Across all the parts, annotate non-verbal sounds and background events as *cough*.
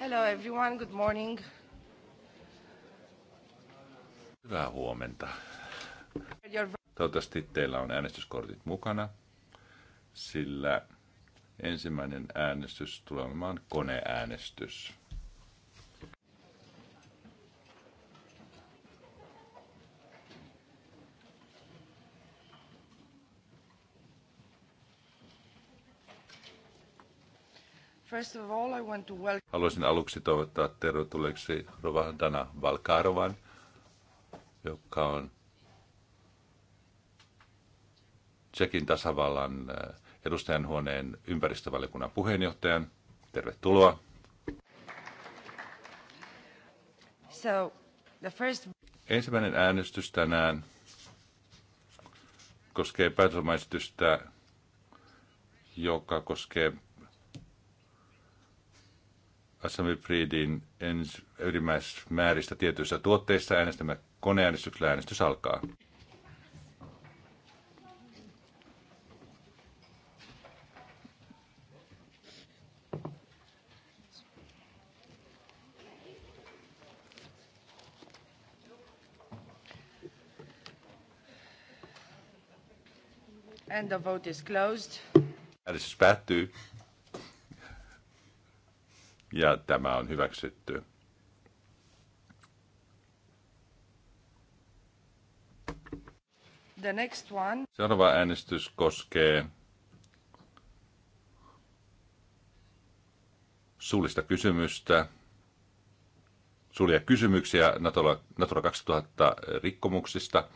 Hello everyone, good morning. Hyvää huomenta. Toivottavasti teillä on äänestyskortit mukana, sillä ensimmäinen äänestys tulee olemaan koneäänestys. Haluaisin aluksi toivottaa tervetulleeksi Rovandana Valkarovan, joka on Tsekin tasavallan eh, edustajanhuoneen ympäristövaliokunnan puheenjohtajan. Tervetuloa. So, the first... Ensimmäinen äänestys tänään koskee päätösomaistystä, joka koskee assemblybreedin enimmäismääristä tietyissä tuotteissa äänestämme koneäänestyksellä. Äänestys alkaa. And the vote is closed. Äänestys päättyy ja tämä on hyväksytty. The next one. Seuraava äänestys koskee suullista kysymystä, suulia kysymyksiä Natura, Natura 2000 rikkomuksista.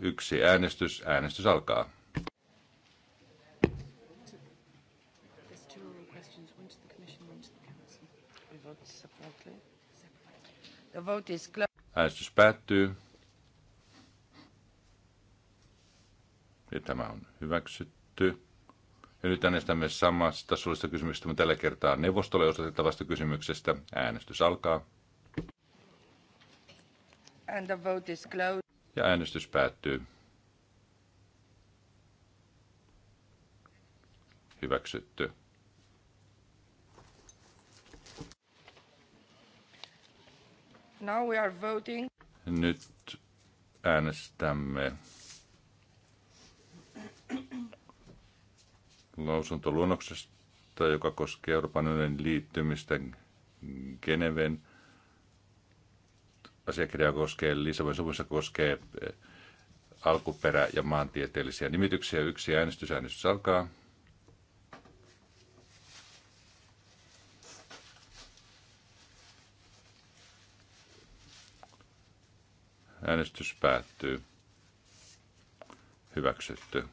Yksi äänestys. Äänestys alkaa. The vote is Äänestys päättyy. Ja tämä on hyväksytty. Ja nyt äänestämme samasta suullisesta kysymyksestä, mutta tällä kertaa neuvostolle osoitettavasta kysymyksestä. Äänestys alkaa. And the vote is closed. Ja äänestys päättyy. Hyväksytty. Now we are voting. Nyt äänestämme lausuntoluonnoksesta, joka koskee Euroopan unionin liittymistä Geneven asiakirjaa koskee, Lissabonin sopimusta koskee eh, alkuperä- ja maantieteellisiä nimityksiä. Yksi äänestys, äänestys alkaa. Äänestys päättyy. Hyväksytty.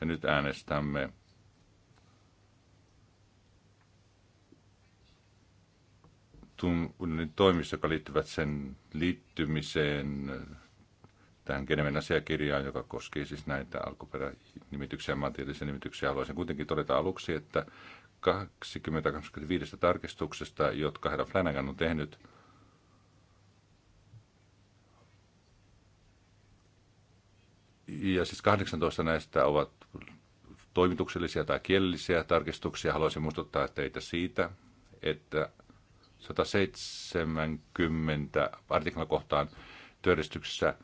Ja nyt äänestämme toimissa, jotka liittyvät sen liittymiseen tähän Geneven asiakirjaan, joka koskee siis näitä alkuperänimityksiä ja maantieteellisiä nimityksiä. Haluaisin kuitenkin todeta aluksi, että 20-25 tarkistuksesta, jotka herra Flanagan on tehnyt. Ja siis 18 näistä ovat toimituksellisia tai kielellisiä tarkistuksia. Haluaisin muistuttaa teitä siitä, että 170 artiklakohtaan työjärjestyksessä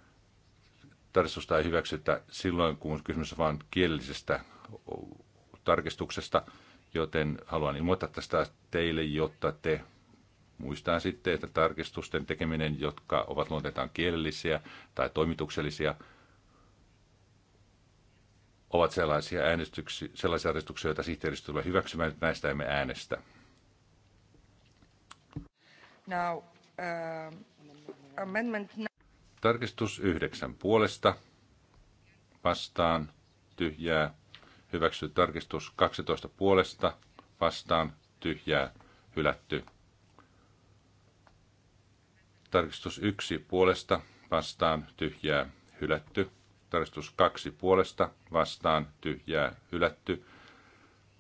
tarkistusta ei hyväksytä silloin, kun kysymys on vain kielellisestä tarkistuksesta – joten haluan ilmoittaa tästä teille, jotta te muistaa sitten, että tarkistusten tekeminen, jotka ovat luonteeltaan kielellisiä tai toimituksellisia, ovat sellaisia, äänestyksiä, sellaisia äänestyksiä, joita sihteeristö tulee hyväksymään, että näistä emme äänestä. Now, uh, amendment... Tarkistus yhdeksän puolesta vastaan tyhjää hyväksytty tarkistus 12 puolesta, vastaan tyhjää, hylätty. Tarkistus 1 puolesta, vastaan tyhjää, hylätty. Tarkistus 2 puolesta, vastaan tyhjää, hylätty.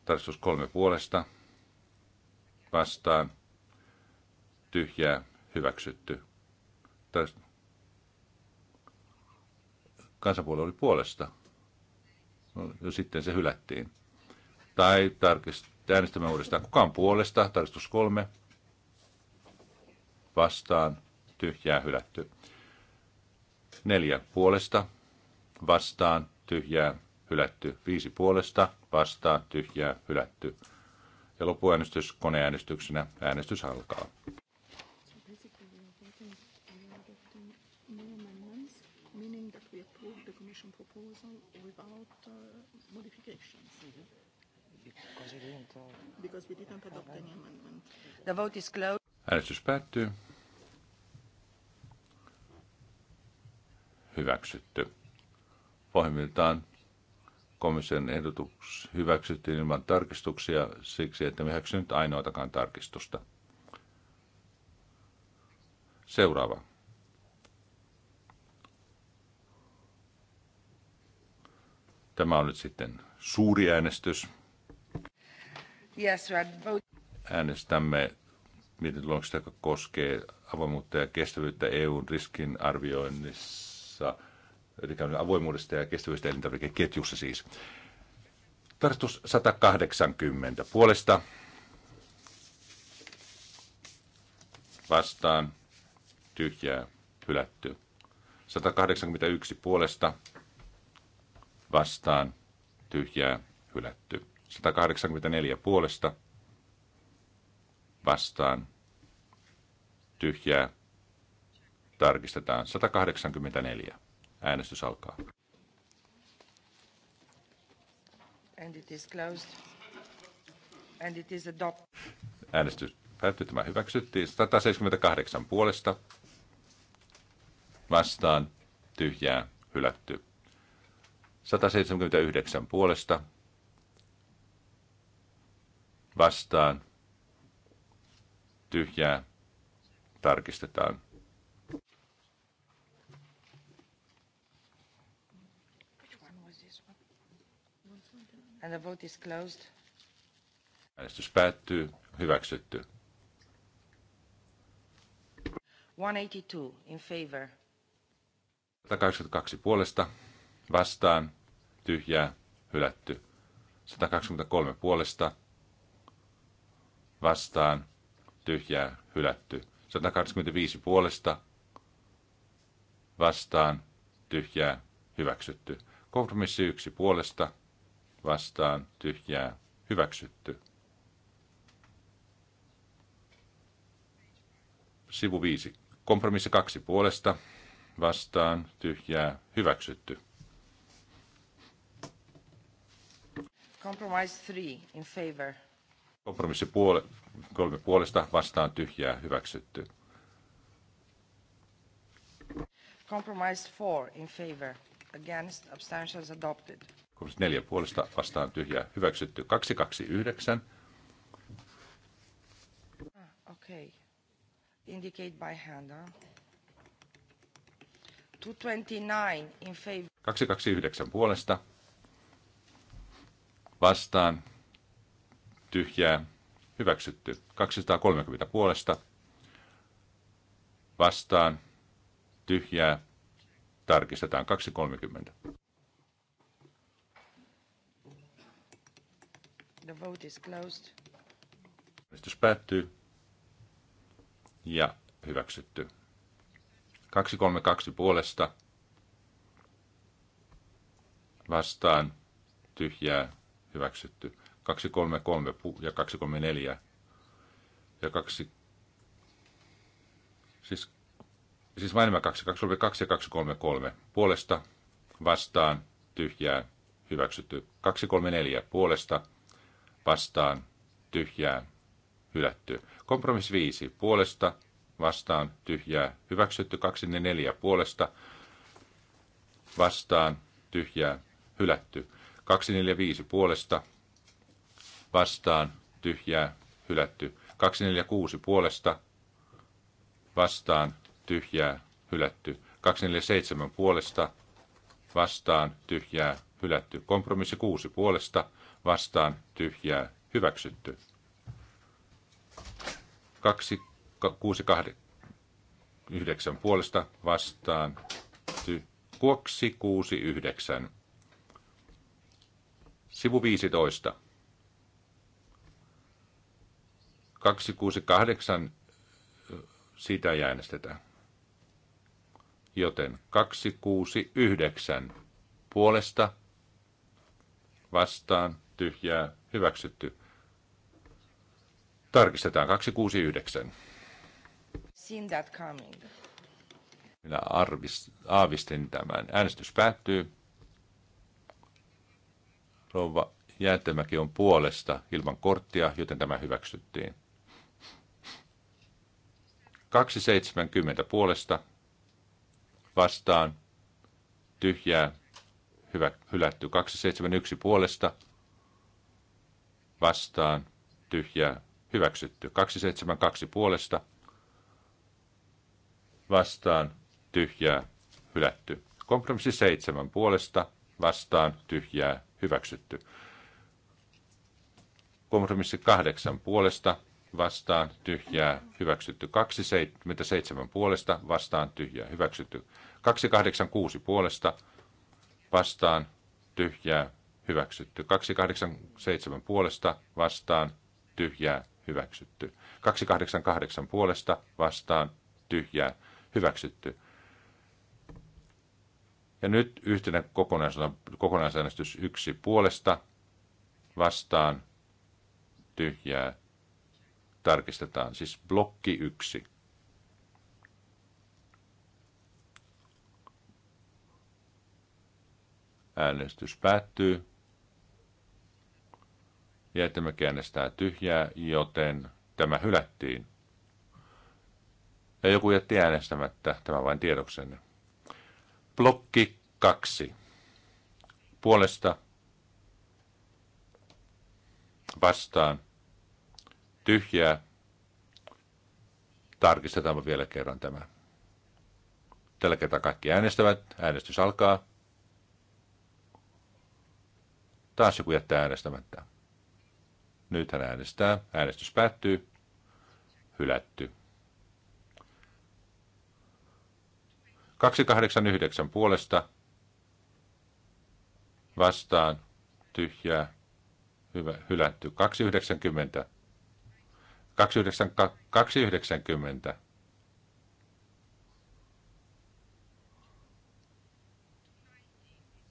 Tarkistus 3 puolesta, vastaan tyhjää, hyväksytty. Tarkistus kansanpuolue oli puolesta. No, sitten se hylättiin. Tai tarkist, äänestämme uudestaan. Kuka on puolesta? Tarkistus kolme. Vastaan. Tyhjää hylätty. Neljä puolesta. Vastaan. Tyhjää hylätty. Viisi puolesta. Vastaan. Tyhjää hylätty. Ja lopuäänestys koneäänestyksenä. Äänestys alkaa. proposal without uh, modifications. Because, we didn't, uh, Because we didn't adopt any amendment. The vote is closed. Äänestys päättyy. Hyväksytty. Pohjimmiltaan komission ehdotus hyväksyttiin ilman tarkistuksia siksi, että me hyväksynyt ainoatakaan tarkistusta. Seuraava. Tämä on nyt sitten suuri äänestys. Äänestämme miten joka koskee avoimuutta ja kestävyyttä EUn riskin arvioinnissa, eli avoimuudesta ja kestävyydestä elintarvikeketjussa siis. Tarkastus 180 puolesta vastaan tyhjää hylätty. 181 puolesta vastaan tyhjää hylätty. 184 puolesta vastaan tyhjää tarkistetaan 184. Äänestys alkaa. And it is closed. And it is Äänestys päättyy. Tämä hyväksyttiin. 178 puolesta vastaan tyhjää hylätty. 179 puolesta vastaan tyhjää tarkistetaan. And the vote is closed. Äänestys päättyy. Hyväksytty. 182 in favor. 182 puolesta vastaan tyhjää, hylätty. 123 puolesta, vastaan, tyhjää, hylätty. 125 puolesta, vastaan, tyhjää, hyväksytty. Kompromissi 1 puolesta, vastaan, tyhjää, hyväksytty. Sivu 5. Kompromissi 2 puolesta, vastaan, tyhjää, hyväksytty. Compromise three in favor. Kompromissi puole, kolme puolesta vastaan tyhjää hyväksytty. Compromise four in favor. Against abstentions adopted. Kompromissi neljä puolesta vastaan tyhjää hyväksytty. 229. Ah, okay. Indicate by hand. Huh? 229 in favor. 229 puolesta vastaan, tyhjää, hyväksytty. 230 puolesta, vastaan, tyhjää, tarkistetaan 230. The vote is closed. Äänestys päättyy ja hyväksytty. 232 puolesta vastaan tyhjää hyväksytty. 233 ja 234 ja 2... Siis, siis vain nämä kaksi. 232 ja 233 puolesta vastaan tyhjää hyväksytty. 234 puolesta vastaan tyhjää hylätty. Kompromiss 5 puolesta vastaan tyhjää hyväksytty. 244 puolesta vastaan tyhjää hylätty. 245 puolesta vastaan tyhjää hylätty. 246 puolesta vastaan tyhjää hylätty. 247 puolesta vastaan tyhjää hylätty. Kompromissi 6 puolesta vastaan tyhjää hyväksytty. 269 puolesta vastaan ty, 69. Sivu 15. 268, sitä ei äänestetä. Joten 269 puolesta vastaan tyhjää hyväksytty. Tarkistetaan 269. Minä arvis, aavistin tämän. Äänestys päättyy. Rouva Jäätemäki on puolesta ilman korttia, joten tämä hyväksyttiin. 270 puolesta vastaan tyhjää hyvä, hylätty. 271 puolesta vastaan tyhjää hyväksytty. 272 puolesta vastaan tyhjää hylätty. Kompromissi 7 puolesta vastaan tyhjää hyväksytty. Kompromissi kahdeksan puolesta vastaan tyhjää hyväksytty. 27 puolesta vastaan tyhjää hyväksytty. 286 puolesta vastaan tyhjää hyväksytty. 287 puolesta vastaan tyhjää hyväksytty. 288 puolesta vastaan tyhjää hyväksytty. Ja nyt yhtenä kokonaisäänestys yksi puolesta vastaan tyhjää tarkistetaan, siis blokki yksi. Äänestys päättyy. Jäätämäki äänestää tyhjää, joten tämä hylättiin. Ja joku jätti äänestämättä, tämä vain tiedoksenne. Blokki kaksi. Puolesta vastaan tyhjää. Tarkistetaan vielä kerran tämä. Tällä kertaa kaikki äänestävät. Äänestys alkaa. Taas joku jättää äänestämättä. Nyt hän äänestää. Äänestys päättyy. Hylätty. 289 puolesta vastaan tyhjää hyvä, hylätty. 290. 290.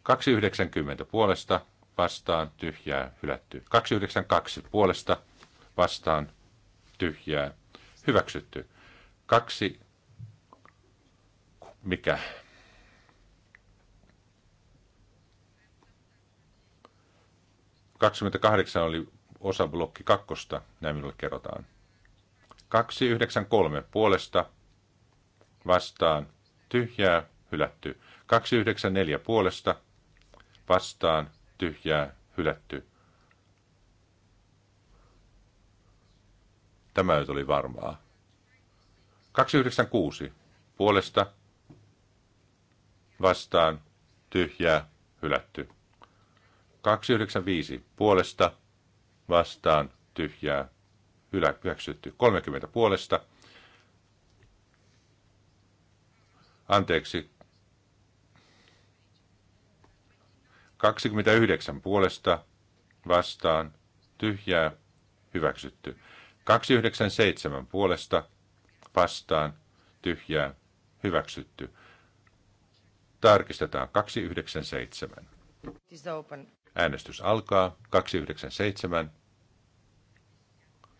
290. Kaksi puolesta vastaan tyhjää hylätty. 292 puolesta vastaan tyhjää hyväksytty. 2 mikä Kaksikymmentäkahdeksan oli osa blokki kakkosta, näin minulle kerrotaan. 293 puolesta vastaan tyhjää hylätty. 294 puolesta vastaan tyhjää hylätty. Tämä nyt oli varmaa. 296 puolesta vastaan, tyhjää, hylätty. 295 puolesta, vastaan, tyhjää, hylä, hyväksytty. 30 puolesta, anteeksi, 29 puolesta, vastaan, tyhjää, hyväksytty. 297 puolesta, vastaan, tyhjää, hyväksytty. Tarkistetaan 297. Äänestys alkaa 297.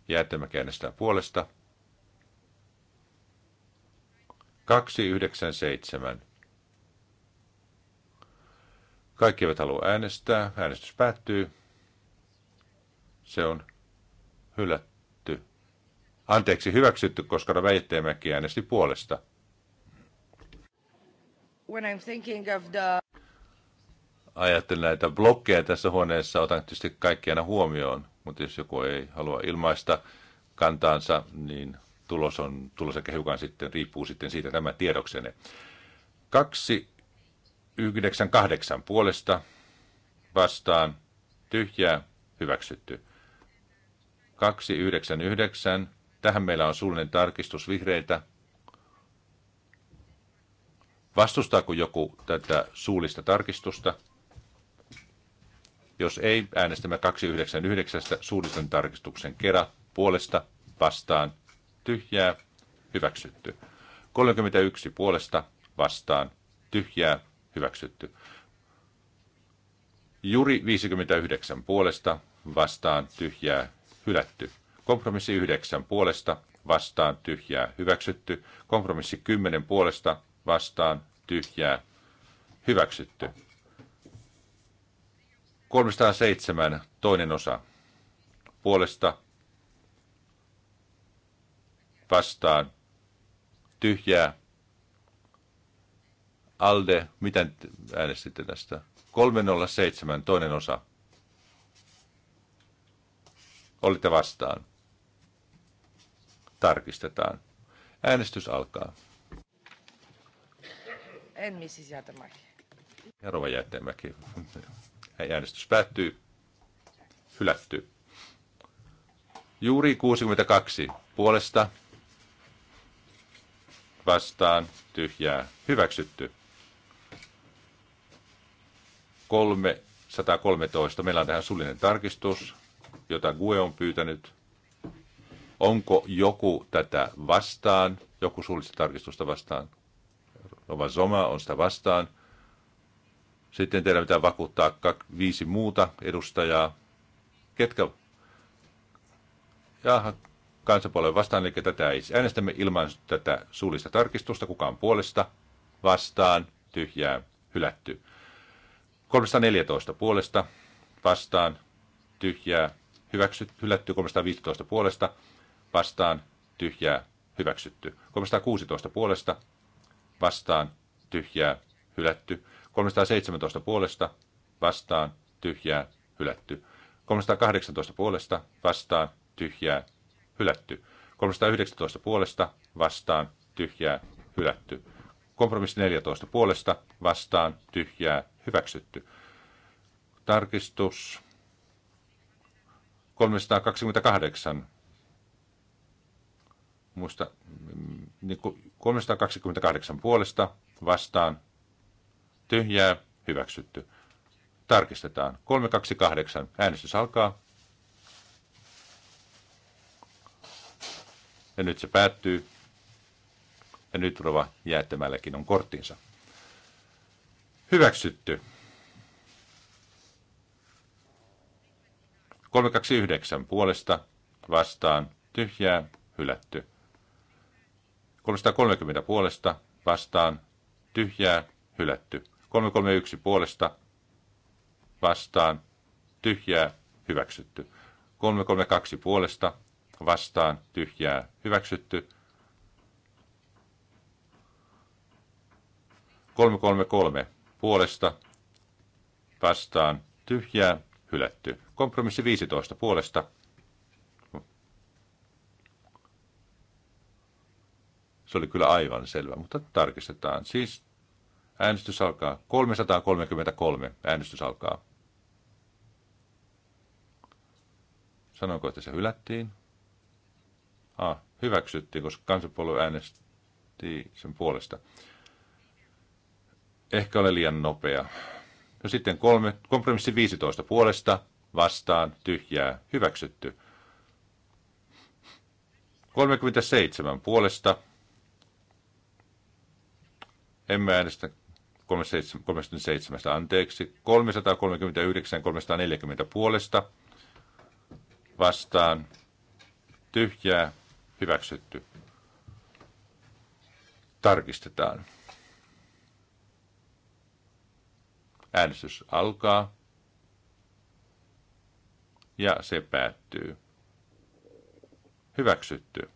Jäättämäki äänestää puolesta. 297. Kaikki eivät halua äänestää. Äänestys päättyy. Se on hylätty. Anteeksi, hyväksytty, koska Väittäjämäki äänesti puolesta. When I'm thinking of the... Ajattelen näitä blokkeja tässä huoneessa, otan tietysti kaikki aina huomioon, mutta jos joku ei halua ilmaista kantaansa, niin tulos on tulos ehkä hiukan sitten, riippuu sitten siitä tämä tiedoksenne. 298 puolesta vastaan tyhjää hyväksytty. 299. Tähän meillä on suullinen tarkistus vihreitä. Vastustaako joku tätä suullista tarkistusta? Jos ei, äänestämme 299 suullisen tarkistuksen kerran puolesta vastaan tyhjää hyväksytty. 31 puolesta vastaan tyhjää hyväksytty. Juri 59 puolesta vastaan tyhjää hylätty. Kompromissi 9 puolesta vastaan tyhjää hyväksytty. Kompromissi 10 puolesta vastaan tyhjää, hyväksytty. 307, toinen osa, puolesta, vastaan, tyhjää, Alde, miten äänestitte tästä? 307, toinen osa. Olitte vastaan. Tarkistetaan. Äänestys alkaa. En Mrs. Jätemäki. Ja Rova Jätemäki. Äänestys päättyy. Hylätty. Juuri 62 puolesta vastaan tyhjää hyväksytty. 313. Meillä on tähän sullinen tarkistus, jota Gue on pyytänyt. Onko joku tätä vastaan, joku suullista tarkistusta vastaan? Oma Zoma on sitä vastaan. Sitten teillä pitää vakuuttaa viisi muuta edustajaa. Ketkä? ja kansanpuolueen vastaan, eli tätä ei siis äänestämme ilman tätä suullista tarkistusta. Kukaan puolesta, vastaan, tyhjää, hylätty. 314 puolesta, vastaan, tyhjää, hyväksytty, hylätty. 315 puolesta, vastaan, tyhjää, hyväksytty. 316 puolesta, vastaan tyhjää hylätty. 317 puolesta vastaan tyhjää hylätty. 318 puolesta vastaan tyhjää hylätty. 319 puolesta vastaan tyhjää hylätty. Kompromissi 14 puolesta vastaan tyhjää hyväksytty. Tarkistus 328. Muista 328 niin puolesta vastaan tyhjää hyväksytty. Tarkistetaan. 328. Äänestys alkaa. Ja nyt se päättyy. Ja nyt Rova jäättämälläkin on korttinsa. Hyväksytty. 329 puolesta vastaan tyhjää hylätty. 330 puolesta vastaan tyhjää hylätty. 331 puolesta vastaan tyhjää hyväksytty. 332 puolesta vastaan tyhjää hyväksytty. 333 puolesta vastaan tyhjää hylätty. Kompromissi 15 puolesta Se oli kyllä aivan selvä, mutta tarkistetaan. Siis äänestys alkaa. 333 äänestys alkaa. Sanoinko, että se hylättiin? Ah, hyväksyttiin, koska kansanpuolue äänesti sen puolesta. Ehkä ole liian nopea. No sitten kolme, kompromissi 15 puolesta, vastaan, tyhjää, hyväksytty. 37 puolesta, emme äänestä 37, anteeksi. 339, 340 puolesta vastaan. Tyhjää, hyväksytty. Tarkistetaan. Äänestys alkaa ja se päättyy. Hyväksytty.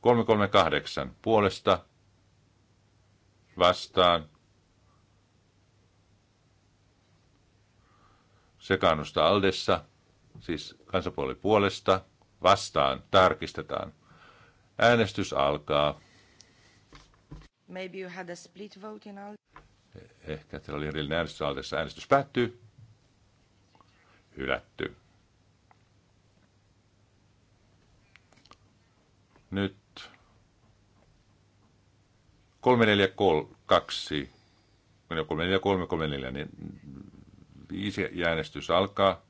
338 puolesta vastaan. Sekaannusta Aldessa, siis kansapuoli puolesta, vastaan, tarkistetaan. Äänestys alkaa. Maybe you had a split vote in Alde. Ehkä teillä oli erillinen äänestys Aldessa. Äänestys päättyy. Hylätty. Nyt 342, 343, 344, niin viisi äänestys alkaa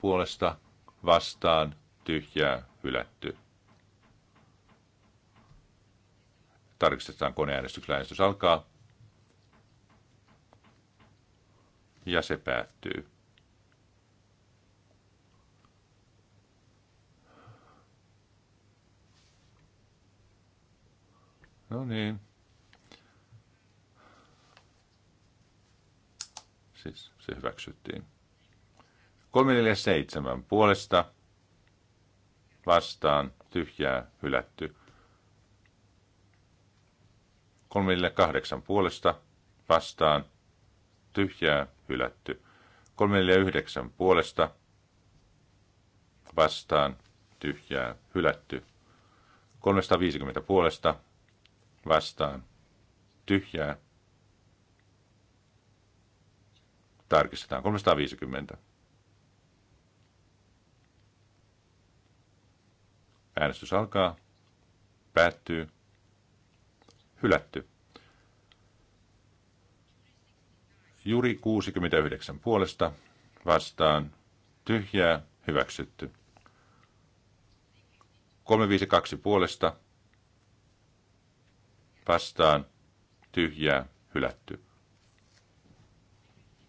puolesta vastaan tyhjää hylätty. Tarkistetaan koneäänestyksellä äänestys alkaa. Ja se päättyy. No niin. Siis se hyväksyttiin. 347 puolesta vastaan tyhjää hylätty. 348 puolesta vastaan tyhjää hylätty. 349 puolesta vastaan tyhjää hylätty. 350 puolesta vastaan tyhjää. Tarkistetaan 350. Äänestys alkaa, päättyy, hylätty. Juri 69 puolesta vastaan tyhjää hyväksytty. 352 puolesta vastaan tyhjää hylätty.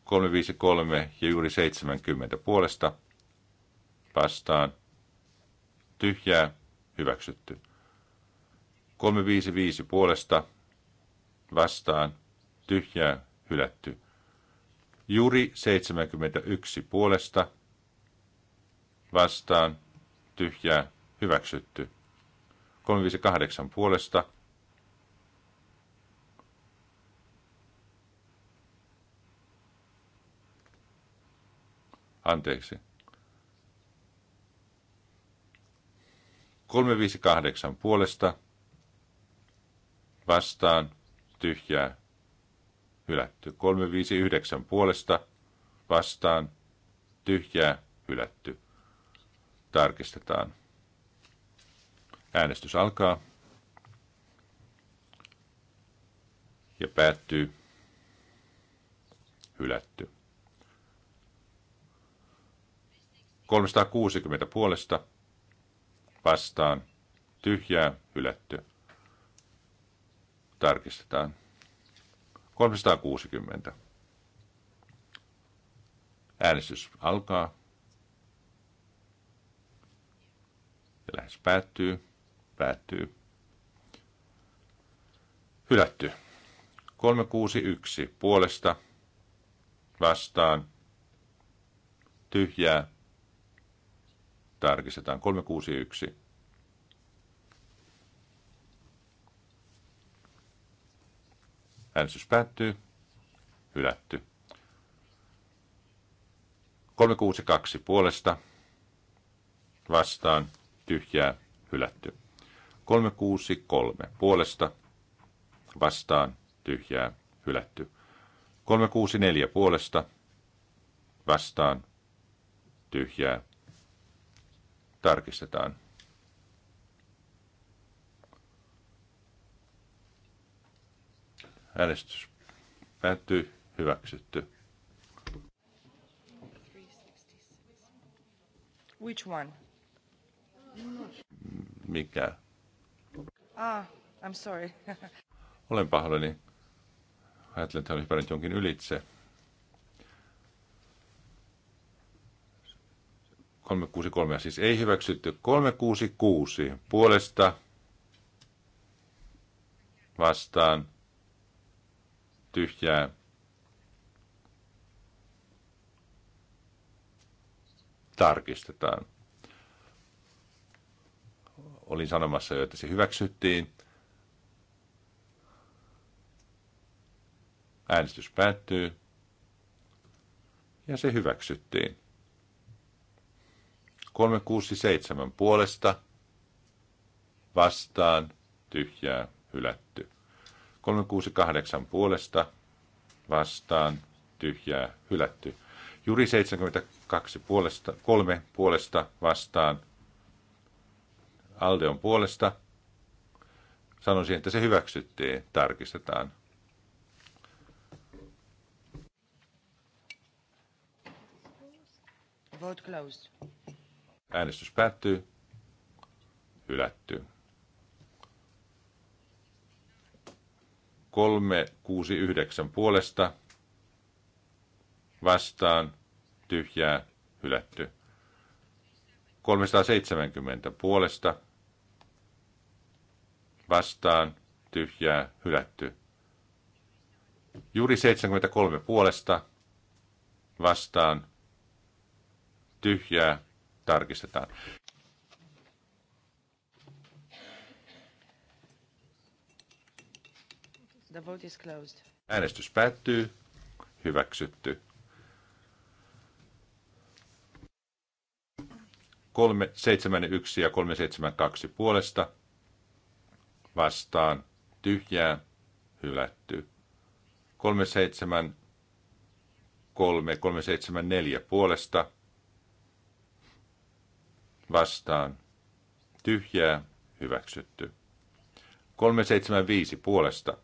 353 ja juuri 70 puolesta vastaan tyhjää hyväksytty. 355 puolesta vastaan tyhjää hylätty. Juuri 71 puolesta vastaan tyhjää hyväksytty. 358 puolesta Anteeksi. 358 puolesta vastaan tyhjää hylätty. 359 puolesta vastaan tyhjää hylätty. Tarkistetaan. Äänestys alkaa ja päättyy hylätty. 360 puolesta vastaan tyhjää hylätty. Tarkistetaan. 360. Äänestys alkaa. Ja lähes päättyy. Päättyy. Hylätty. 361 puolesta vastaan tyhjää tarkistetaan 361. Äänestys päättyy. Hylätty. 362 puolesta. Vastaan. Tyhjää. Hylätty. 363 puolesta. Vastaan. Tyhjää. Hylätty. 364 puolesta. Vastaan. Tyhjää tarkistetaan. Äänestys päättyy. Hyväksytty. Which one? Mikä? Ah, I'm sorry. *laughs* Olen pahoillani. Ajattelin, että hän olisi jonkin ylitse. 363 siis ei hyväksytty. 366 puolesta vastaan tyhjää. Tarkistetaan. Olin sanomassa jo, että se hyväksyttiin. Äänestys päättyy. Ja se hyväksyttiin. 367 puolesta vastaan tyhjää hylätty. 368 puolesta vastaan tyhjää hylätty. Juri 72 puolesta, 3 puolesta vastaan. aldeon puolesta. Sanoisin, että se hyväksyttiin. Tarkistetaan. Vote closed. Äänestys päättyy. Hylätty. 369 puolesta vastaan tyhjää hylätty. 370 puolesta vastaan tyhjää hylätty. Juuri 73 puolesta vastaan tyhjää tarkistetaan. The vote is closed. Äänestys päättyy. Hyväksytty. 371 ja 372 puolesta vastaan tyhjää hylätty. kolme seitsemän 374 puolesta vastaan, tyhjää, hyväksytty. 375 puolesta,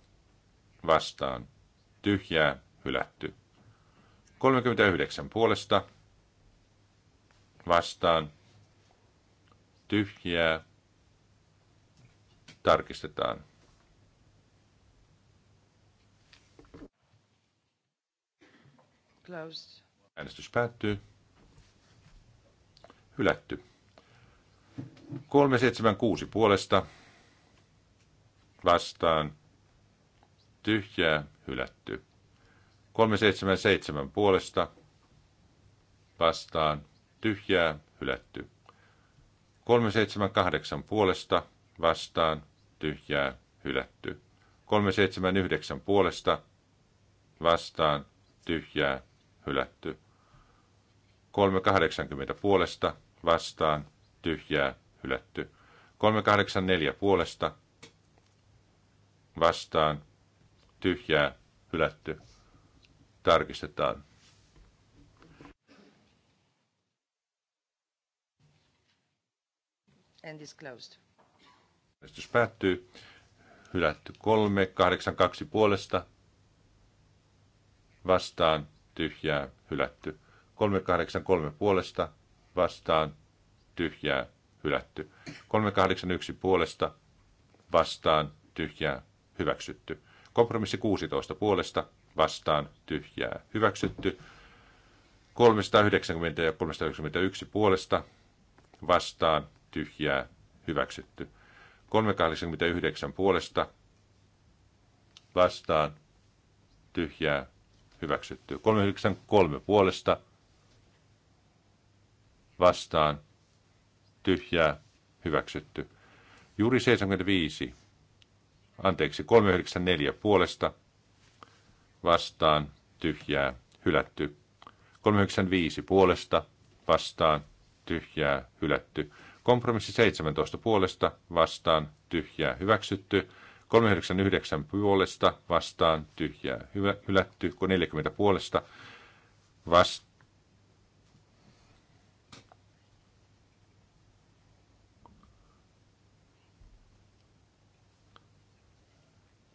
vastaan, tyhjää, hylätty. 39 puolesta, vastaan, tyhjää, tarkistetaan. Closed. Äänestys päättyy. Hylätty. 376 puolesta vastaan tyhjää hylätty. 377 puolesta vastaan tyhjää hylätty. 378 puolesta vastaan tyhjää hylätty. 379 puolesta vastaan tyhjää hylätty. 380 puolesta vastaan tyhjää hylätty. 384 puolesta vastaan tyhjää hylätty. Tarkistetaan. And is closed. Äänestys päättyy. Hylätty 382 puolesta vastaan tyhjää hylätty. 383 puolesta vastaan tyhjää hylätty. 381 puolesta vastaan tyhjää hyväksytty. Kompromissi 16 puolesta vastaan tyhjää hyväksytty. 390 ja 391 puolesta vastaan tyhjää hyväksytty. 389 puolesta vastaan tyhjää hyväksytty. 393 puolesta vastaan tyhjää, hyväksytty. Juuri 75, anteeksi, 394 puolesta, vastaan, tyhjää, hylätty. 395 puolesta, vastaan, tyhjää, hylätty. Kompromissi 17 puolesta, vastaan, tyhjää, hyväksytty. 399 puolesta, vastaan, tyhjää, hylätty. 40 puolesta, vastaan,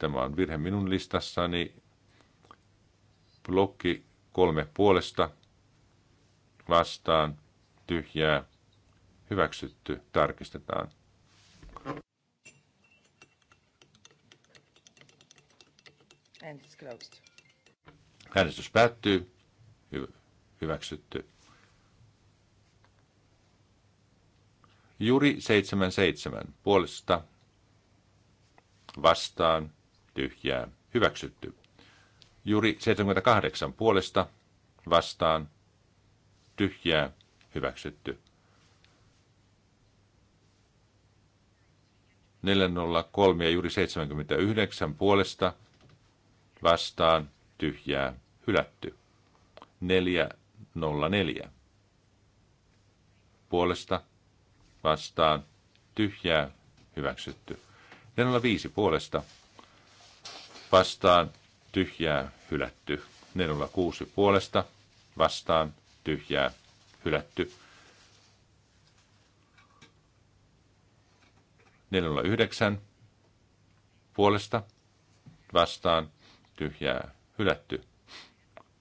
Tämä on virhe minun listassani. Blokki kolme puolesta vastaan tyhjää hyväksytty tarkistetaan. Äänestys päättyy. Hy- hyväksytty. Juri 77 puolesta vastaan tyhjää, hyväksytty. Juri 78 puolesta, vastaan, tyhjää, hyväksytty. 403 ja juuri 79 puolesta, vastaan, tyhjää, hylätty. 404 puolesta, vastaan, tyhjää, hyväksytty. 405 puolesta, vastaan tyhjää hylätty. 406 puolesta vastaan tyhjää hylätty. 409 puolesta vastaan tyhjää hylätty.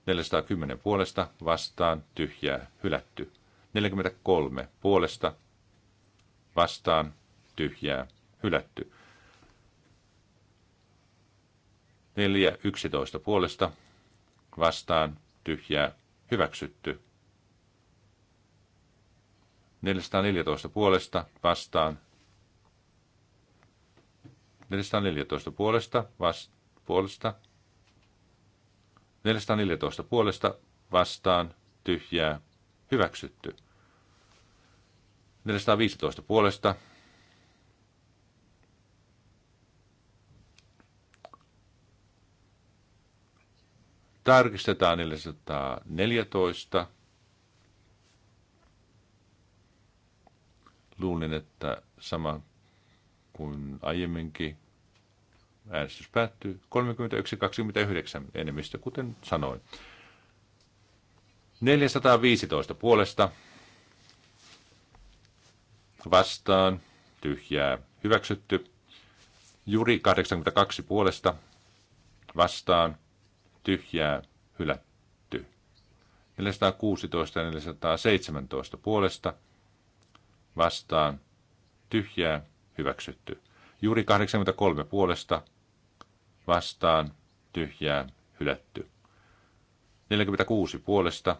410 puolesta vastaan tyhjää hylätty. 43 puolesta vastaan tyhjää hylätty. 4, 11 puolesta vastaan tyhjää hyväksytty. 414 puolesta vastaan. 414 puolesta vastaan. puolesta. 414 puolesta vastaan tyhjää hyväksytty. 415 puolesta Tarkistetaan 414. Luulin, että sama kuin aiemminkin äänestys päättyy 31-29 enemmistö, kuten sanoin. 415 puolesta vastaan tyhjää hyväksytty. Juri 82 puolesta vastaan tyhjää, hylätty. 416 ja 417 puolesta vastaan, tyhjää, hyväksytty. Juuri 83 puolesta vastaan, tyhjää, hylätty. 46 puolesta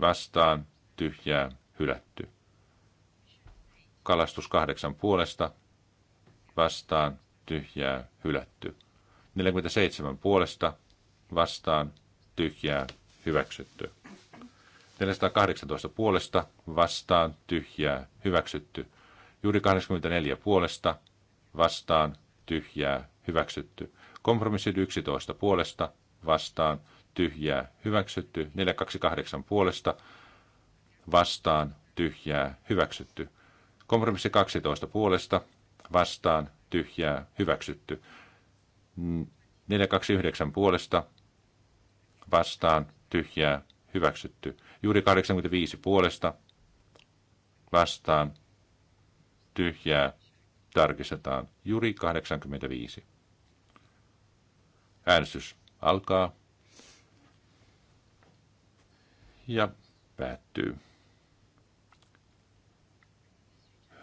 vastaan, tyhjää, hylätty. Kalastus kahdeksan puolesta vastaan, tyhjää, hylätty. 47 puolesta vastaan tyhjää hyväksytty. 418 puolesta vastaan tyhjää hyväksytty. Juuri 84 puolesta vastaan tyhjää hyväksytty. Kompromissit 11 puolesta vastaan tyhjää hyväksytty. 428 puolesta vastaan tyhjää hyväksytty. Kompromissi 12 puolesta vastaan tyhjää hyväksytty. 429 puolesta vastaan tyhjää hyväksytty. Juuri 85 puolesta vastaan tyhjää tarkistetaan. Juuri 85. Äänestys alkaa ja päättyy.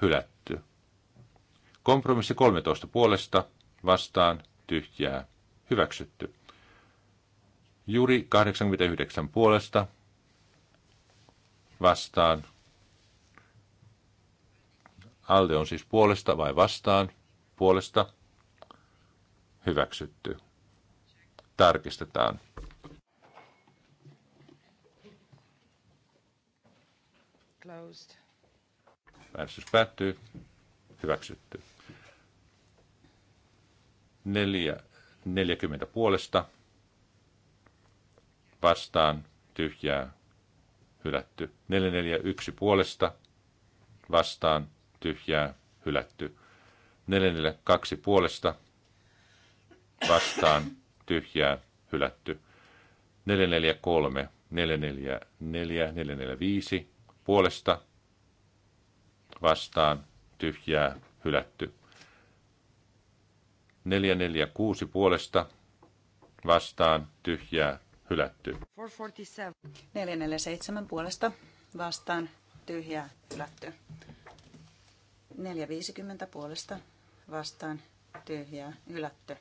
Hylätty. Kompromissi 13 puolesta vastaan tyhjää, hyväksytty. Juri 89 puolesta, vastaan. Alde on siis puolesta vai vastaan, puolesta, hyväksytty. Tarkistetaan. Closed. Äänestys päättyy. Hyväksytty. 4, 40 puolesta vastaan tyhjää hylätty. 441 puolesta vastaan tyhjää hylätty. 442 puolesta vastaan tyhjää hylätty. 443, 444, 445 puolesta vastaan tyhjää hylätty. 446 puolesta vastaan tyhjää hylätty. 447 puolesta vastaan tyhjää hylätty. 450 puolesta vastaan tyhjää hylätty.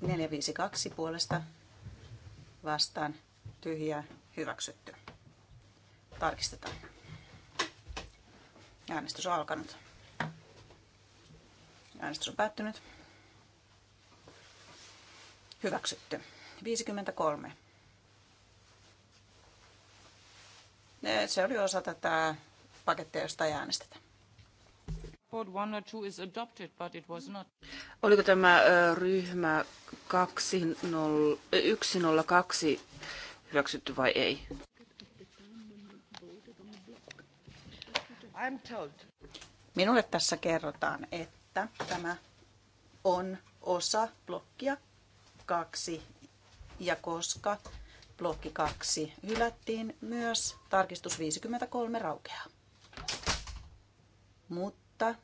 452 puolesta vastaan tyhjää hyväksytty. Tarkistetaan. Äänestys on alkanut. Äänestys on päättynyt. Hyväksytty. 53. Se oli osa tätä pakettia, josta ei äänestetä. Oliko tämä ryhmä 102 hyväksytty vai ei? Minulle tässä kerrotaan, että että tämä on osa blokkia 2. Ja koska blokki 2 hylättiin, myös tarkistus 53 raukeaa. Mutta,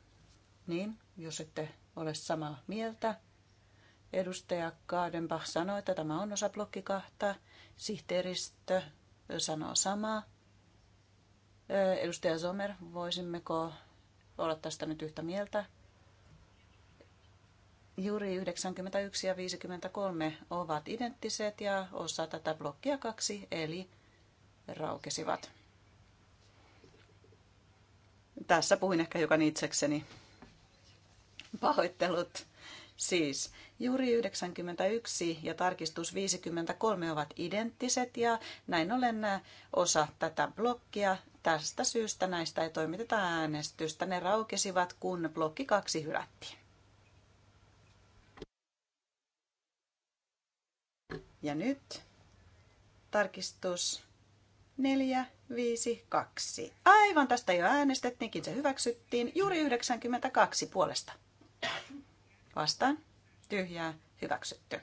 niin, jos ette ole samaa mieltä, edustaja Kaadenbach sanoi, että tämä on osa blokki 2. Sihteeristö sanoo samaa. Edustaja Sommer, voisimmeko olla tästä nyt yhtä mieltä? Juuri 91 ja 53 ovat identtiset ja osa tätä blokkia kaksi, eli raukesivat. Tässä puhuin ehkä hiukan itsekseni. Pahoittelut. Siis juuri 91 ja tarkistus 53 ovat identtiset ja näin ollen osa tätä blokkia. Tästä syystä näistä ei toimiteta äänestystä. Ne raukesivat, kun blokki 2 hylättiin. Ja nyt tarkistus 4, 5, 2. Aivan tästä jo äänestettiinkin, se hyväksyttiin. Juuri 92 puolesta. Vastaan. Tyhjää. Hyväksytty.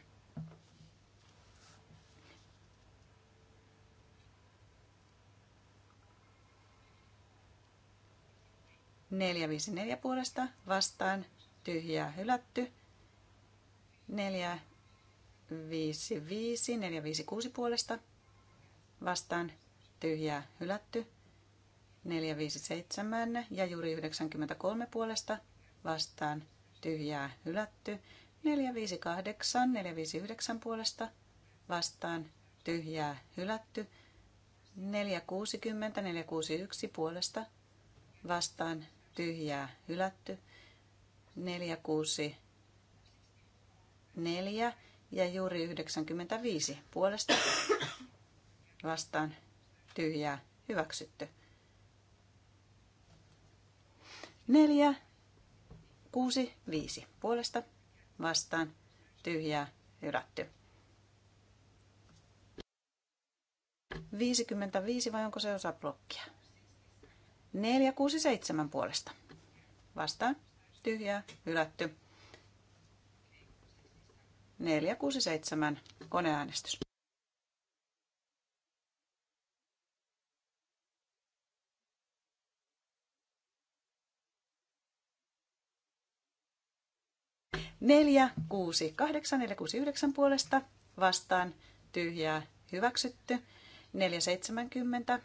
Neljä, viisi, neljä puolesta. Vastaan. Tyhjää. Hylätty. Neljä, 55, 456 puolesta vastaan tyhjää hylätty. 457 ja juuri 93 puolesta vastaan tyhjää hylätty. 458, 459 puolesta vastaan tyhjää hylätty. 460, 461 puolesta vastaan tyhjää hylätty. 464 ja juuri 95 puolesta vastaan tyhjää hyväksytty. 4, 6, 5 puolesta vastaan tyhjää hylätty. 55 vai onko se osa blokkia? 4, 6, 7 puolesta. Vastaan tyhjää hylätty. 467 koneäänestys. Neljä, kuusi, kahdeksan, neljä, kuusi, yhdeksän puolesta vastaan tyhjää hyväksytty. Neljä, seitsemänkymmentä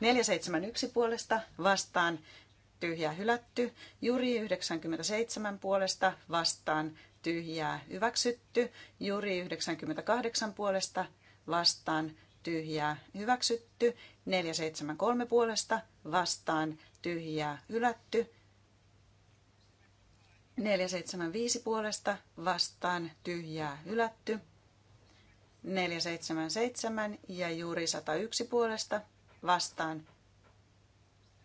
471 puolesta vastaan tyhjää hylätty. Juri 97 puolesta vastaan tyhjää hyväksytty. Juri 98 puolesta vastaan tyhjää hyväksytty. 473 puolesta vastaan tyhjää hylätty. 475 puolesta vastaan tyhjää hylätty. 477 ja juuri 101 puolesta vastaan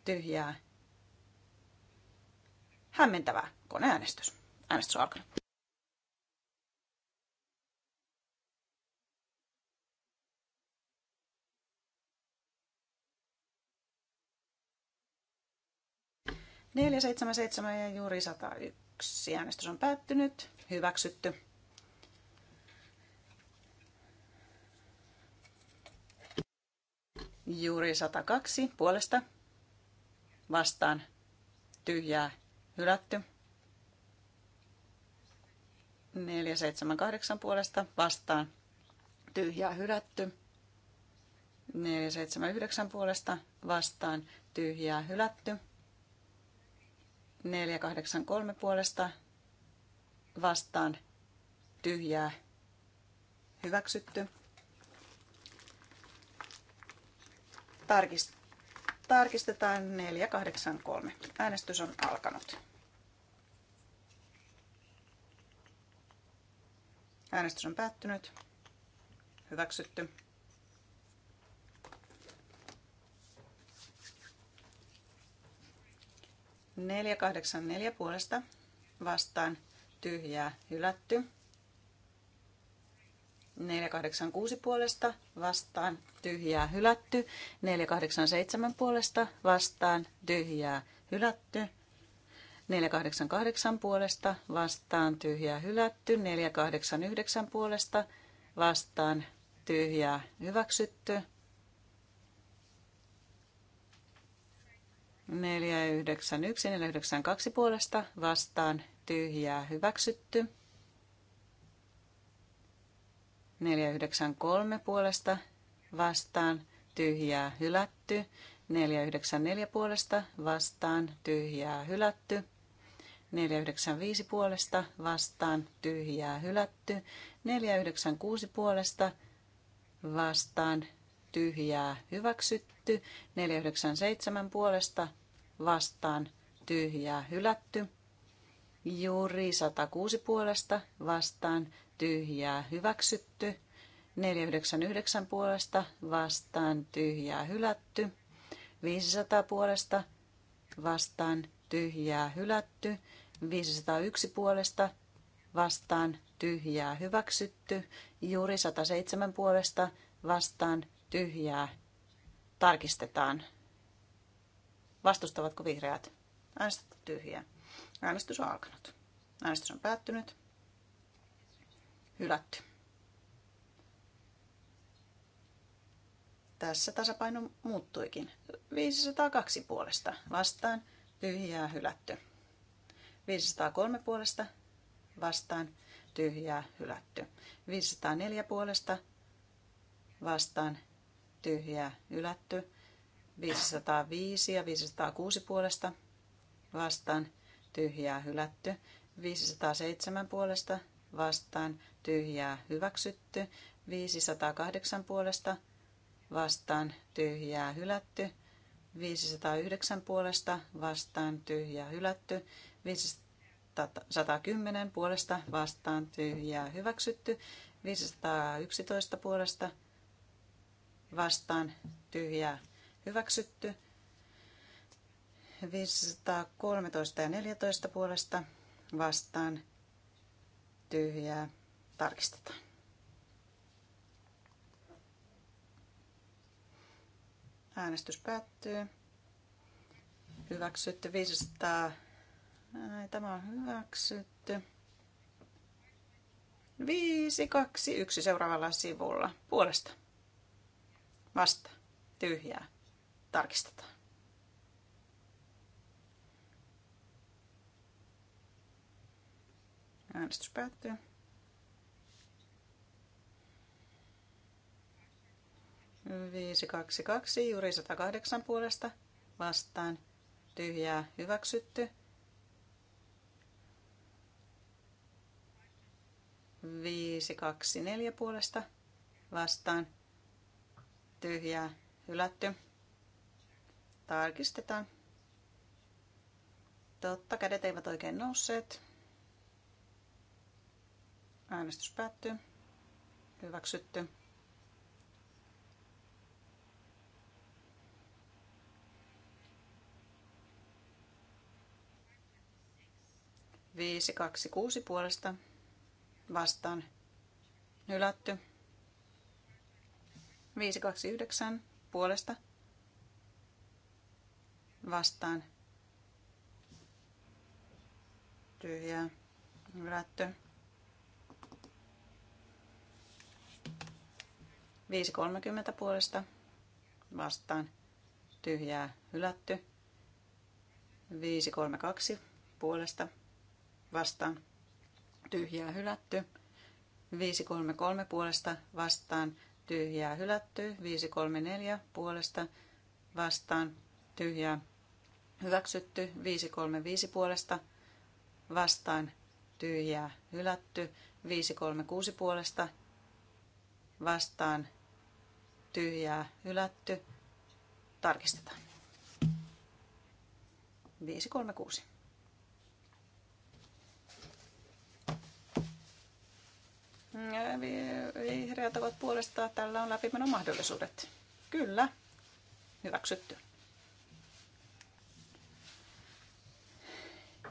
tyhjää. Hämmentävää koneäänestys. Äänestys on alkanut. Neljä, seitsemän, seitsemän ja juuri 101. Äänestys on päättynyt. Hyväksytty. Juuri 102 puolesta vastaan tyhjää hylätty. 478 puolesta vastaan tyhjää hylätty. 479 puolesta vastaan tyhjää hylätty. 483 puolesta vastaan tyhjää hyväksytty. Tarkist- tarkistetaan 483. Äänestys on alkanut. Äänestys on päättynyt. Hyväksytty. Neljä kahdeksan neljä puolesta vastaan tyhjää hylätty. 486 puolesta vastaan tyhjää hylätty. 487 puolesta vastaan tyhjää hylätty. 488 puolesta vastaan tyhjää hylätty. 489 puolesta vastaan tyhjää hyväksytty. 491, 492 puolesta vastaan tyhjää hyväksytty. 493 puolesta vastaan tyhjää hylätty. 494 puolesta vastaan tyhjää hylätty. 495 puolesta vastaan tyhjää hylätty. 496 puolesta vastaan tyhjää hyväksytty. 497 puolesta vastaan tyhjää hylätty. Juuri 106 puolesta vastaan tyhjää hyväksytty. 499 puolesta vastaan tyhjää hylätty. 500 puolesta vastaan tyhjää hylätty. 501 puolesta vastaan tyhjää hyväksytty. Juuri 107 puolesta vastaan tyhjää tarkistetaan. Vastustavatko vihreät? Äänestetty tyhjää. Äänestys on alkanut. Äänestys on päättynyt hylätty. Tässä tasapaino muuttuikin. 502 puolesta vastaan tyhjää hylätty. 503 puolesta vastaan tyhjää hylätty. 504 puolesta vastaan tyhjää hylätty. 505 ja 506 puolesta vastaan tyhjää hylätty. 507 puolesta vastaan tyhjää hyväksytty. 508 puolesta vastaan tyhjää hylätty. 509 puolesta vastaan tyhjää hylätty. 510 puolesta vastaan tyhjää hyväksytty. 511 puolesta vastaan tyhjää hyväksytty. 513 ja 14 puolesta vastaan tyhjää tarkistetaan. Äänestys päättyy. Hyväksytty 500. Tämä on hyväksytty. 5, 2, 1 seuraavalla sivulla. Puolesta. Vasta. Tyhjää. Tarkistetaan. Äänestys päättyy. Viisi, kaksi, kaksi, juuri 108 puolesta vastaan. Tyhjää hyväksytty. neljä puolesta vastaan. Tyhjää hylätty. Tarkistetaan. Totta, kädet eivät oikein nousseet. Äänestys päättyy. Hyväksytty. Viisi, kaksi, kuusi puolesta vastaan hylätty. yhdeksän puolesta vastaan tyhjää hylätty. 5.30 puolesta vastaan tyhjää hylätty. 5.32 puolesta vastaan tyhjää hylätty. 5.33 puolesta vastaan tyhjää hylätty. 5.34 puolesta vastaan tyhjää hyväksytty. 5.35 puolesta vastaan tyhjää hylätty. 5.36 puolesta vastaan tyhjää hylätty. Tarkistetaan. 536. Vihreät ovat puolestaan, tällä on läpimenon mahdollisuudet. Kyllä, hyväksytty.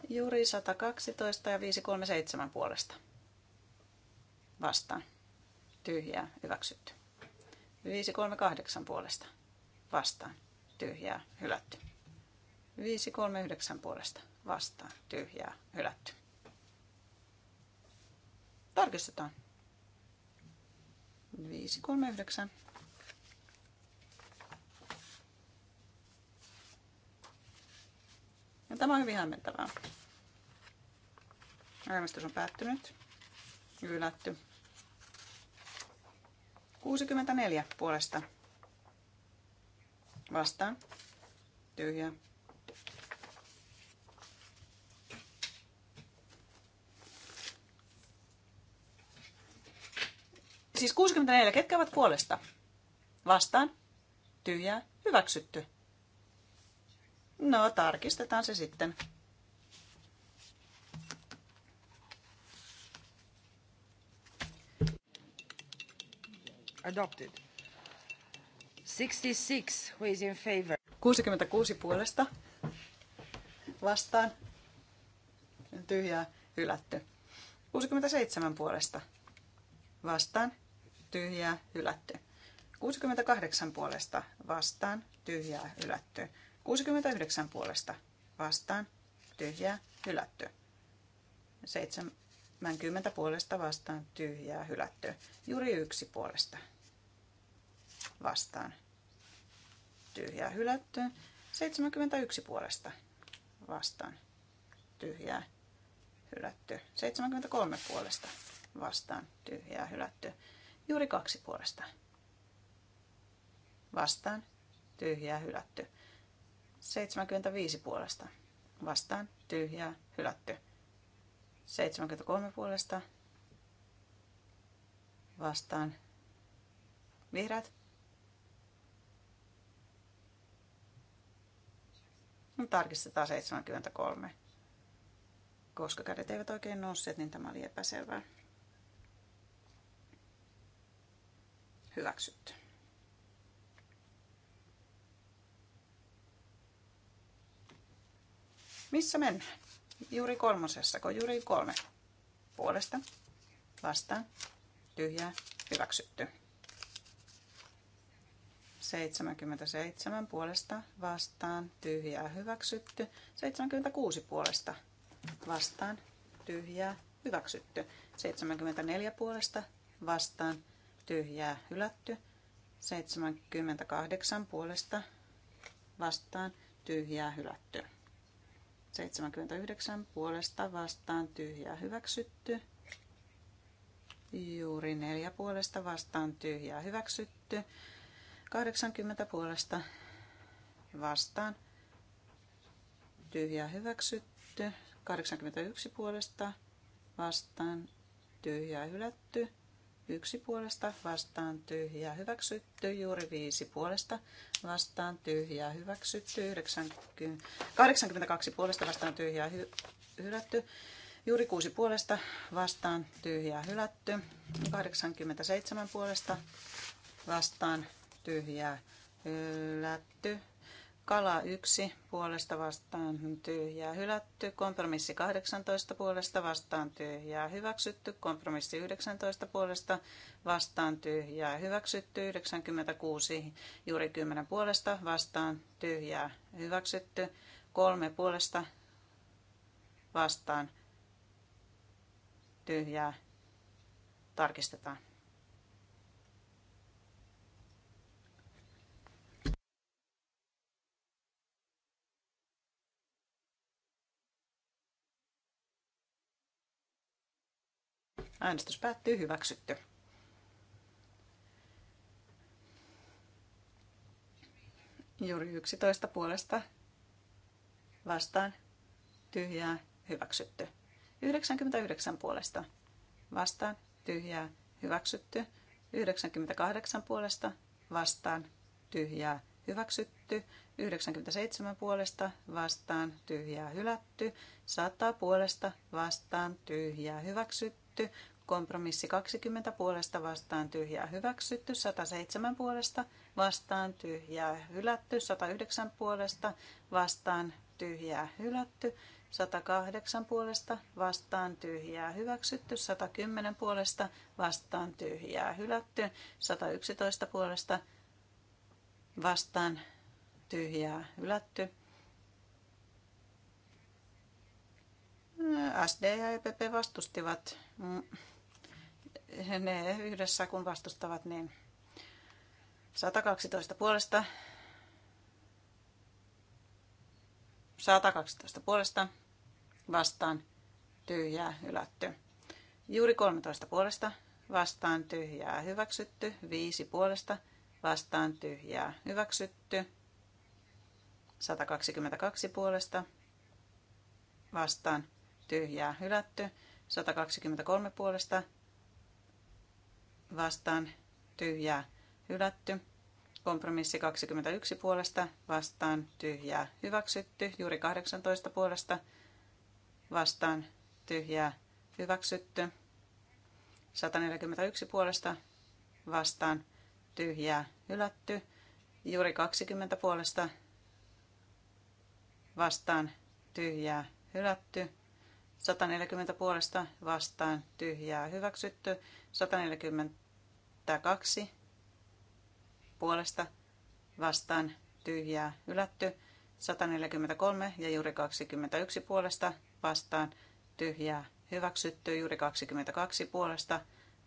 Juuri 112 ja 537 puolesta. Vastaan. Tyhjää, hyväksytty. 538 puolesta vastaan tyhjää hylätty. 539 puolesta vastaan tyhjää hylätty. Tarkistetaan. 539. Ja tämä on hyvin hämmentävää. Äänestys on päättynyt. Ylätty. 64 puolesta. Vastaan. Tyhjä. Siis 64. Ketkä ovat puolesta? Vastaan. Tyhjää. Hyväksytty. No, tarkistetaan se sitten. Adopted. 66, who is in favor? 66 puolesta vastaan. Tyhjää hylätty. 67 puolesta vastaan. Tyhjää hylätty. 68 puolesta vastaan. Tyhjää hylätty. 69 puolesta vastaan. Tyhjää hylätty. 70 puolesta vastaan. Tyhjää hylätty. Juuri yksi puolesta vastaan. Tyhjää hylätty. 71 puolesta vastaan. Tyhjää hylätty. 73 puolesta vastaan. Tyhjää hylätty. Juuri kaksi puolesta vastaan. Tyhjää hylätty. 75 puolesta vastaan. Tyhjää hylätty. 73 puolesta vastaan. Vihreät No tarkistetaan 73. Koska kädet eivät oikein nousseet, niin tämä oli epäselvää. Hyväksytty. Missä mennään? Juuri kolmosessa, kun juuri kolme. Puolesta, vastaan, tyhjää, hyväksytty. 77 puolesta vastaan, tyhjää hyväksytty. 76 puolesta vastaan, tyhjää hyväksytty. 74 puolesta vastaan, tyhjää hylätty. 78 puolesta vastaan, tyhjää hylätty. 79 puolesta vastaan, tyhjää hyväksytty. Juuri neljä puolesta vastaan, tyhjää hyväksytty. 80 puolesta vastaan. Tyhjää hyväksytty. 81 puolesta vastaan. Tyhjää hylätty. Yksi puolesta vastaan tyhjää hyväksytty, juuri viisi puolesta vastaan tyhjää hyväksytty, 90, 82 puolesta vastaan tyhjää hy, hylätty, juuri kuusi puolesta vastaan tyhjää hylätty, 87 puolesta vastaan tyhjää hylätty. Kala 1 puolesta vastaan tyhjää hylätty. Kompromissi 18 puolesta vastaan tyhjää hyväksytty. Kompromissi 19 puolesta vastaan tyhjää hyväksytty. 96 juuri 10 puolesta vastaan tyhjää hyväksytty. 3 puolesta vastaan tyhjää tarkistetaan. Äänestys päättyy. Hyväksytty. Juuri 11 puolesta vastaan tyhjää hyväksytty. 99 puolesta vastaan tyhjää hyväksytty. 98 puolesta vastaan tyhjää hyväksytty. 97 puolesta vastaan tyhjää hylätty. 100 puolesta vastaan tyhjää hyväksytty. Kompromissi 20 puolesta vastaan tyhjää hyväksytty, 107 puolesta vastaan tyhjää hylätty, 109 puolesta vastaan tyhjää hylätty, 108 puolesta vastaan tyhjää hyväksytty, 110 puolesta vastaan tyhjää hylätty, 111 puolesta vastaan tyhjää hylätty. SD ja EPP vastustivat mm ne yhdessä kun vastustavat, niin 112 puolesta. 112 puolesta vastaan tyhjää hylätty. Juuri 13 puolesta vastaan tyhjää hyväksytty. 5 puolesta vastaan tyhjää hyväksytty. 122 puolesta vastaan tyhjää hylätty. 123 puolesta vastaan tyhjää hylätty. Kompromissi 21 puolesta vastaan tyhjää hyväksytty. Juuri 18 puolesta vastaan tyhjää hyväksytty. 141 puolesta vastaan tyhjää hylätty. Juuri 20 puolesta vastaan tyhjää hylätty. 140 puolesta vastaan tyhjää hyväksytty. 140 Tämä kaksi puolesta vastaan tyhjää ylätty 143 ja juuri 21 puolesta vastaan tyhjää hyväksytty. Juuri 22 puolesta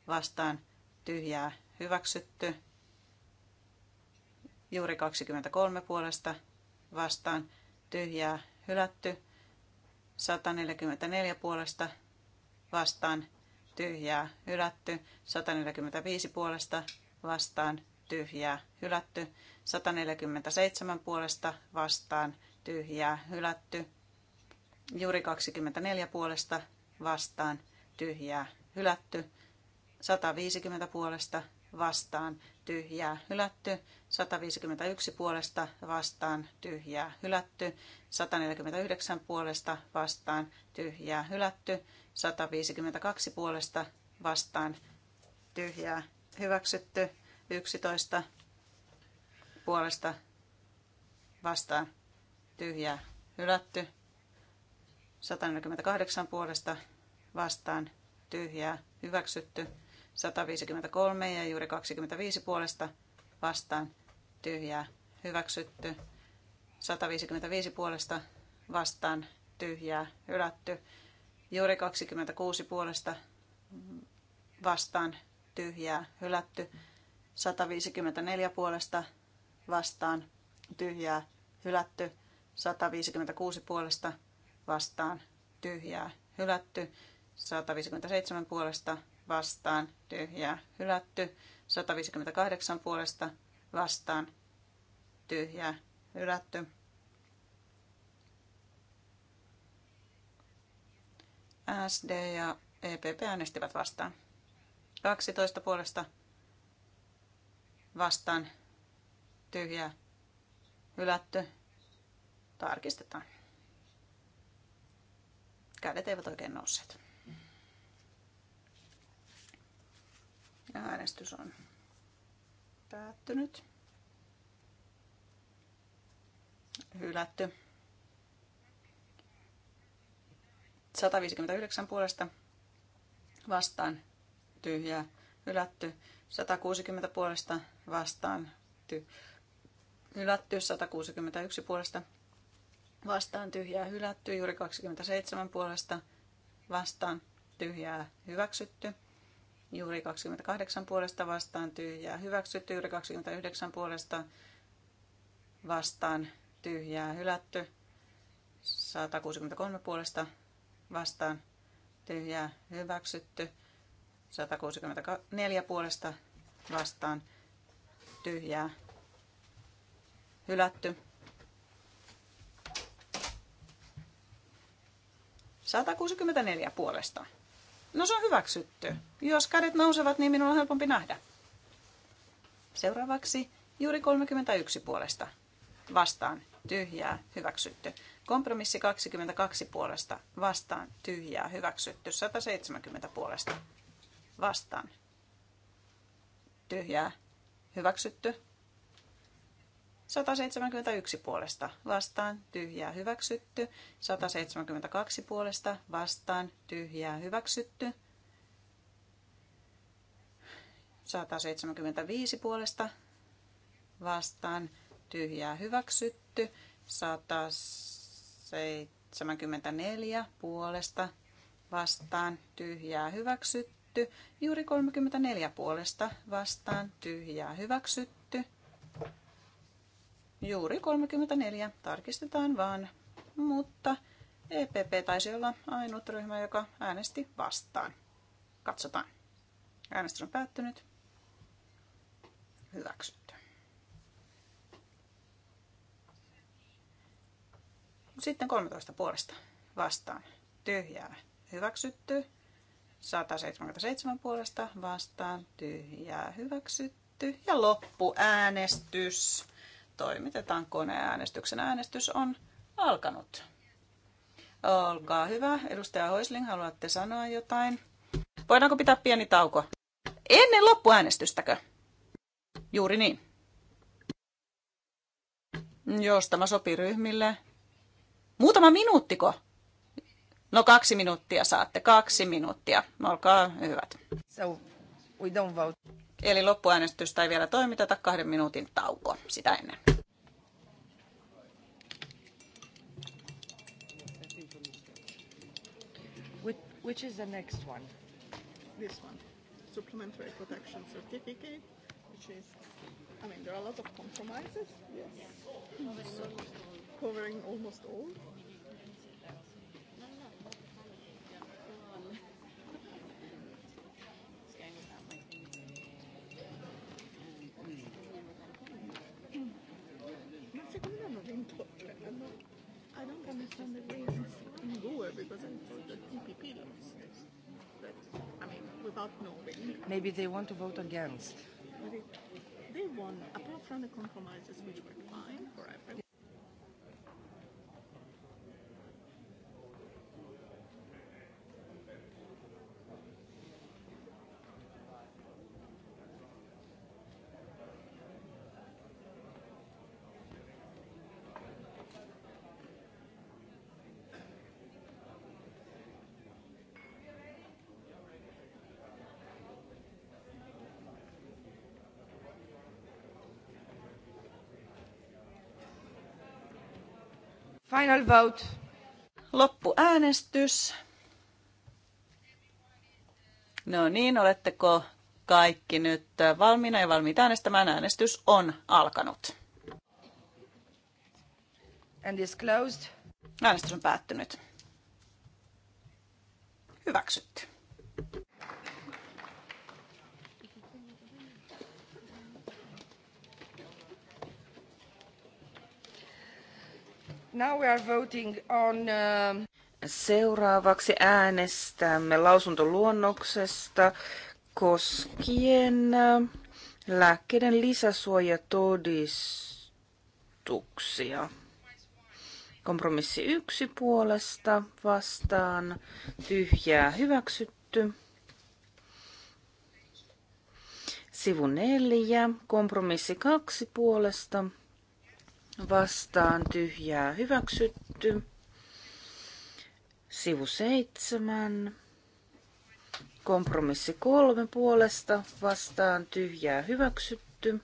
vastaan tyhjää hyväksytty. Juuri 23 puolesta vastaan tyhjää hylätty. 144 puolesta vastaan tyhjää, hylätty. 145 puolesta vastaan, tyhjää, hylätty. 147 puolesta vastaan, tyhjää, hylätty. Juuri 24 puolesta vastaan, tyhjää, hylätty. 150 puolesta vastaan tyhjää hylätty, 151 puolesta vastaan tyhjää hylätty, 149 puolesta vastaan tyhjää hylätty, 152 puolesta vastaan tyhjää hyväksytty, 11 puolesta vastaan tyhjää hylätty, 148 puolesta vastaan tyhjää hyväksytty, 153 ja juuri 25 puolesta vastaan tyhjää hyväksytty. 155 puolesta vastaan tyhjää hylätty. Juuri 26 puolesta vastaan tyhjää hylätty. 154 puolesta vastaan tyhjää hylätty. 156 puolesta vastaan tyhjää hylätty. 157 puolesta vastaan tyhjää hylätty. 158 puolesta vastaan tyhjää hylätty. SD ja EPP äänestivät vastaan. 12 puolesta vastaan tyhjää hylätty. Tarkistetaan. Kädet eivät oikein nousseet. Äänestys on päättynyt. Hylätty. 159 puolesta vastaan tyhjää hylätty. 160 puolesta vastaan ty- hylätty. 161 puolesta vastaan tyhjää hylätty. Juuri 27 puolesta vastaan tyhjää hyväksytty. Juuri 28 puolesta vastaan tyhjää hyväksytty. Juuri 29 puolesta vastaan tyhjää hylätty. 163 puolesta vastaan tyhjää hyväksytty. 164 puolesta vastaan tyhjää hylätty. 164 puolesta No se on hyväksytty. Jos kädet nousevat, niin minun on helpompi nähdä. Seuraavaksi juuri 31 puolesta. Vastaan. Tyhjää. Hyväksytty. Kompromissi 22 puolesta. Vastaan. Tyhjää. Hyväksytty. 170 puolesta. Vastaan. Tyhjää. Hyväksytty. 171 puolesta vastaan tyhjää hyväksytty. 172 puolesta vastaan tyhjää hyväksytty. 175 puolesta vastaan tyhjää hyväksytty. 174 puolesta vastaan tyhjää hyväksytty. Juuri 34 puolesta vastaan tyhjää hyväksytty. Juuri 34 tarkistetaan vaan, mutta EPP taisi olla ainut ryhmä, joka äänesti vastaan. Katsotaan. Äänestys on päättynyt. Hyväksytty. Sitten 13 puolesta vastaan. Tyhjää. Hyväksytty. 177 puolesta vastaan. Tyhjää. Hyväksytty. Ja loppuäänestys toimitetaan koneäänestyksen. Äänestys on alkanut. Olkaa hyvä. Edustaja Hoisling, haluatte sanoa jotain? Voidaanko pitää pieni tauko? Ennen loppuäänestystäkö? Juuri niin. Jos tämä sopii ryhmille. Muutama minuuttiko? No kaksi minuuttia saatte, kaksi minuuttia. Olkaa hyvät. So we don't vote. Eli loppuäänestystä ei vielä toimiteta kahden minuutin tauko sitä ennen. Which is the next one? This one. Supplementary protection certificate, which is, I mean, there are a lot of compromises. Yes. Mm -hmm. So, covering almost all. understand the only in Goa because I thought that DPP lost it. But, I mean, without knowing. Maybe they want to vote against. they won, apart from the compromises which were fine for everyone. Final vote. Loppuäänestys. No niin, oletteko kaikki nyt valmiina ja valmiita äänestämään? Äänestys on alkanut. And is closed. Äänestys on päättynyt. Hyväksytty. Now we are voting on, um, Seuraavaksi äänestämme lausuntoluonnoksesta koskien ähm, lääkkeiden lisäsuojatodistuksia. Kompromissi yksi puolesta vastaan tyhjää hyväksytty. Sivu neljä, kompromissi kaksi puolesta vastaan tyhjää hyväksytty. Sivu 7. Kompromissi kolme puolesta vastaan tyhjää hyväksytty.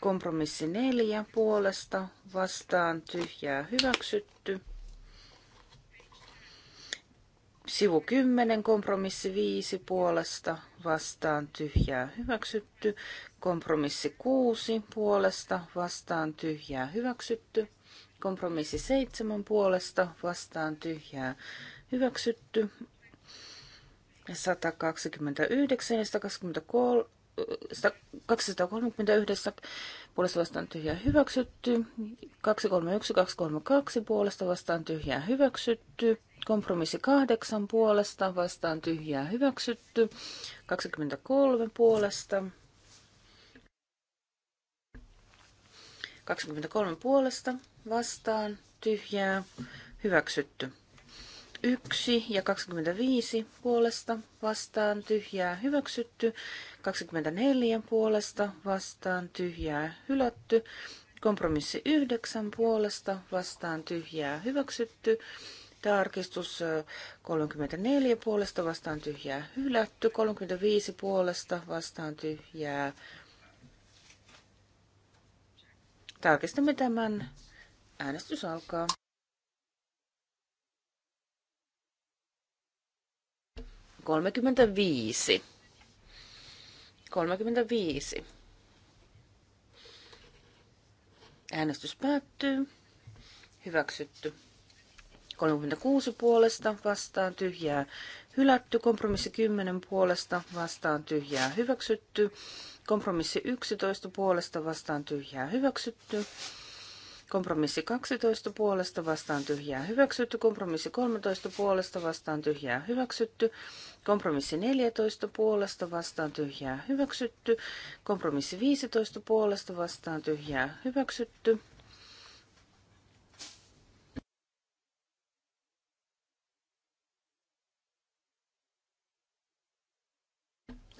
Kompromissi neljä puolesta vastaan tyhjää hyväksytty. Sivu 10, kompromissi 5 puolesta, vastaan tyhjää hyväksytty. Kompromissi 6 puolesta, vastaan tyhjää hyväksytty. Kompromissi 7 puolesta, vastaan tyhjää hyväksytty. 129 ja 123 231 äh, puolesta vastaan tyhjää hyväksytty, 231, 232 puolesta vastaan tyhjää hyväksytty, Kompromissi kahdeksan puolesta, vastaan tyhjää hyväksytty. 23 puolesta. 23 puolesta vastaan tyhjää hyväksytty. 1 ja 25 puolesta vastaan tyhjää hyväksytty. 24 puolesta vastaan tyhjää hylätty. Kompromissi 9 puolesta vastaan tyhjää hyväksytty. Tarkistus 34 puolesta vastaan tyhjää hylätty. 35 puolesta vastaan tyhjää. Tarkistamme tämän. Äänestys alkaa. Kolmekymmentä viisi. Äänestys päättyy. Hyväksytty. 36 puolesta vastaan tyhjää hylätty. Kompromissi 10 puolesta vastaan tyhjää hyväksytty. Kompromissi 11 puolesta vastaan tyhjää hyväksytty. Kompromissi 12 puolesta vastaan tyhjää hyväksytty. Kompromissi 13 puolesta vastaan tyhjää hyväksytty. Kompromissi 14 puolesta vastaan tyhjää hyväksytty. Kompromissi 15 puolesta vastaan tyhjää hyväksytty.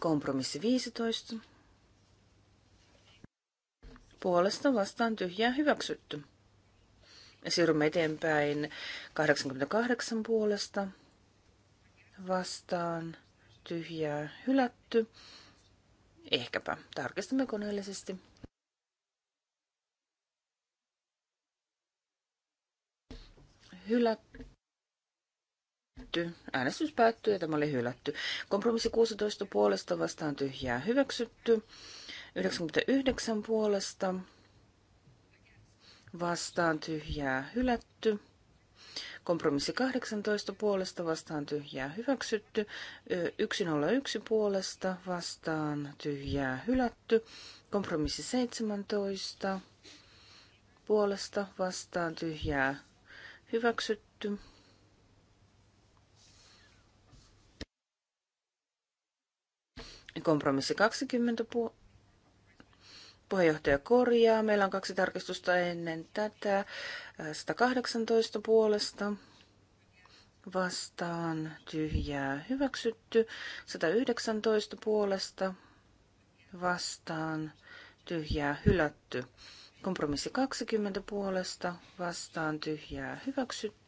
Kompromissi 15. Puolesta vastaan tyhjää hyväksytty. Siirrymme eteenpäin 88 puolesta vastaan tyhjää hylätty. Ehkäpä tarkistamme koneellisesti. Hylätty Äänestys päättyy ja tämä oli hylätty. Kompromissi 16 puolesta vastaan tyhjää hyväksytty. 99 puolesta vastaan tyhjää hylätty. Kompromissi 18 puolesta vastaan tyhjää hyväksytty. 101 puolesta vastaan tyhjää hylätty. Kompromissi 17 puolesta vastaan tyhjää hyväksytty. Kompromissi 20 pu- puheenjohtaja korjaa. Meillä on kaksi tarkistusta ennen tätä. 118 puolesta vastaan tyhjää hyväksytty. 119 puolesta vastaan tyhjää hylätty. Kompromissi 20 puolesta vastaan tyhjää hyväksytty.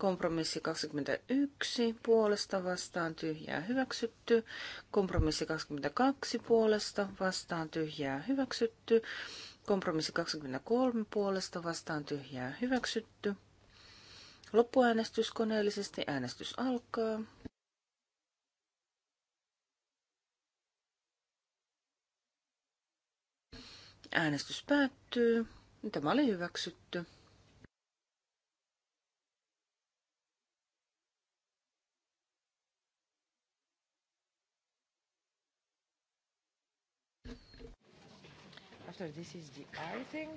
Kompromissi 21 puolesta vastaan tyhjää hyväksytty. Kompromissi 22 puolesta vastaan tyhjää hyväksytty. Kompromissi 23 puolesta vastaan tyhjää hyväksytty. Loppuäänestys koneellisesti. Äänestys alkaa. Äänestys päättyy. Tämä oli hyväksytty. after this is the eye thing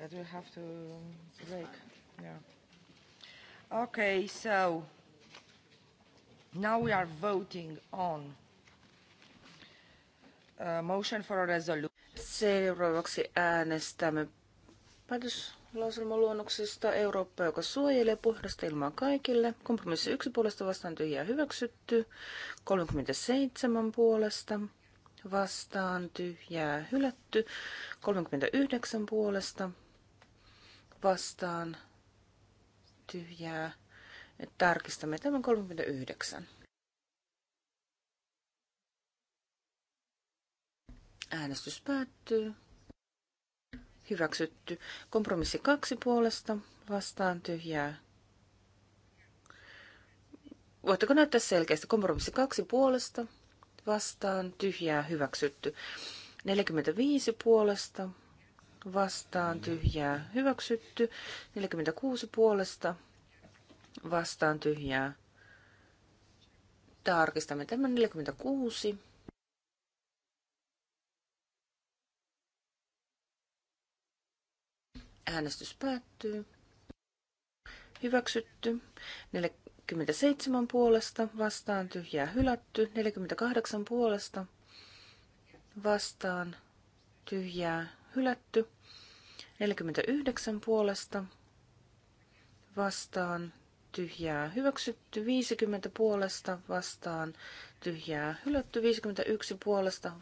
that we have to um, break. Yeah. Okay, so now we are voting on a motion for a resolution. Seuraavaksi äänestämme päätöslauselmaluonnoksesta Eurooppa, joka suojelee puhdasta ilmaa kaikille. Kompromissi yksi puolesta vastaan tyhjää hyväksytty. 37 puolesta vastaan tyhjää hylätty. 39 puolesta vastaan tyhjää. Tarkistamme tämän 39. Äänestys päättyy. Hyväksytty. Kompromissi kaksi puolesta vastaan tyhjää. Voitteko näyttää selkeästi? Kompromissi kaksi puolesta vastaan tyhjää hyväksytty. 45 puolesta vastaan tyhjää hyväksytty. 46 puolesta vastaan tyhjää. Tarkistamme tämän 46. Äänestys päättyy. Hyväksytty. 47 puolesta vastaan tyhjää hylätty, 48 puolesta vastaan tyhjää hylätty, 49 puolesta vastaan tyhjää hyväksytty, 50 puolesta vastaan tyhjää hylätty, 51 puolesta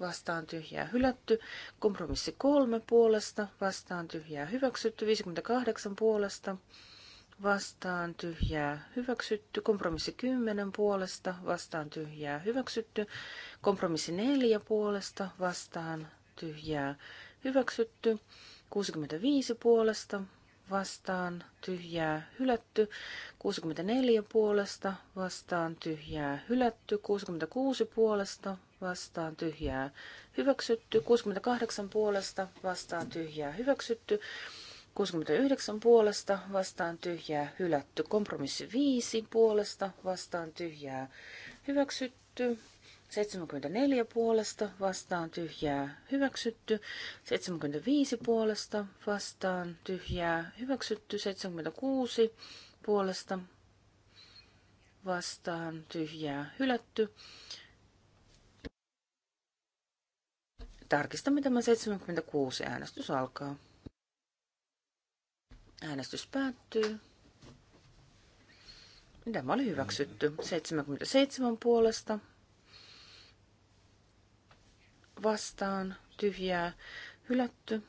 vastaan tyhjää hylätty, kompromissi 3 puolesta vastaan tyhjää hyväksytty, 58 puolesta vastaan tyhjää hyväksytty. Kompromissi 10 puolesta vastaan tyhjää hyväksytty. Kompromissi 4 puolesta vastaan tyhjää hyväksytty. 65 puolesta vastaan tyhjää hylätty. 64 puolesta vastaan tyhjää hylätty. 66 puolesta vastaan tyhjää hyväksytty. 68 puolesta vastaan tyhjää hyväksytty. 69 puolesta vastaan tyhjää hylätty. Kompromissi 5 puolesta vastaan tyhjää hyväksytty. 74 puolesta vastaan tyhjää hyväksytty. 75 puolesta vastaan tyhjää hyväksytty. 76 puolesta vastaan tyhjää hylätty. Tarkistamme tämä 76 äänestys alkaa. Äänestys päättyy. Tämä oli hyväksytty. 77 puolesta. Vastaan. Tyhjää. Hylätty.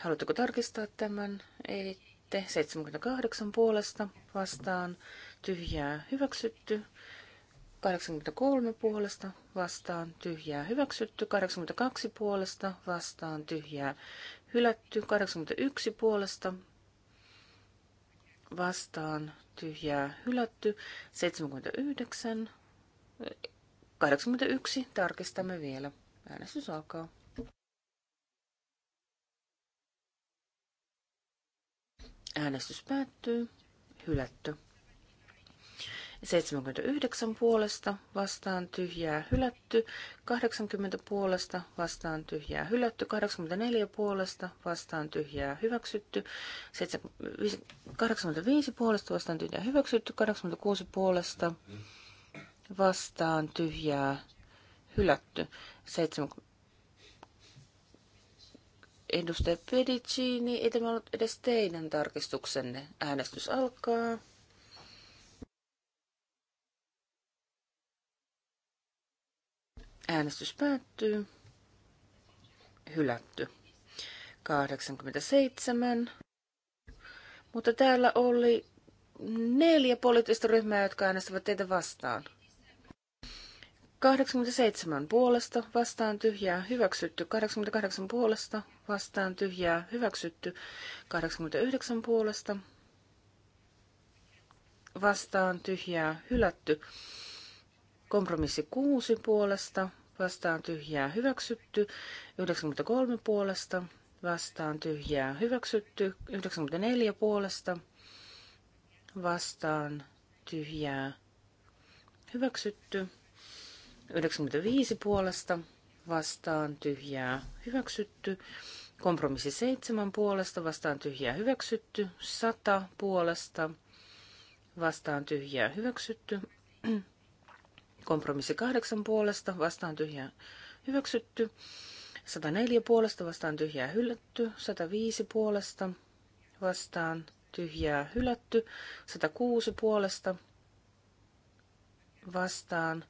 Haluatteko tarkistaa tämän? Elitte 78 puolesta vastaan. Tyhjää. Hyväksytty. 83 puolesta vastaan tyhjää hyväksytty, 82 puolesta vastaan tyhjää Hylätty 81 puolesta vastaan tyhjää hylätty 79. 81 tarkistamme vielä. Äänestys alkaa. Äänestys päättyy. Hylätty. 79 puolesta vastaan tyhjää hylätty, 80 puolesta vastaan tyhjää hylätty, 84 puolesta vastaan tyhjää hyväksytty, 85 puolesta vastaan tyhjää hyväksytty, 86 puolesta vastaan tyhjää hylätty, 7 Edustaja Pedicini, ei tämä ollut edes teidän tarkistuksenne. Äänestys alkaa. Äänestys päättyy. Hylätty. 87. Mutta täällä oli neljä poliittista ryhmää, jotka äänestävät teitä vastaan. 87 puolesta, vastaan tyhjää, hyväksytty. 88 puolesta, vastaan tyhjää, hyväksytty. 89 puolesta, vastaan tyhjää, hylätty. Kompromissi 6 puolesta vastaan tyhjää hyväksytty. 93 puolesta vastaan tyhjää hyväksytty. 94 puolesta vastaan tyhjää hyväksytty. 95 puolesta vastaan tyhjää hyväksytty. Kompromissi 7 puolesta vastaan tyhjää hyväksytty. 100 puolesta vastaan tyhjää hyväksytty. Kompromissi kahdeksan puolesta vastaan tyhjää hyväksytty. 104 puolesta vastaan tyhjää hylätty. 105 puolesta vastaan tyhjää hylätty. 106 puolesta vastaan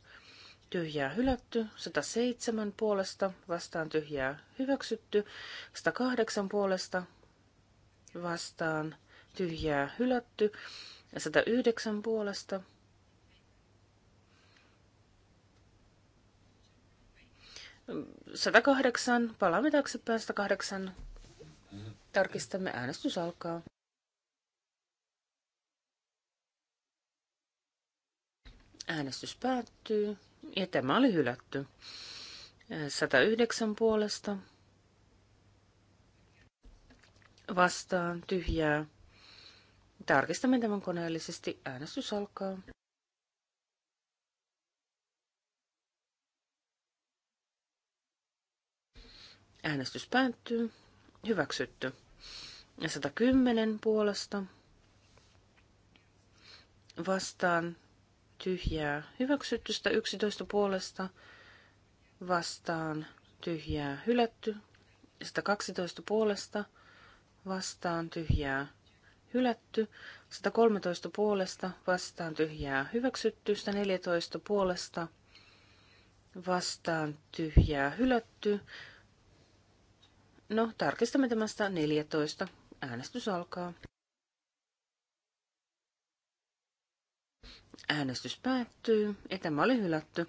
tyhjää hylätty, 107 puolesta vastaan tyhjää hyväksytty, 108 puolesta vastaan tyhjää hylätty, 109 puolesta 108. Palaamme taaksepäin 108. Tarkistamme. Äänestys alkaa. Äänestys päättyy ja tämä oli hylätty. 109 puolesta vastaan tyhjää. Tarkistamme tämän koneellisesti. Äänestys alkaa. Äänestys päättyy. Hyväksytty. 110 puolesta. Vastaan tyhjää. Hyväksytty 11 puolesta. Vastaan tyhjää. Hylätty 112 puolesta. Vastaan tyhjää. Hylätty 113 puolesta. Vastaan tyhjää. Hyväksytty 114 puolesta. Vastaan tyhjää. Hylätty No, tarkistamme tämän 114. Äänestys alkaa. Äänestys päättyy ja tämä oli hylätty.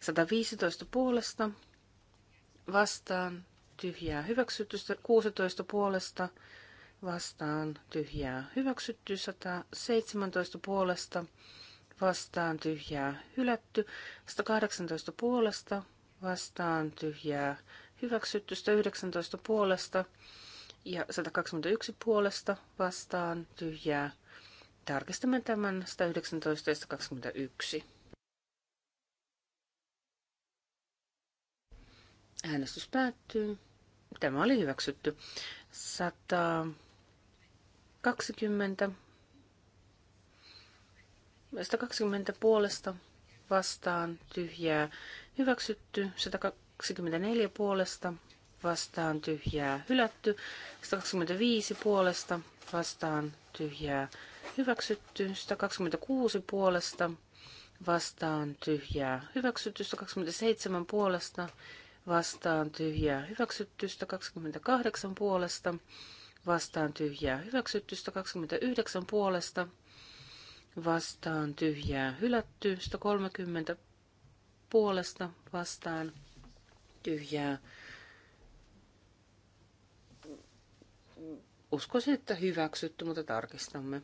115 puolesta vastaan tyhjää hyväksytty, 16 puolesta vastaan tyhjää hyväksytty, 117 puolesta vastaan tyhjää hylätty, 118 puolesta vastaan tyhjää hyväksytty 119 puolesta ja 121 puolesta vastaan tyhjää. Tarkistamme tämän 119 ja 121. Äänestys päättyy. Tämä oli hyväksytty. 120. 120 puolesta vastaan tyhjää hyväksytty. 120 24 puolesta vastaan tyhjää hylätty, 125 puolesta vastaan tyhjää hyväksytty, 126 puolesta vastaan tyhjää hyväksytty, 127 puolesta vastaan tyhjää hyväksytty, 128 puolesta vastaan tyhjää hyväksytty, 129 puolesta vastaan tyhjää hylätty, 130 puolesta vastaan tyhjää. Uskoisin, että hyväksytty, mutta tarkistamme.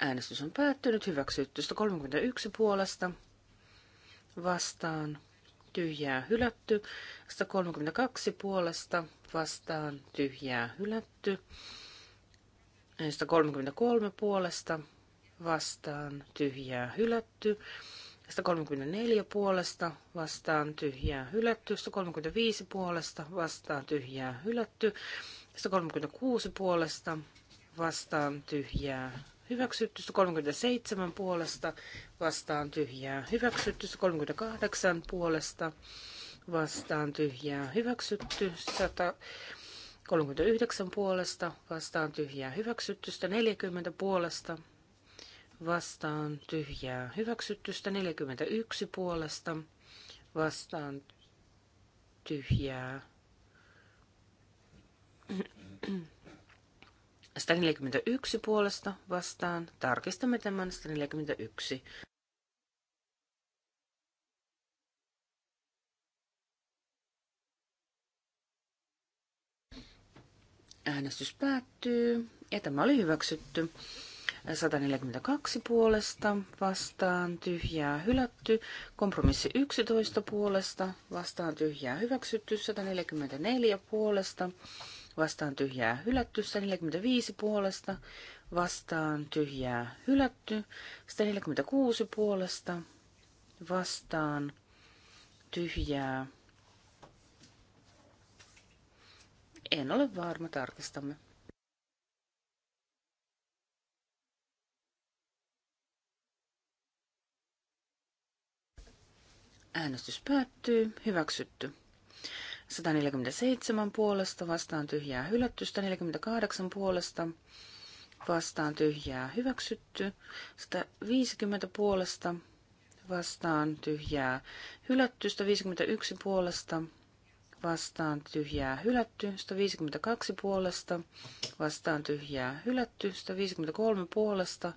Äänestys on päättynyt, hyväksytty 131 puolesta, vastaan, tyhjää hylätty, 132 puolesta, vastaan, tyhjää hylätty, 133 puolesta, vastaan tyhjää hylätty. 134 puolesta vastaan tyhjää hylätty. 135 puolesta vastaan tyhjää hylätty. 136 puolesta vastaan tyhjää hyväksytty. 137 puolesta vastaan tyhjää hyväksytty. 138 puolesta vastaan tyhjää hyväksytty. 100 39 puolesta, vastaan tyhjää hyväksytty. 40 puolesta, vastaan tyhjää Hyväksyttystä 41 puolesta vastaan tyhjää 141 puolesta vastaan. Tarkistamme tämän 141. Äänestys päättyy ja tämä oli hyväksytty. 142 puolesta vastaan tyhjää hylätty. Kompromissi 11 puolesta vastaan tyhjää hyväksytty. 144 puolesta vastaan tyhjää hylätty. 145 puolesta vastaan tyhjää hylätty. 146 puolesta vastaan tyhjää. En ole varma, tarkistamme. Äänestys päättyy. Hyväksytty. 147 puolesta vastaan tyhjää hylätty. 148 puolesta vastaan tyhjää hyväksytty. 150 puolesta vastaan tyhjää hylätty. 151 puolesta vastaan tyhjää hylätty, 152 puolesta, vastaan tyhjää hylätty, 153 puolesta,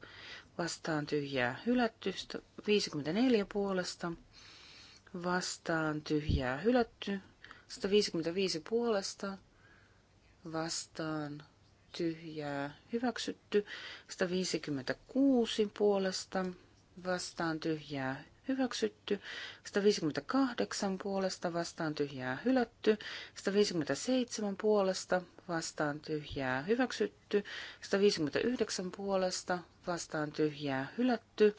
vastaan tyhjää hylätty, 154 puolesta, vastaan tyhjää hylätty. 155 puolesta vastaan tyhjää hyväksytty. 156 puolesta vastaan tyhjää hyväksytty, 158 puolesta vastaan tyhjää hylätty, 157 puolesta vastaan tyhjää hyväksytty, 159 puolesta vastaan tyhjää hylätty,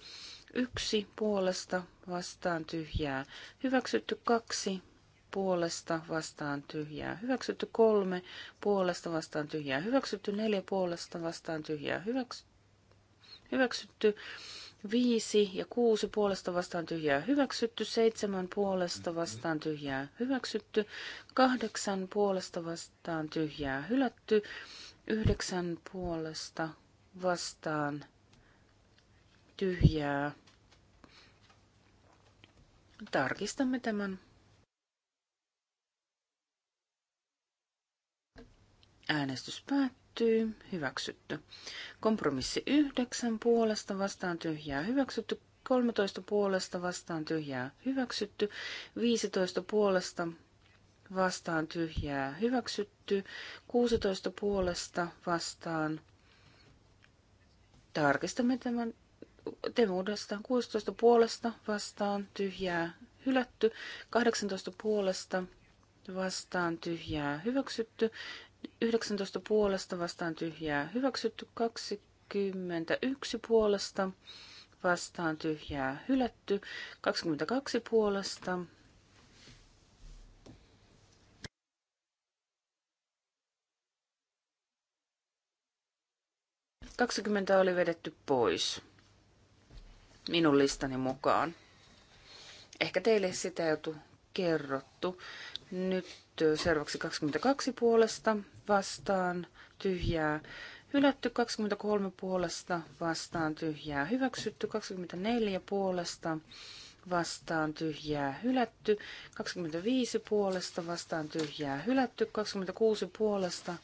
1 puolesta vastaan tyhjää. Hyväksytty kaksi puolesta vastaan tyhjää. Hyväksytty kolme puolesta vastaan tyhjää. Hyväksytty neljä puolesta vastaan tyhjää. Hyväks- hyväksytty viisi ja kuusi puolesta vastaan tyhjää. Hyväksytty seitsemän puolesta vastaan tyhjää. Hyväksytty kahdeksan puolesta vastaan tyhjää. Hylätty yhdeksän puolesta vastaan tyhjää. Tarkistamme tämän. Äänestys päättyy. Hyväksytty. Kompromissi 9 puolesta vastaan tyhjää hyväksytty. 13 puolesta vastaan tyhjää hyväksytty. 15 puolesta vastaan tyhjää hyväksytty. 16 puolesta vastaan. Tarkistamme tämän Teemu uudestaan 16 puolesta vastaan tyhjää hylätty, 18 puolesta vastaan tyhjää hyväksytty, 19 puolesta vastaan tyhjää hyväksytty, 21 puolesta vastaan tyhjää hylätty, 22 puolesta Kaksikymmentä oli vedetty pois minun listani mukaan. Ehkä teille sitä ei ole kerrottu. Nyt seuraavaksi 22 puolesta vastaan tyhjää hylätty 23 puolesta vastaan tyhjää hyväksytty 24 puolesta vastaan tyhjää hylätty 25 puolesta vastaan tyhjää hylätty 26 puolesta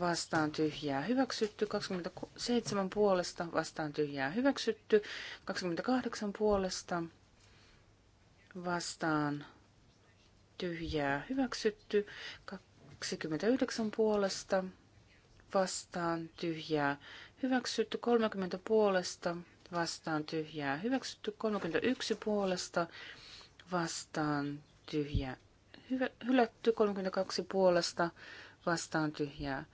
vastaan tyhjää hyväksytty, 27 puolesta vastaan tyhjää hyväksytty, 28 puolesta vastaan tyhjää hyväksytty, 29 puolesta vastaan tyhjää hyväksytty, 30 puolesta vastaan tyhjää hyväksytty, 31 puolesta vastaan tyhjää hyvä, hylätty, 32 puolesta vastaan tyhjää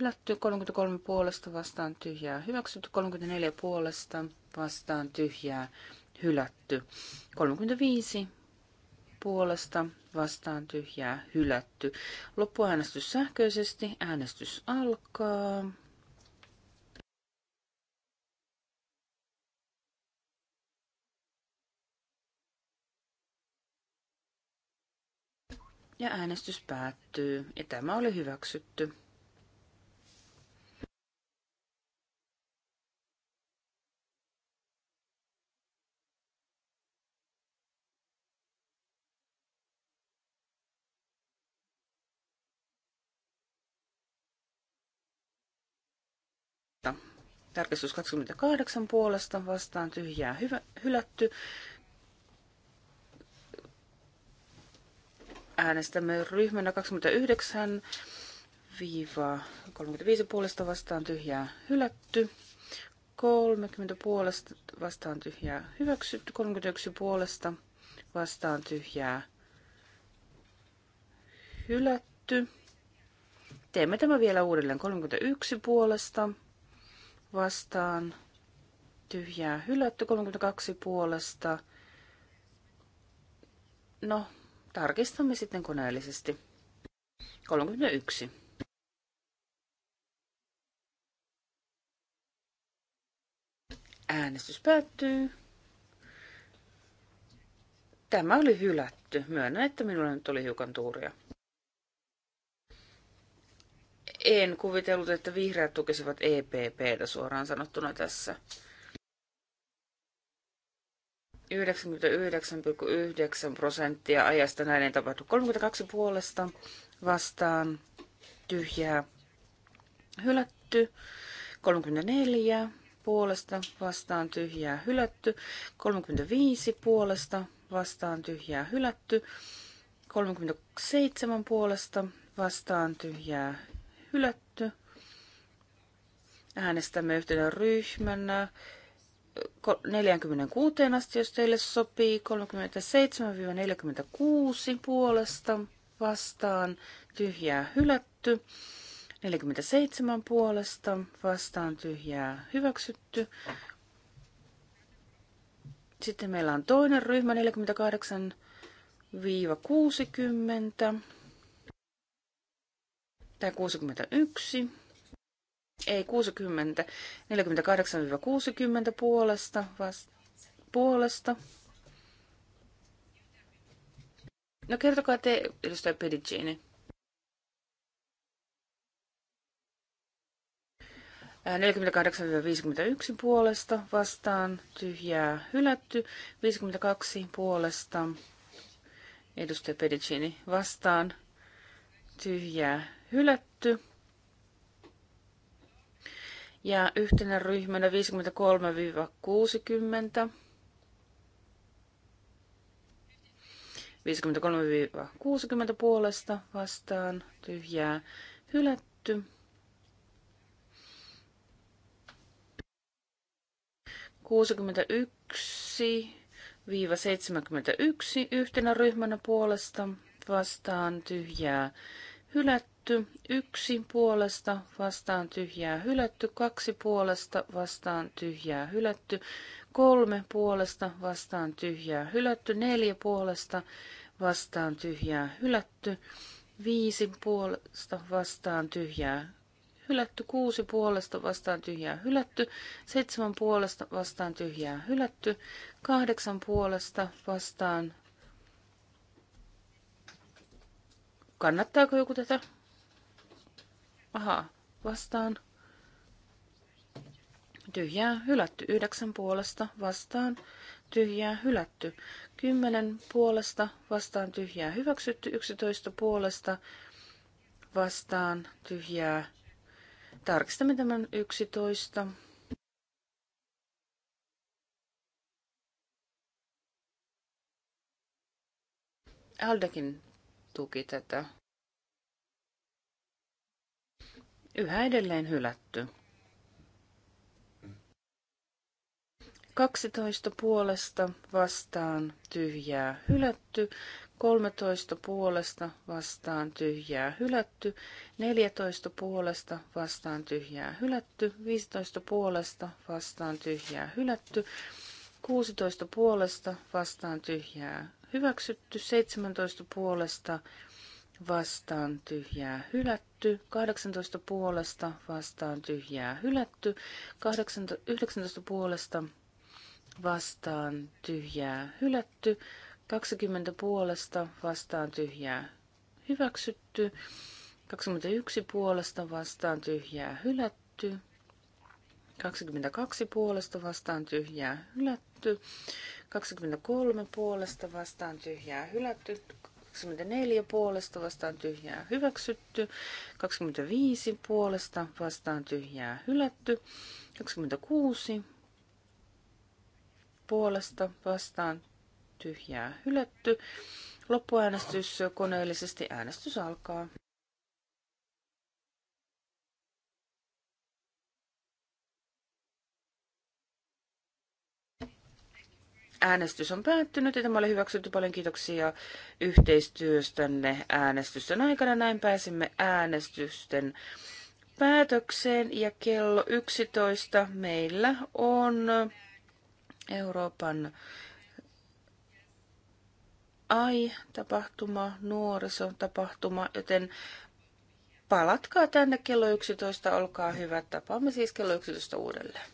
hylätty 33 puolesta vastaan tyhjää, hyväksytty 34 puolesta vastaan tyhjää, hylätty 35 puolesta vastaan tyhjää, hylätty. Loppuäänestys sähköisesti, äänestys alkaa. Ja äänestys päättyy, ja tämä oli hyväksytty. Tarkistus 28 puolesta vastaan tyhjää hyvä, hylätty. Äänestämme ryhmänä 29 35 puolesta vastaan tyhjää hylätty. 30 puolesta vastaan tyhjää hyväksytty. 31 puolesta vastaan tyhjää hylätty. Teemme tämä vielä uudelleen. 31 puolesta vastaan tyhjää hylätty, 32 puolesta. No, tarkistamme sitten koneellisesti. 31. Äänestys päättyy. Tämä oli hylätty. Myönnän, että minulla nyt oli hiukan tuuria en kuvitellut, että vihreät tukisivat EPPtä suoraan sanottuna tässä. 99,9 prosenttia ajasta näin ei tapahtu. 32 puolesta vastaan tyhjää hylätty. 34 puolesta vastaan tyhjää hylätty. 35 puolesta vastaan tyhjää hylätty. 37 puolesta vastaan tyhjää hylätty. Äänestämme yhtenä ryhmänä 46 asti, jos teille sopii, 37-46 puolesta vastaan, tyhjää hylätty, 47 puolesta vastaan tyhjää hyväksytty. Sitten meillä on toinen ryhmä 48-60 tämä 61, ei 60, 48-60 puolesta, vast, puolesta. No kertokaa te, edustaja Pedicini. Ää, 48-51 puolesta vastaan tyhjää hylätty, 52 puolesta edustaja Pedicini vastaan tyhjää hylätty. Ja yhtenä ryhmänä 53-60. 53-60 puolesta vastaan tyhjää hylätty. 61-71 yhtenä ryhmänä puolesta vastaan tyhjää hylätty, yksi puolesta vastaan tyhjää hylätty, kaksi puolesta vastaan tyhjää hylätty, kolme puolesta vastaan tyhjää hylätty, neljä puolesta vastaan tyhjää hylätty, viisi puolesta vastaan tyhjää hylätty, kuusi puolesta vastaan tyhjää hylätty, seitsemän puolesta vastaan tyhjää hylätty, kahdeksan puolesta vastaan Kannattaako joku tätä? Ahaa, vastaan. Tyhjää hylätty. Yhdeksän puolesta vastaan. Tyhjää hylätty. Kymmenen puolesta vastaan tyhjää hyväksytty. Yksitoista puolesta vastaan tyhjää. Tarkistamme tämän yksitoista. Aldekin tuki tätä. Yhä edelleen hylätty. 12 puolesta vastaan tyhjää hylätty, 13 puolesta vastaan tyhjää hylätty, 14 puolesta vastaan tyhjää hylätty, 15 puolesta vastaan tyhjää hylätty, 16 puolesta vastaan tyhjää hyväksytty, 17 puolesta vastaan tyhjää hylätty, 18 puolesta vastaan tyhjää hylätty, 19 puolesta vastaan tyhjää hylätty, 20 puolesta vastaan tyhjää hyväksytty, 21 puolesta vastaan tyhjää hylätty, 22 puolesta vastaan tyhjää hylätty. 23 puolesta vastaan tyhjää hylätty. 24 puolesta vastaan tyhjää hyväksytty. 25 puolesta vastaan tyhjää hylätty. 26 puolesta vastaan tyhjää hylätty. Loppuäänestys koneellisesti. Äänestys alkaa. Äänestys on päättynyt ja tämä oli hyväksytty. Paljon kiitoksia yhteistyöstänne äänestysten aikana. Näin pääsimme äänestysten päätökseen ja kello 11 meillä on Euroopan AI-tapahtuma, nuorisotapahtuma, joten palatkaa tänne kello 11, olkaa hyvä. Tapaamme siis kello 11 uudelleen.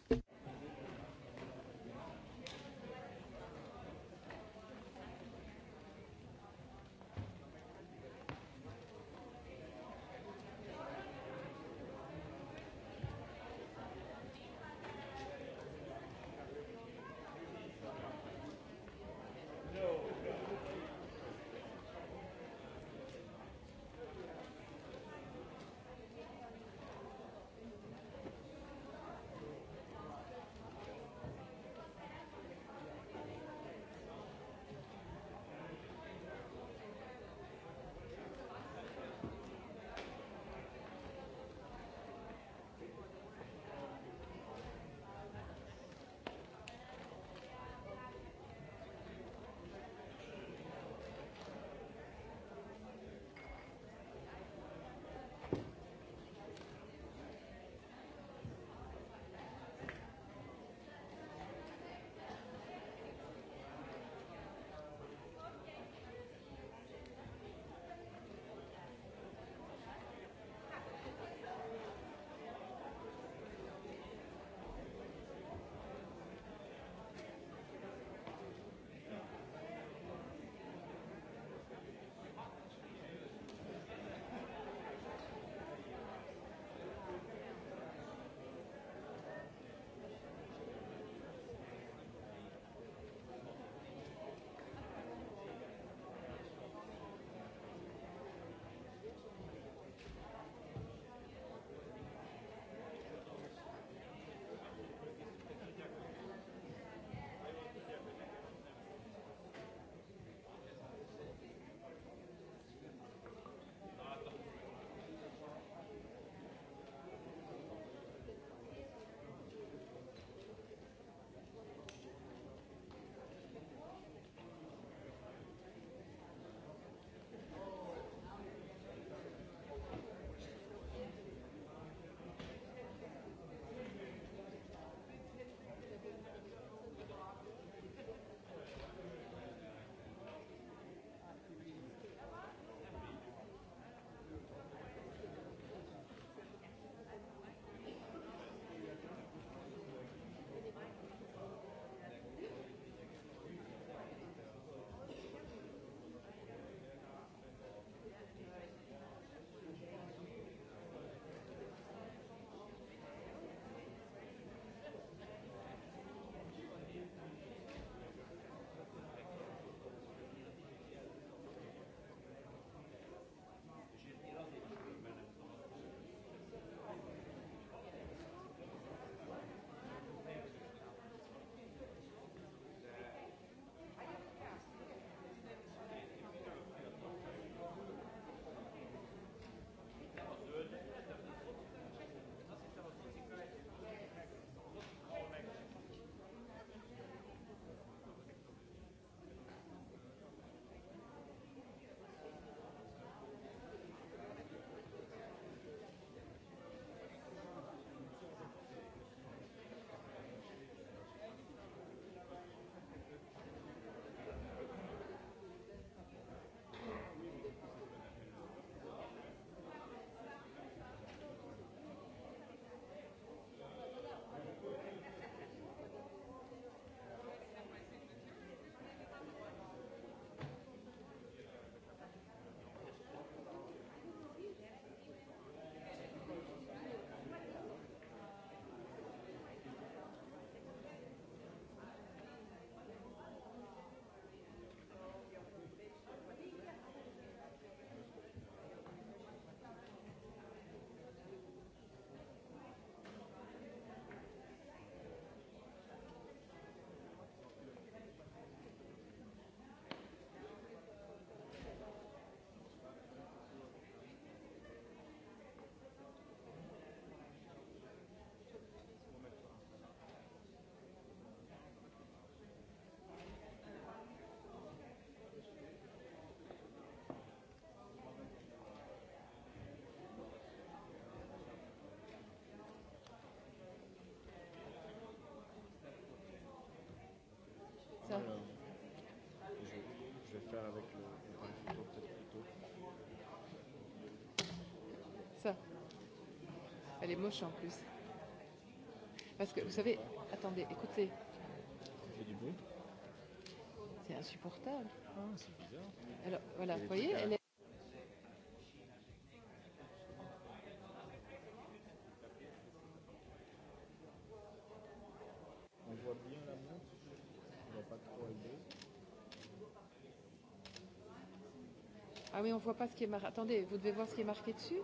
Elle est moche en plus. Parce que vous savez, attendez, écoutez. C'est insupportable. Ah, Alors voilà, vous voyez, elle est. On on Ah oui, on ne voit pas ce qui est marqué. Attendez, vous devez voir ce qui est marqué dessus.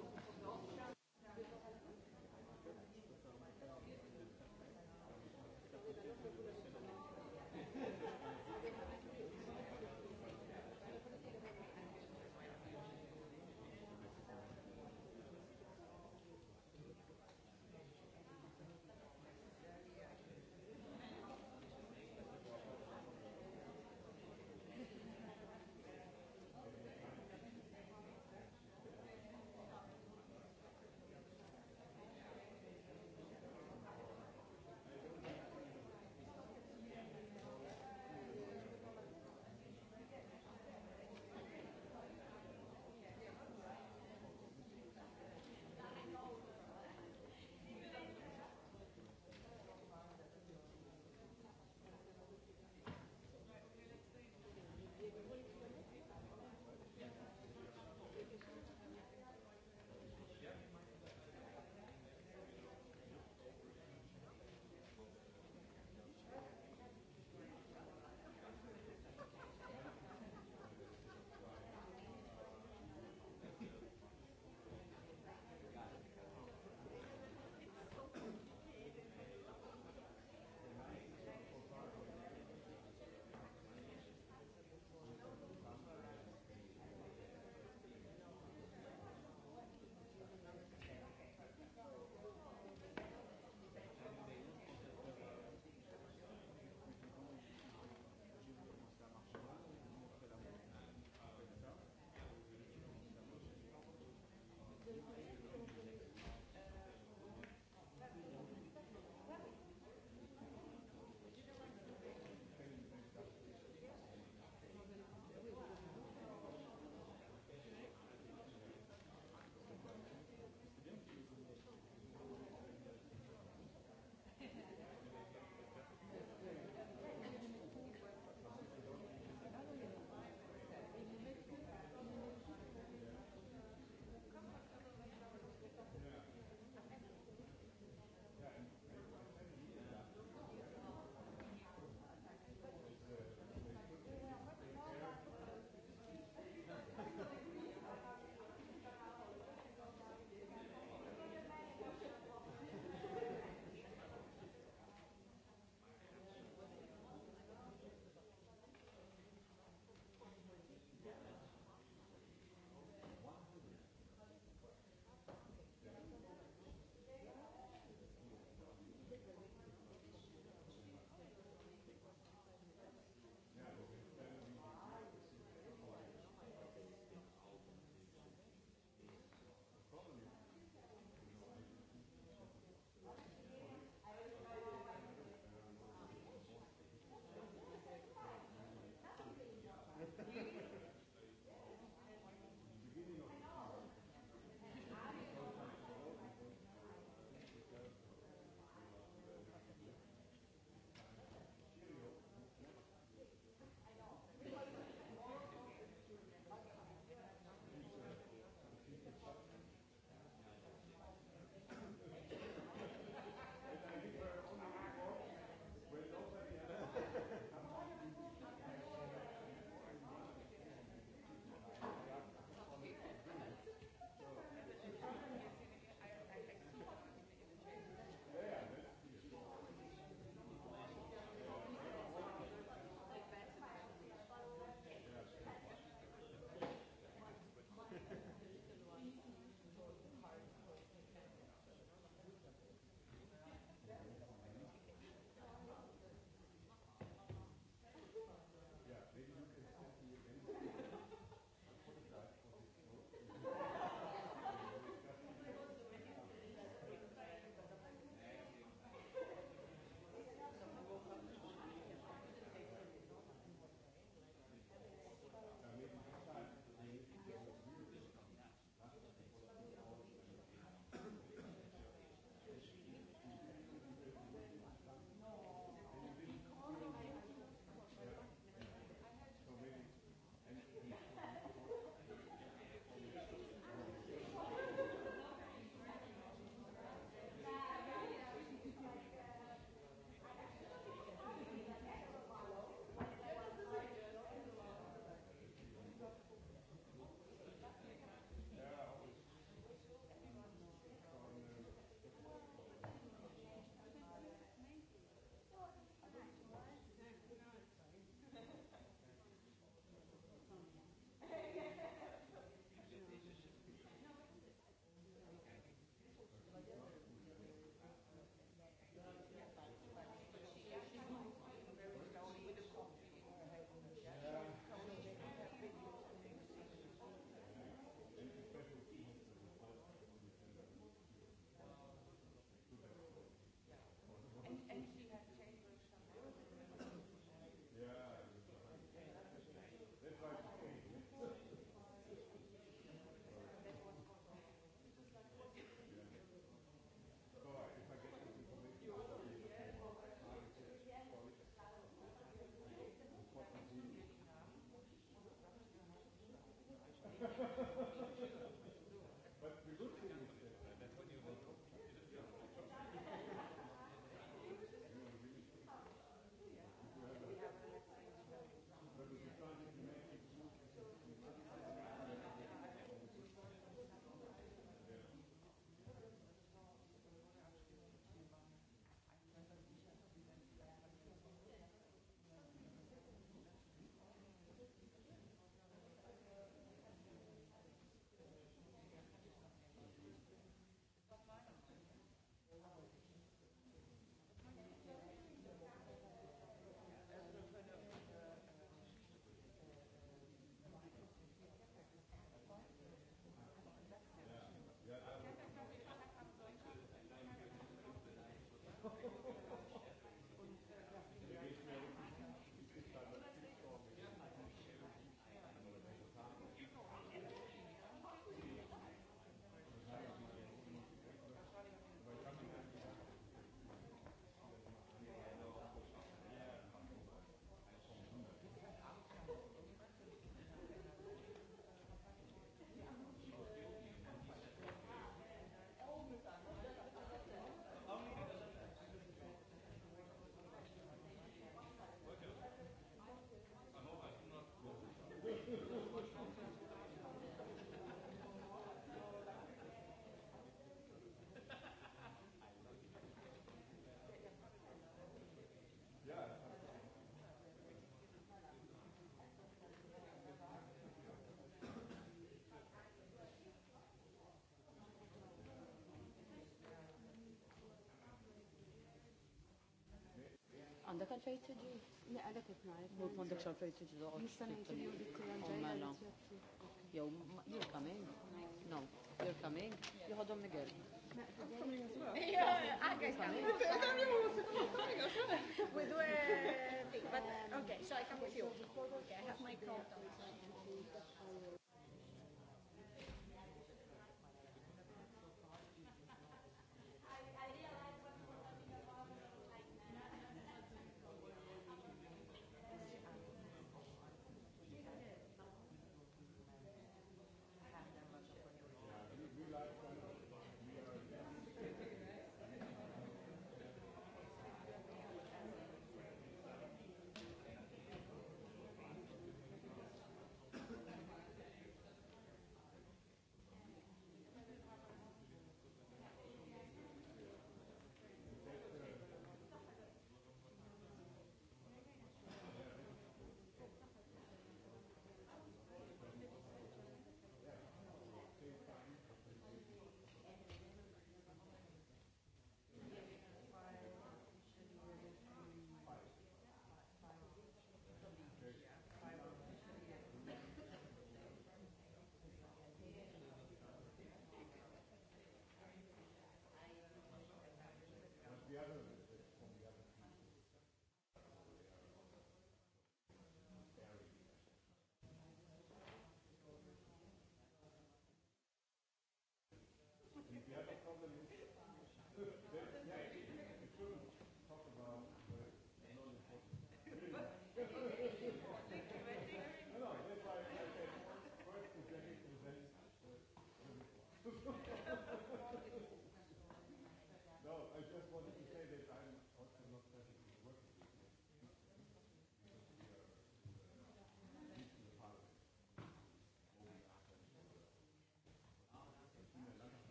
Għandek għalfej tiġi? Le, għalek kif najt. Mut mandek għalfej tiġi doħ. Nista nejti li għudik għanġajla. Jow, you're coming? No, you're coming? Joħodom Miguel. With euh, where? Ah, okay, so I come with you. Okay, I have my coat on.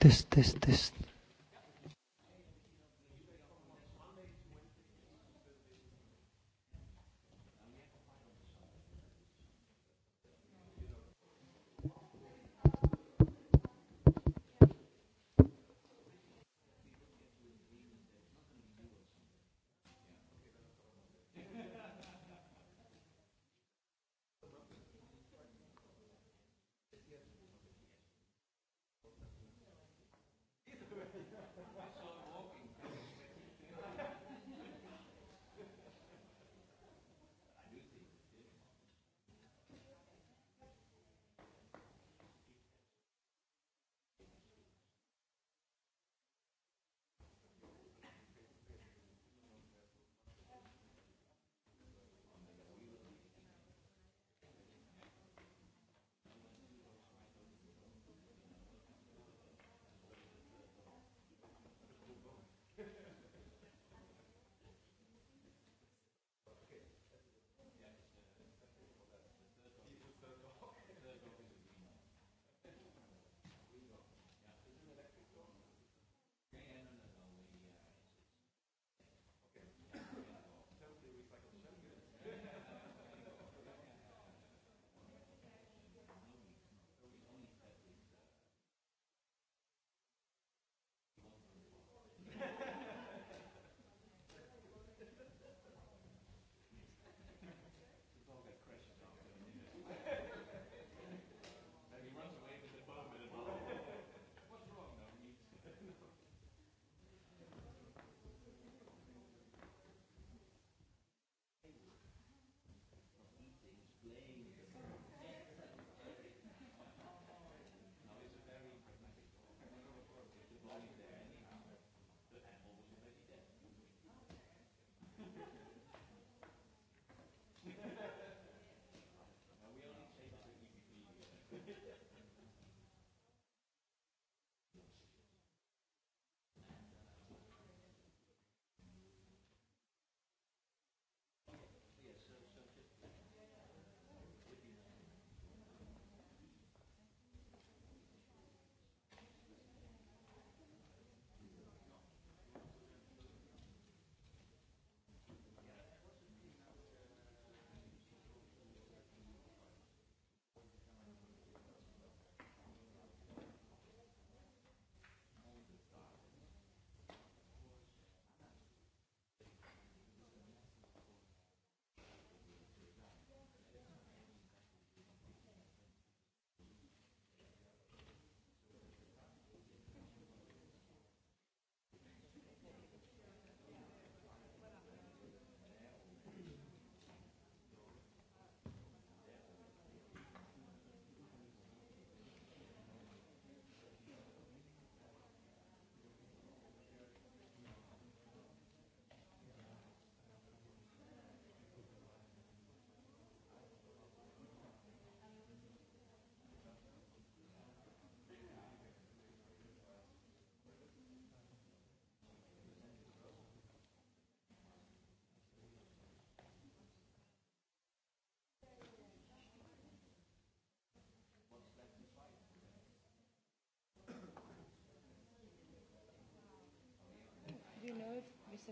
test test test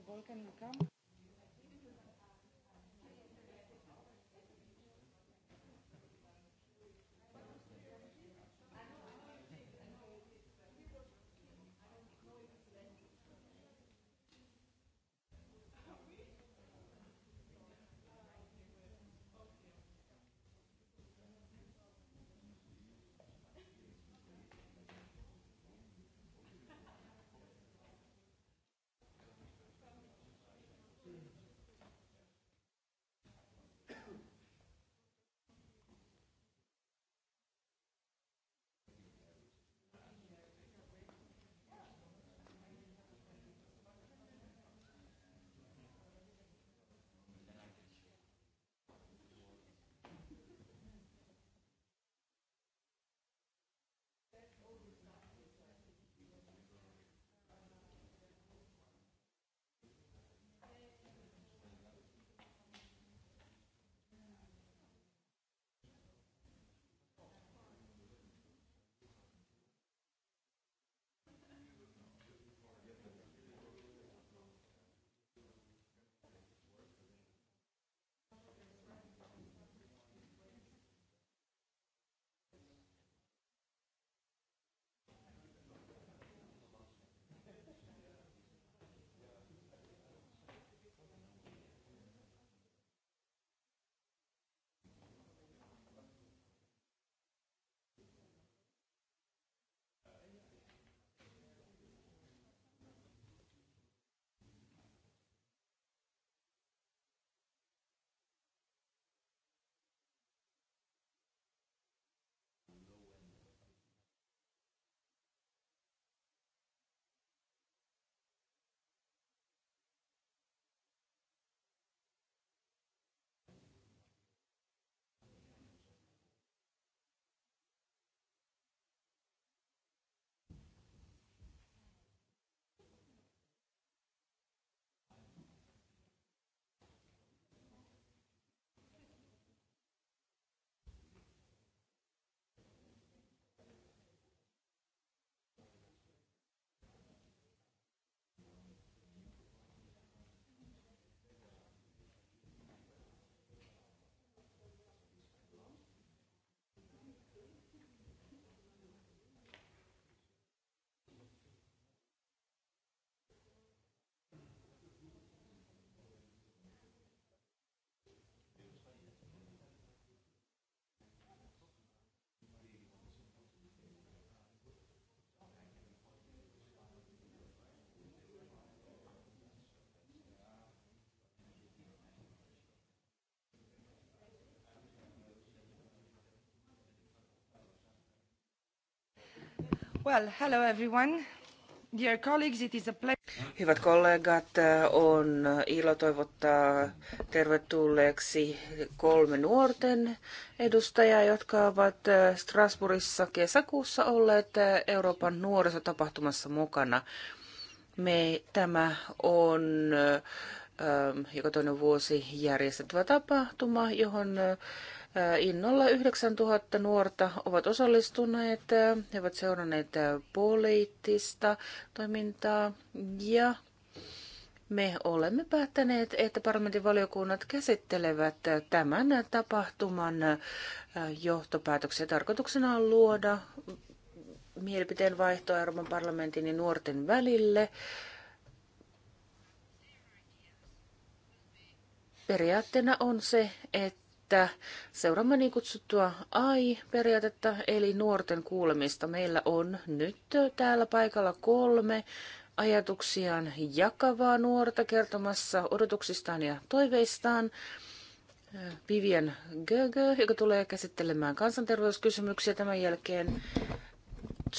bolj kam? Well, hello everyone. Dear colleagues, it is a pleasure. Hyvät kollegat, on ilo toivottaa tervetulleeksi kolme nuorten edustajaa, jotka ovat Strasbourgissa kesäkuussa olleet Euroopan nuorisotapahtumassa mukana. Me, tämä on ähm, joka toinen vuosi järjestettävä tapahtuma, johon Äh, innolla 9000 nuorta ovat osallistuneet. Äh, he ovat seuranneet äh, poliittista toimintaa ja me olemme päättäneet, että parlamentin valiokunnat käsittelevät tämän tapahtuman johtopäätöksiä. Tarkoituksena on luoda mielipiteen vaihtoa Euroopan parlamentin ja nuorten välille. Periaatteena on se, että että seuraamme niin kutsuttua AI-periaatetta, eli nuorten kuulemista. Meillä on nyt täällä paikalla kolme ajatuksiaan jakavaa nuorta kertomassa odotuksistaan ja toiveistaan. Vivian Gögö, joka tulee käsittelemään kansanterveyskysymyksiä tämän jälkeen.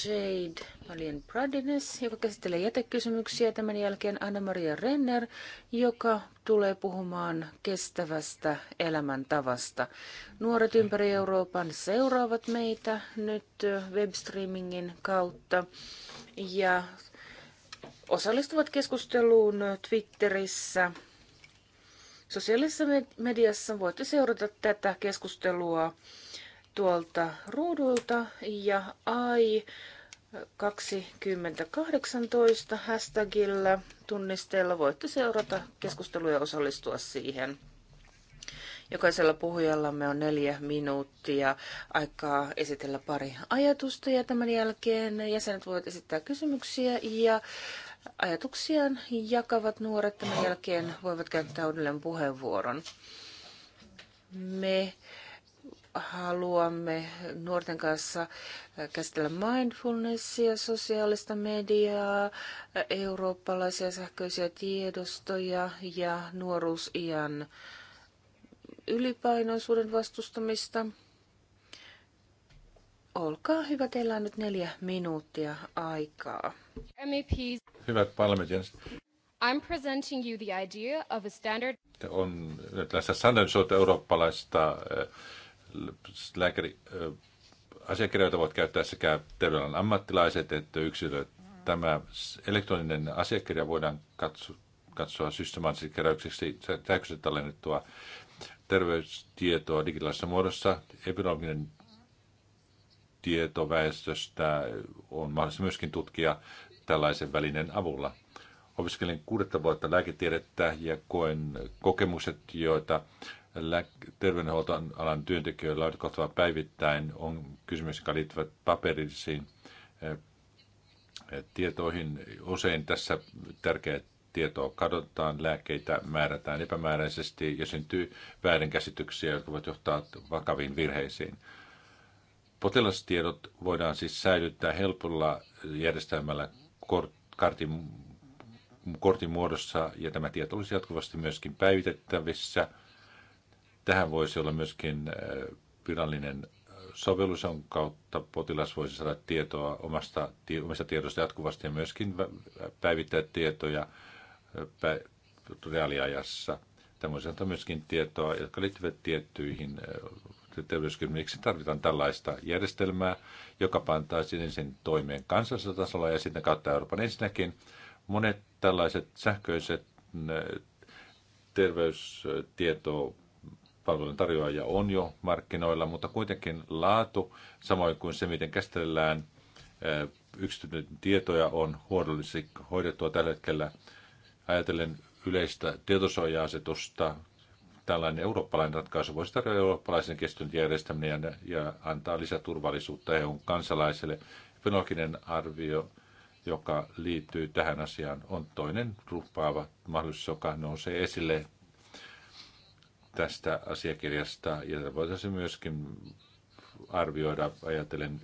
Jade Malien Pradines, joka käsittelee jätekysymyksiä. Tämän jälkeen Anna-Maria Renner, joka tulee puhumaan kestävästä elämäntavasta. Nuoret ympäri Euroopan seuraavat meitä nyt webstreamingin kautta ja osallistuvat keskusteluun Twitterissä. Sosiaalisessa mediassa voitte seurata tätä keskustelua tuolta ruudulta ja AI 2018 hashtagillä tunnisteella voitte seurata keskustelua ja osallistua siihen. Jokaisella puhujallamme on neljä minuuttia aikaa esitellä pari ajatusta ja tämän jälkeen jäsenet voivat esittää kysymyksiä ja ajatuksiaan jakavat nuoret tämän jälkeen voivat käyttää uudelleen puheenvuoron. Me haluamme nuorten kanssa käsitellä mindfulnessia, sosiaalista mediaa, eurooppalaisia sähköisiä tiedostoja ja nuoruusian ylipainoisuuden vastustamista. Olkaa hyvä, teillä on nyt neljä minuuttia aikaa. MEPs. Hyvät parlamentin I'm presenting you the idea of a standard... On tässä standardisoitu eurooppalaista äh, lääkäri, asiakirjoita voit käyttää sekä terveydenhuollon ammattilaiset että yksilöt. Tämä elektroninen asiakirja voidaan katso, katsoa systemaattisesti keräykseksi sähköisesti tallennettua terveystietoa digitaalisessa muodossa. Epidemiologinen tieto väestöstä on mahdollista myöskin tutkia tällaisen välinen avulla. Opiskelin kuudetta vuotta lääketiedettä ja koen kokemukset, joita terveydenhuoltoalan työntekijöillä, jotka kohtavat päivittäin, on kysymys, jotka liittyvät paperisiin eh, tietoihin. Usein tässä tärkeää tietoa kadotetaan, lääkkeitä määrätään epämääräisesti ja syntyy väärinkäsityksiä, jotka voivat johtaa vakaviin virheisiin. Potilastiedot voidaan siis säilyttää helpolla järjestelmällä kartin, kortin muodossa ja tämä tieto olisi jatkuvasti myöskin päivitettävissä Tähän voisi olla myöskin äh, virallinen äh, sovellus, jonka kautta potilas voisi saada tietoa omasta, omista tiedoista jatkuvasti ja myöskin päivittää tietoja äh, reaaliajassa. Tämä on myöskin tietoa, jotka liittyvät tiettyihin terveyskysymyksiin. Miksi tarvitaan tällaista järjestelmää, joka pantaisiin ensin toimeen kansallisella tasolla ja sitten kautta Euroopan ensinnäkin. Monet tällaiset sähköiset terveystietoa palvelun tarjoaja on jo markkinoilla, mutta kuitenkin laatu, samoin kuin se, miten käsitellään eh, yksityinen tietoja, on huonollisesti hoidettua tällä hetkellä. Ajatellen yleistä tietosuoja-asetusta, tällainen eurooppalainen ratkaisu voisi tarjota eurooppalaisen kestön järjestäminen ja, ja antaa lisäturvallisuutta EUn kansalaiselle. Fenologinen arvio, joka liittyy tähän asiaan, on toinen ruppaava mahdollisuus, joka nousee esille tästä asiakirjasta ja voitaisiin myöskin arvioida, ajatellen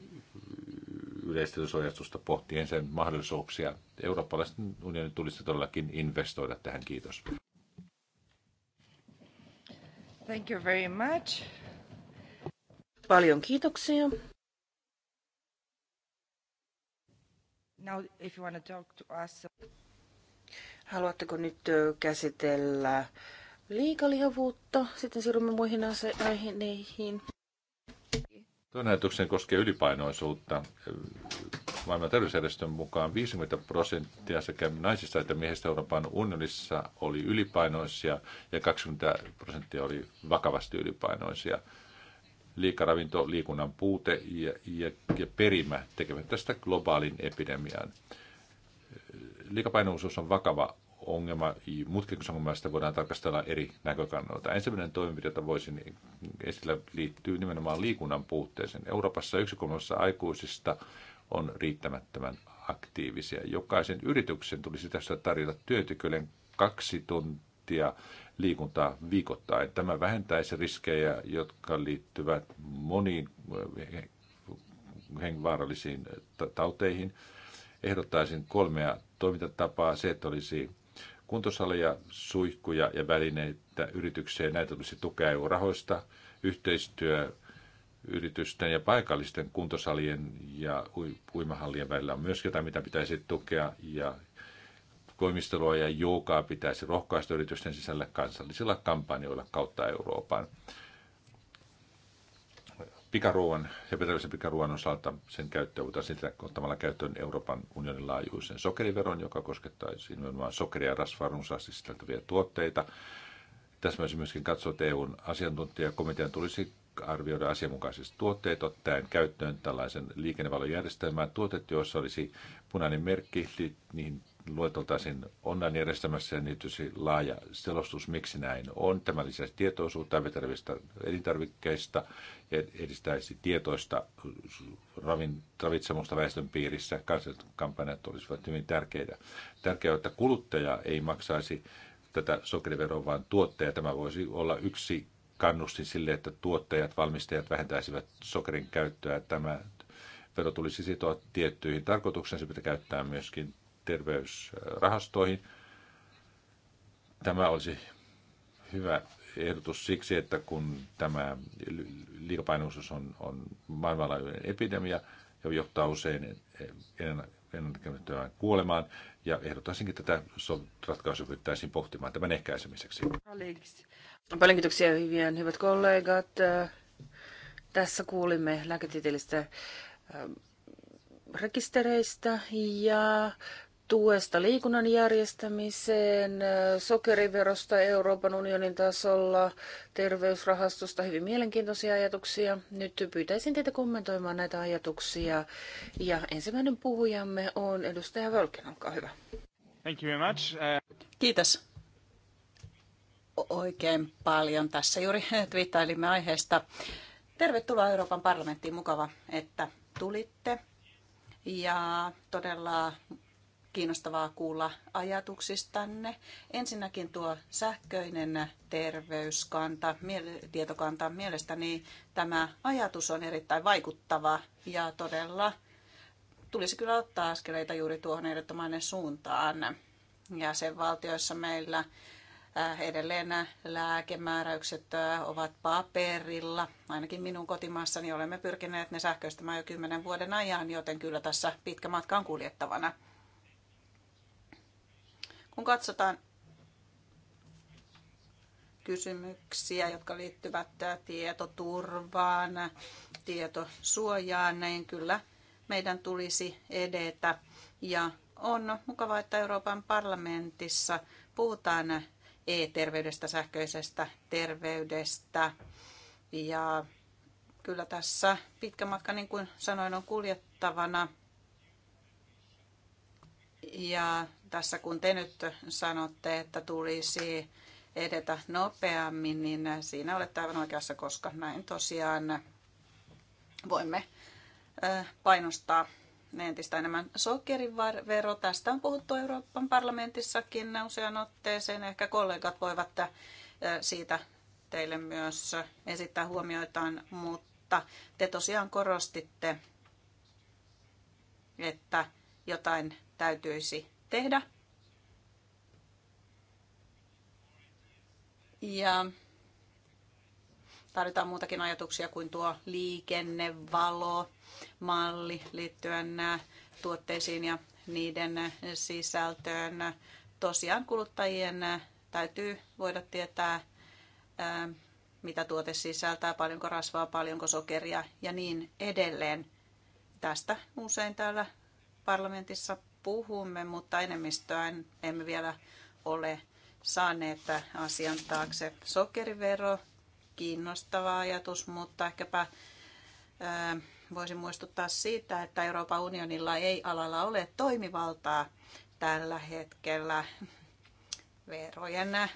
yleistetysohjastusta pohtien sen mahdollisuuksia. Eurooppalaisten unionin tulisi todellakin investoida tähän. Kiitos. Thank you very much. Paljon kiitoksia. Now, if you want to talk to us... Haluatteko nyt käsitellä liikalihavuutta. Sitten siirrymme muihin aiheisiin. Toinen ajatuksen koskee ylipainoisuutta. Maailman terveysjärjestön mukaan 50 prosenttia sekä naisista että miehistä Euroopan unionissa oli ylipainoisia ja 20 prosenttia oli vakavasti ylipainoisia. Liikaravinto, liikunnan puute ja, ja, ja perimä tekevät tästä globaalin epidemian. Liikapainoisuus on vakava ongelma, mutkikysongelmaista voidaan tarkastella eri näkökannalta. Ensimmäinen toimenpide, jota voisin esillä, liittyy nimenomaan liikunnan puutteeseen. Euroopassa yksi kolmasosa aikuisista on riittämättömän aktiivisia. Jokaisen yrityksen tulisi tässä tarjota työntekijöille kaksi tuntia liikuntaa viikoittain. Tämä vähentäisi riskejä, jotka liittyvät moniin hengenvaarallisiin eh, eh, tauteihin. Ehdottaisin kolmea toimintatapaa. Se, että olisi kuntosaleja, suihkuja ja välineitä yritykseen. Näitä tulisi tukea EU-rahoista, yhteistyö yritysten ja paikallisten kuntosalien ja uimahallien välillä on myös jotain, mitä pitäisi tukea ja koimistelua ja joukaa pitäisi rohkaista yritysten sisällä kansallisilla kampanjoilla kautta Euroopan pikaruoan ja vetäväisen pikaruoan osalta sen käyttöä voitaisiin ottamalla käyttöön Euroopan unionin laajuisen sokeriveron, joka koskettaisi nimenomaan sokeria ja rasvaa sisältäviä tuotteita. myös myöskin katsoa, että EUn asiantuntijakomitean tulisi arvioida asianmukaiset tuotteet ottaen käyttöön tällaisen liikennevalojärjestelmän tuotet, joissa olisi punainen merkki niihin lueteltaisiin online järjestelmässä ja liittyisi laaja selostus, miksi näin on. Tämä lisäisi tietoisuutta vetelevistä elintarvikkeista ja edistäisi tietoista ravin, ravitsemusta väestön piirissä. Kansalliset kampanjat olisivat hyvin tärkeitä. Tärkeää, että kuluttaja ei maksaisi tätä sokeriveroa, vaan tuottaja. Tämä voisi olla yksi kannustin sille, että tuottajat, valmistajat vähentäisivät sokerin käyttöä. Tämä vero tulisi sitoa tiettyihin tarkoituksiin. Se pitää käyttää myöskin terveysrahastoihin. Tämä olisi hyvä ehdotus siksi, että kun tämä liikapainoisuus on, on maailmanlaajuinen epidemia ja johtaa usein ennennäkemättömään kuolemaan, ja ehdottaisinkin tätä ratkaisua pyyttäisiin pohtimaan tämän ehkäisemiseksi. Paljon kiitoksia Hyvien hyvät kollegat. Tässä kuulimme lääketieteellistä ähm, rekistereistä ja tuesta liikunnan järjestämiseen, sokeriverosta Euroopan unionin tasolla, terveysrahastosta, hyvin mielenkiintoisia ajatuksia. Nyt pyytäisin teitä kommentoimaan näitä ajatuksia. Ja ensimmäinen puhujamme on edustaja Völkin, olkaa hyvä. Thank you very much. Uh, Kiitos oikein paljon. Tässä juuri *laughs* twiittailimme aiheesta. Tervetuloa Euroopan parlamenttiin. Mukava, että tulitte. Ja todella kiinnostavaa kuulla ajatuksistanne. Ensinnäkin tuo sähköinen terveyskanta, tietokanta, mielestäni tämä ajatus on erittäin vaikuttava ja todella tulisi kyllä ottaa askeleita juuri tuohon ehdottomainen suuntaan. Ja sen valtioissa meillä äh, edelleen lääkemääräykset äh, ovat paperilla. Ainakin minun kotimaassani olemme pyrkineet ne sähköistämään jo kymmenen vuoden ajan, joten kyllä tässä pitkä matka on kuljettavana. Kun katsotaan kysymyksiä, jotka liittyvät tietoturvaan, tietosuojaan, niin kyllä meidän tulisi edetä. Ja on mukavaa, että Euroopan parlamentissa puhutaan e-terveydestä, sähköisestä terveydestä. Ja kyllä tässä pitkä matka, niin kuin sanoin, on kuljettavana. Ja tässä kun te nyt sanotte, että tulisi edetä nopeammin, niin siinä olette aivan oikeassa, koska näin tosiaan voimme painostaa entistä enemmän vero. Tästä on puhuttu Euroopan parlamentissakin usean otteeseen. Ehkä kollegat voivat siitä teille myös esittää huomioitaan, mutta te tosiaan korostitte, että jotain täytyisi tehdä. Ja tarvitaan muutakin ajatuksia kuin tuo liikennevalo malli liittyen tuotteisiin ja niiden sisältöön. Tosiaan kuluttajien täytyy voida tietää, mitä tuote sisältää, paljonko rasvaa, paljonko sokeria ja niin edelleen. Tästä usein täällä parlamentissa puhumme, mutta enemmistöä emme vielä ole saaneet asian taakse. Sokerivero, kiinnostava ajatus, mutta ehkäpä ää, voisin muistuttaa siitä, että Euroopan unionilla ei alalla ole toimivaltaa tällä hetkellä. Verojen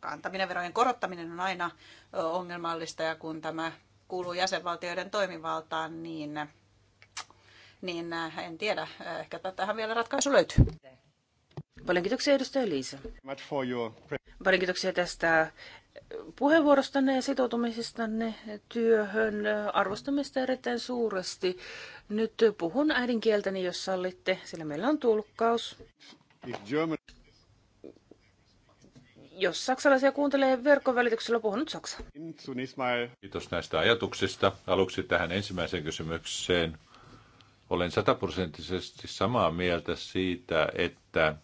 kantaminen, verojen korottaminen on aina ongelmallista ja kun tämä kuuluu jäsenvaltioiden toimivaltaan, niin niin äh, en tiedä, äh, ehkä tähän vielä ratkaisu löytyy. Paljon kiitoksia edustaja Liisa. Paljon kiitoksia tästä äh, puheenvuorostanne ja sitoutumisestanne työhön. Arvostamme sitä erittäin suuresti. Nyt puhun äidinkieltäni, jos sallitte, sillä meillä on tulkkaus. Jos saksalaisia kuuntelee verkon välityksellä, puhun nyt saksaa. Kiitos näistä ajatuksista. Aluksi tähän ensimmäiseen kysymykseen. Olen sataprosenttisesti samaa mieltä siitä, että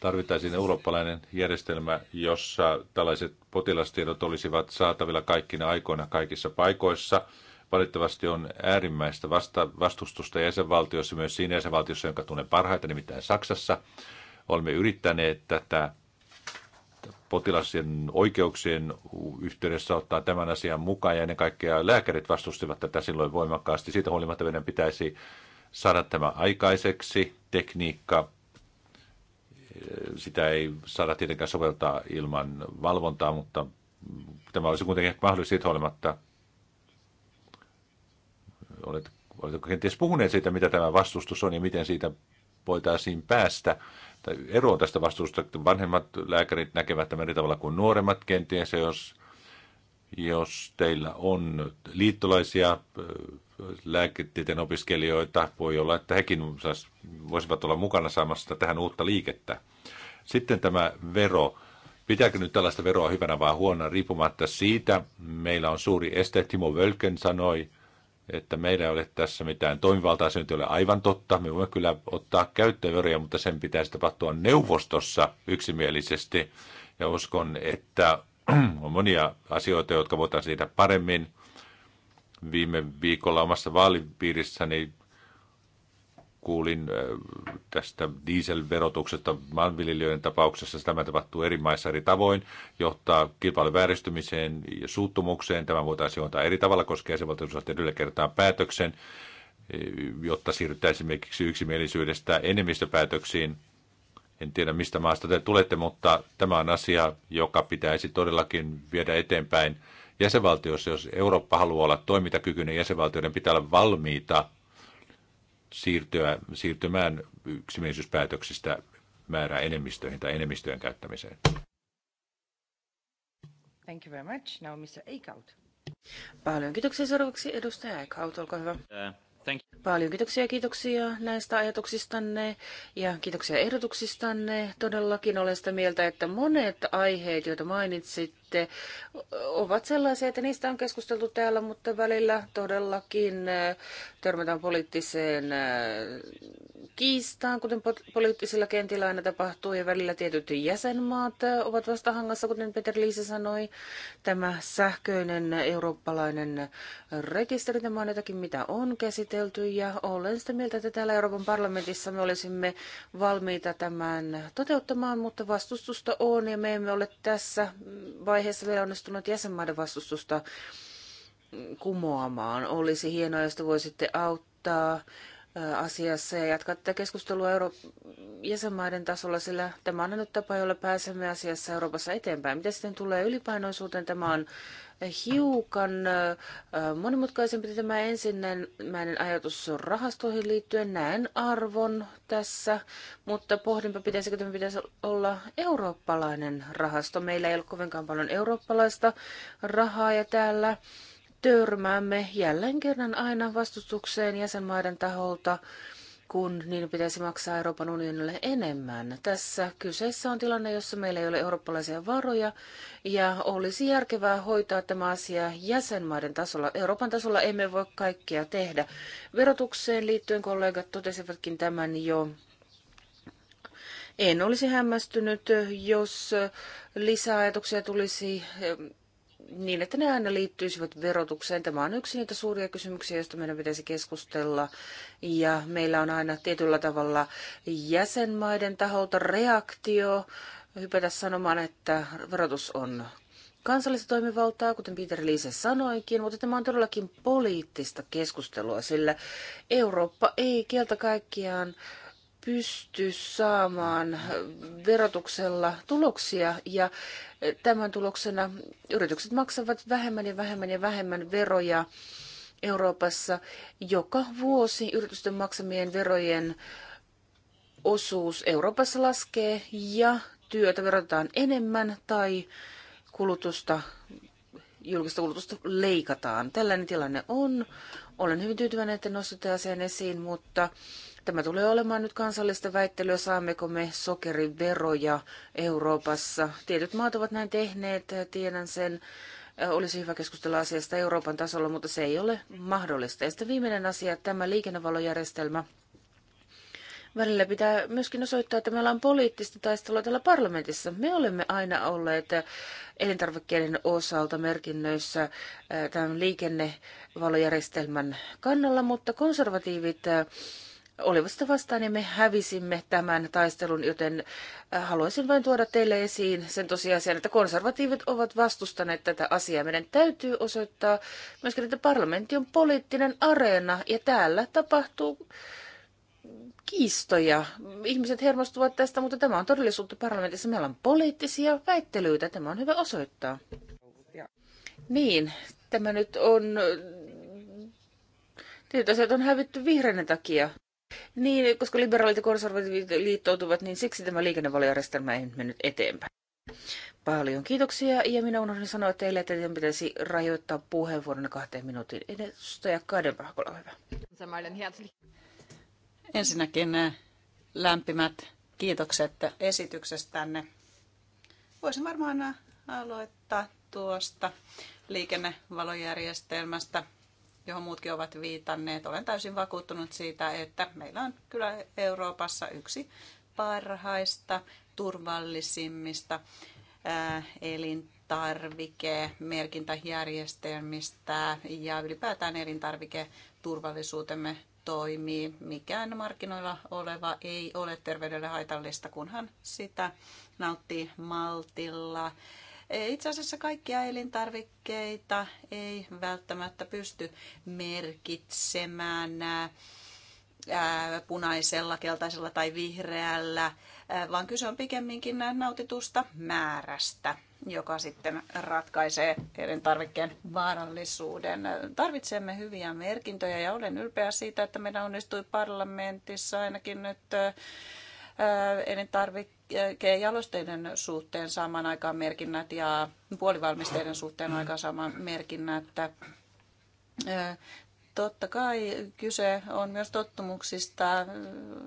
tarvittaisiin eurooppalainen järjestelmä, jossa tällaiset potilastiedot olisivat saatavilla kaikkina aikoina kaikissa paikoissa. Valitettavasti on äärimmäistä vasta- vastustusta jäsenvaltiossa, myös siinä jäsenvaltiossa, jonka tunnen parhaiten, nimittäin Saksassa. Olemme yrittäneet tätä potilasien oikeuksien yhteydessä ottaa tämän asian mukaan ja ennen kaikkea lääkärit vastustivat tätä silloin voimakkaasti. Siitä huolimatta meidän pitäisi saada tämä aikaiseksi. Tekniikka, eh, sitä ei saada tietenkään soveltaa ilman valvontaa, mutta tämä olisi kuitenkin mahdollista siitä huolimatta. Olet, oletko kenties puhuneet siitä, mitä tämä vastustus on ja miten siitä voitaisiin päästä? eroa tästä vastuusta. Vanhemmat lääkärit näkevät tämän eri tavalla kuin nuoremmat kenties, jos, jos teillä on liittolaisia äh, lääketieteen opiskelijoita, voi olla, että hekin voisivat olla mukana saamassa tähän uutta liikettä. Sitten tämä vero. Pitääkö nyt tällaista veroa hyvänä vai huonona riippumatta siitä? Meillä on suuri este, Timo Völken sanoi, että meillä ei ole tässä mitään toimivaltaa, se nyt ei ole aivan totta. Me voimme kyllä ottaa käyttöön mutta sen pitäisi tapahtua neuvostossa yksimielisesti. Ja uskon, että *clears throat* on monia asioita, jotka voitaisiin tehdä paremmin. Viime viikolla omassa vaalipiirissäni kuulin tästä dieselverotuksesta maanviljelijöiden tapauksessa. Tämä tapahtuu eri maissa eri tavoin, johtaa kilpailun vääristymiseen ja suuttumukseen. Tämä voitaisiin johtaa eri tavalla, koska jäsenvaltioissa on yhdellä kertaa päätöksen, jotta siirrytään esimerkiksi yksimielisyydestä enemmistöpäätöksiin. En tiedä, mistä maasta te tulette, mutta tämä on asia, joka pitäisi todellakin viedä eteenpäin jäsenvaltioissa. Jos Eurooppa haluaa olla toimintakykyinen, jäsenvaltioiden pitää olla valmiita – siirtyä, siirtymään yksimielisyyspäätöksistä määrää enemmistöihin tai enemmistöjen käyttämiseen. Thank you very much. Now Mr. Eichhout. Paljon kiitoksia seuraavaksi edustaja Eichhout, olkaa hyvä. Uh, thank you. Paljon kiitoksia ja kiitoksia näistä ajatuksistanne ja kiitoksia ehdotuksistanne. Todellakin olen sitä mieltä, että monet aiheet, joita mainitsit, sitten ovat sellaisia, että niistä on keskusteltu täällä, mutta välillä todellakin törmätään poliittiseen kiistaan, kuten poliittisilla kentillä aina tapahtuu, ja välillä tietyt jäsenmaat ovat vastahangassa, kuten Peter Liisa sanoi. Tämä sähköinen eurooppalainen rekisteri, tämä on jotakin, mitä on käsitelty, ja olen sitä mieltä, että täällä Euroopan parlamentissa me olisimme valmiita tämän toteuttamaan, mutta vastustusta on, ja me emme ole tässä vaiheessa vaiheessa vielä onnistunut jäsenmaiden vastustusta kumoamaan. Olisi hienoa, jos te voisitte auttaa asiassa ja jatkaa tätä keskustelua Euro- jäsenmaiden tasolla, sillä tämä on nyt tapa, jolla pääsemme asiassa Euroopassa eteenpäin. Mitä sitten tulee ylipainoisuuteen? Tämä on hiukan monimutkaisempi tämä ensimmäinen ajatus rahastoihin liittyen. Näen arvon tässä, mutta pohdinpa, pitäisikö tämä pitäisi olla eurooppalainen rahasto. Meillä ei ole kovinkaan paljon eurooppalaista rahaa ja täällä törmäämme jälleen kerran aina vastustukseen jäsenmaiden taholta, kun niin pitäisi maksaa Euroopan unionille enemmän. Tässä kyseessä on tilanne, jossa meillä ei ole eurooppalaisia varoja ja olisi järkevää hoitaa tämä asia jäsenmaiden tasolla. Euroopan tasolla emme voi kaikkea tehdä. Verotukseen liittyen kollegat totesivatkin tämän jo en olisi hämmästynyt, jos lisäajatuksia tulisi niin, että ne aina liittyisivät verotukseen. Tämä on yksi niitä suuria kysymyksiä, joista meidän pitäisi keskustella. Ja meillä on aina tietyllä tavalla jäsenmaiden taholta reaktio hypätä sanomaan, että verotus on kansallista toimivaltaa, kuten Peter Liise sanoikin, mutta tämä on todellakin poliittista keskustelua, sillä Eurooppa ei kieltä kaikkiaan pysty saamaan verotuksella tuloksia ja tämän tuloksena yritykset maksavat vähemmän ja vähemmän ja vähemmän veroja Euroopassa. Joka vuosi yritysten maksamien verojen osuus Euroopassa laskee ja työtä verotetaan enemmän tai kulutusta, julkista kulutusta leikataan. Tällainen tilanne on. Olen hyvin tyytyväinen, että nostitte asian esiin, mutta Tämä tulee olemaan nyt kansallista väittelyä, saammeko me sokeriveroja Euroopassa. Tietyt maat ovat näin tehneet, tiedän sen. Olisi hyvä keskustella asiasta Euroopan tasolla, mutta se ei ole mahdollista. Ja sitten viimeinen asia, tämä liikennevalojärjestelmä. Välillä pitää myöskin osoittaa, että meillä on poliittista taistelua täällä parlamentissa. Me olemme aina olleet elintarvikkeiden osalta merkinnöissä tämän liikennevalojärjestelmän kannalla, mutta konservatiivit olevasta vastaan ja niin me hävisimme tämän taistelun, joten äh, haluaisin vain tuoda teille esiin sen tosiasian, että konservatiivit ovat vastustaneet tätä asiaa. Meidän täytyy osoittaa myöskin, että parlamentti on poliittinen areena ja täällä tapahtuu kiistoja. Ihmiset hermostuvat tästä, mutta tämä on todellisuutta parlamentissa. Meillä on poliittisia väittelyitä. Tämä on hyvä osoittaa. Niin, tämä nyt on... Tietyt asiat on hävitty vihreän takia. Niin, koska liberaalit ja konservatiivit liittoutuvat, niin siksi tämä liikennevaliojärjestelmä ei mennyt eteenpäin. Paljon kiitoksia ja minä unohdin sanoa teille, että teidän pitäisi rajoittaa puheenvuoron kahteen minuutin. ja Kadenbach, ole hyvä. Ensinnäkin eh, lämpimät kiitokset esityksestänne. Voisin varmaan eh, aloittaa tuosta liikennevalojärjestelmästä johon muutkin ovat viitanneet. Olen täysin vakuuttunut siitä, että meillä on kyllä Euroopassa yksi parhaista, turvallisimmista elintarvikemerkintäjärjestelmistä ja ylipäätään elintarviketurvallisuutemme toimii. Mikään markkinoilla oleva ei ole terveydelle haitallista, kunhan sitä nauttii maltilla itse asiassa kaikkia elintarvikkeita ei välttämättä pysty merkitsemään punaisella, keltaisella tai vihreällä, vaan kyse on pikemminkin nautitusta määrästä, joka sitten ratkaisee elintarvikkeen vaarallisuuden. Tarvitsemme hyviä merkintöjä ja olen ylpeä siitä, että meidän onnistui parlamentissa ainakin nyt jalosteiden suhteen saman aikaan merkinnät ja puolivalmisteiden suhteen aikaan saman merkinnät. Totta kai kyse on myös tottumuksista.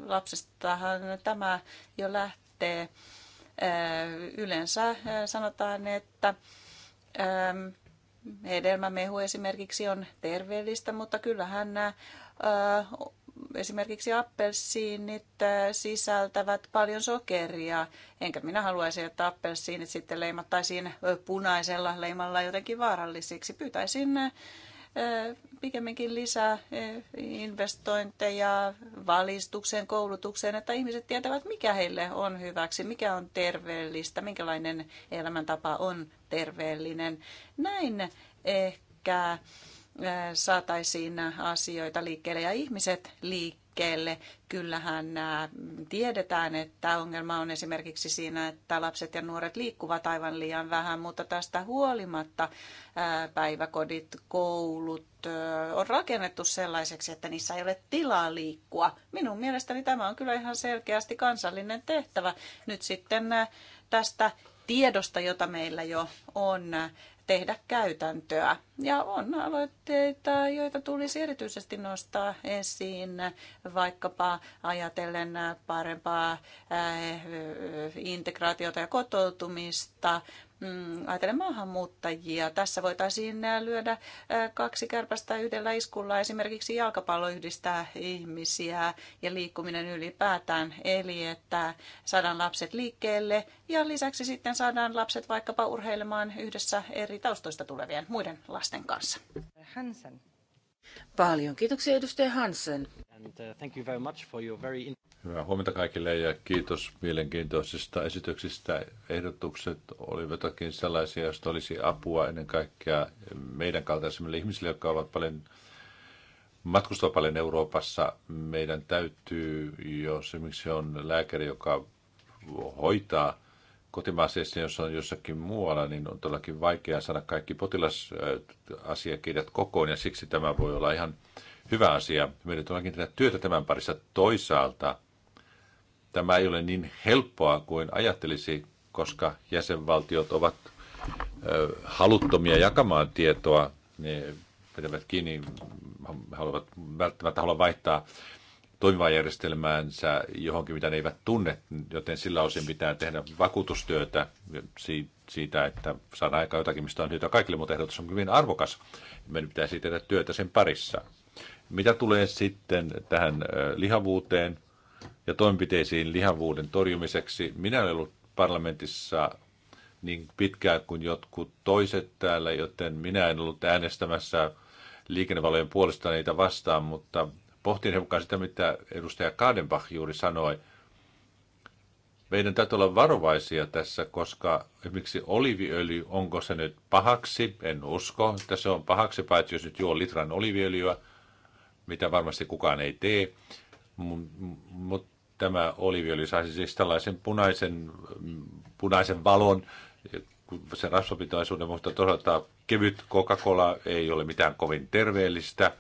Lapsestahan tämä jo lähtee. Yleensä sanotaan, että hedelmämehu esimerkiksi on terveellistä, mutta kyllähän nämä esimerkiksi appelsiinit äh, sisältävät paljon sokeria, enkä minä haluaisi, että appelsiinit sitten leimattaisiin punaisella leimalla jotenkin vaarallisiksi. Pyytäisin äh, pikemminkin lisää äh, investointeja valistukseen, koulutukseen, että ihmiset tietävät, mikä heille on hyväksi, mikä on terveellistä, minkälainen elämäntapa on terveellinen. Näin ehkä Äh, saataisiin asioita liikkeelle ja ihmiset liikkeelle. Kyllähän äh, tiedetään, että ongelma on esimerkiksi siinä, että lapset ja nuoret liikkuvat aivan liian vähän, mutta tästä huolimatta äh, päiväkodit, koulut on rakennettu sellaiseksi, että niissä ei ole tilaa liikkua. Minun mielestäni tämä on kyllä ihan selkeästi kansallinen tehtävä. Nyt sitten tästä tiedosta, jota meillä jo on, tehdä käytäntöä. Ja on aloitteita, joita tulisi erityisesti nostaa esiin, vaikkapa ajatellen parempaa äh, integraatiota ja kotoutumista, Mm, ajatellen maahanmuuttajia. Tässä voitaisiin lyödä kaksi kärpästä yhdellä iskulla. Esimerkiksi jalkapallo yhdistää ihmisiä ja liikkuminen ylipäätään. Eli että saadaan lapset liikkeelle ja lisäksi sitten saadaan lapset vaikkapa urheilemaan yhdessä eri taustoista tulevien muiden lasten kanssa. Hansen. Paljon kiitoksia edustaja Hansen. And, uh, thank you very much for your very... Hyvää huomenta kaikille ja kiitos mielenkiintoisista esityksistä. Ehdotukset olivat jotakin sellaisia, joista olisi apua ennen kaikkea meidän kaltaisemmille ihmisille, jotka ovat paljon matkustavat paljon Euroopassa. Meidän täytyy, jos esimerkiksi on lääkäri, joka hoitaa kotimaassa, jos on jossakin muualla, niin on todellakin vaikea saada kaikki potilasasiakirjat kokoon ja siksi tämä voi olla ihan hyvä asia. Meidän todellakin tehdä työtä tämän parissa toisaalta – Tämä ei ole niin helppoa kuin ajattelisi, koska jäsenvaltiot ovat haluttomia jakamaan tietoa. Ne pitävät kiinni, haluavat välttämättä halua vaihtaa toimivaan järjestelmäänsä johonkin, mitä ne eivät tunne, joten sillä osin pitää tehdä vakuutustyötä siitä, että saadaan aika, jotakin, mistä on hyötyä kaikille, mutta ehdotus on hyvin arvokas. Meidän pitäisi tehdä työtä sen parissa. Mitä tulee sitten tähän lihavuuteen, ja toimenpiteisiin lihavuuden torjumiseksi. Minä olen ollut parlamentissa niin pitkään kuin jotkut toiset täällä, joten minä en ollut äänestämässä liikennevalojen puolesta niitä vastaan, mutta pohtin hiukan sitä, mitä edustaja Kadenbach juuri sanoi. Meidän täytyy olla varovaisia tässä, koska esimerkiksi oliviöljy, onko se nyt pahaksi? En usko, että se on pahaksi, paitsi jos nyt juo litran oliviöljyä, mitä varmasti kukaan ei tee mutta tämä oliviöljy saisi siis tällaisen punaisen, punaisen valon, sen rasvapitoisuuden, mutta toisaalta kevyt Coca-Cola ei ole mitään kovin terveellistä.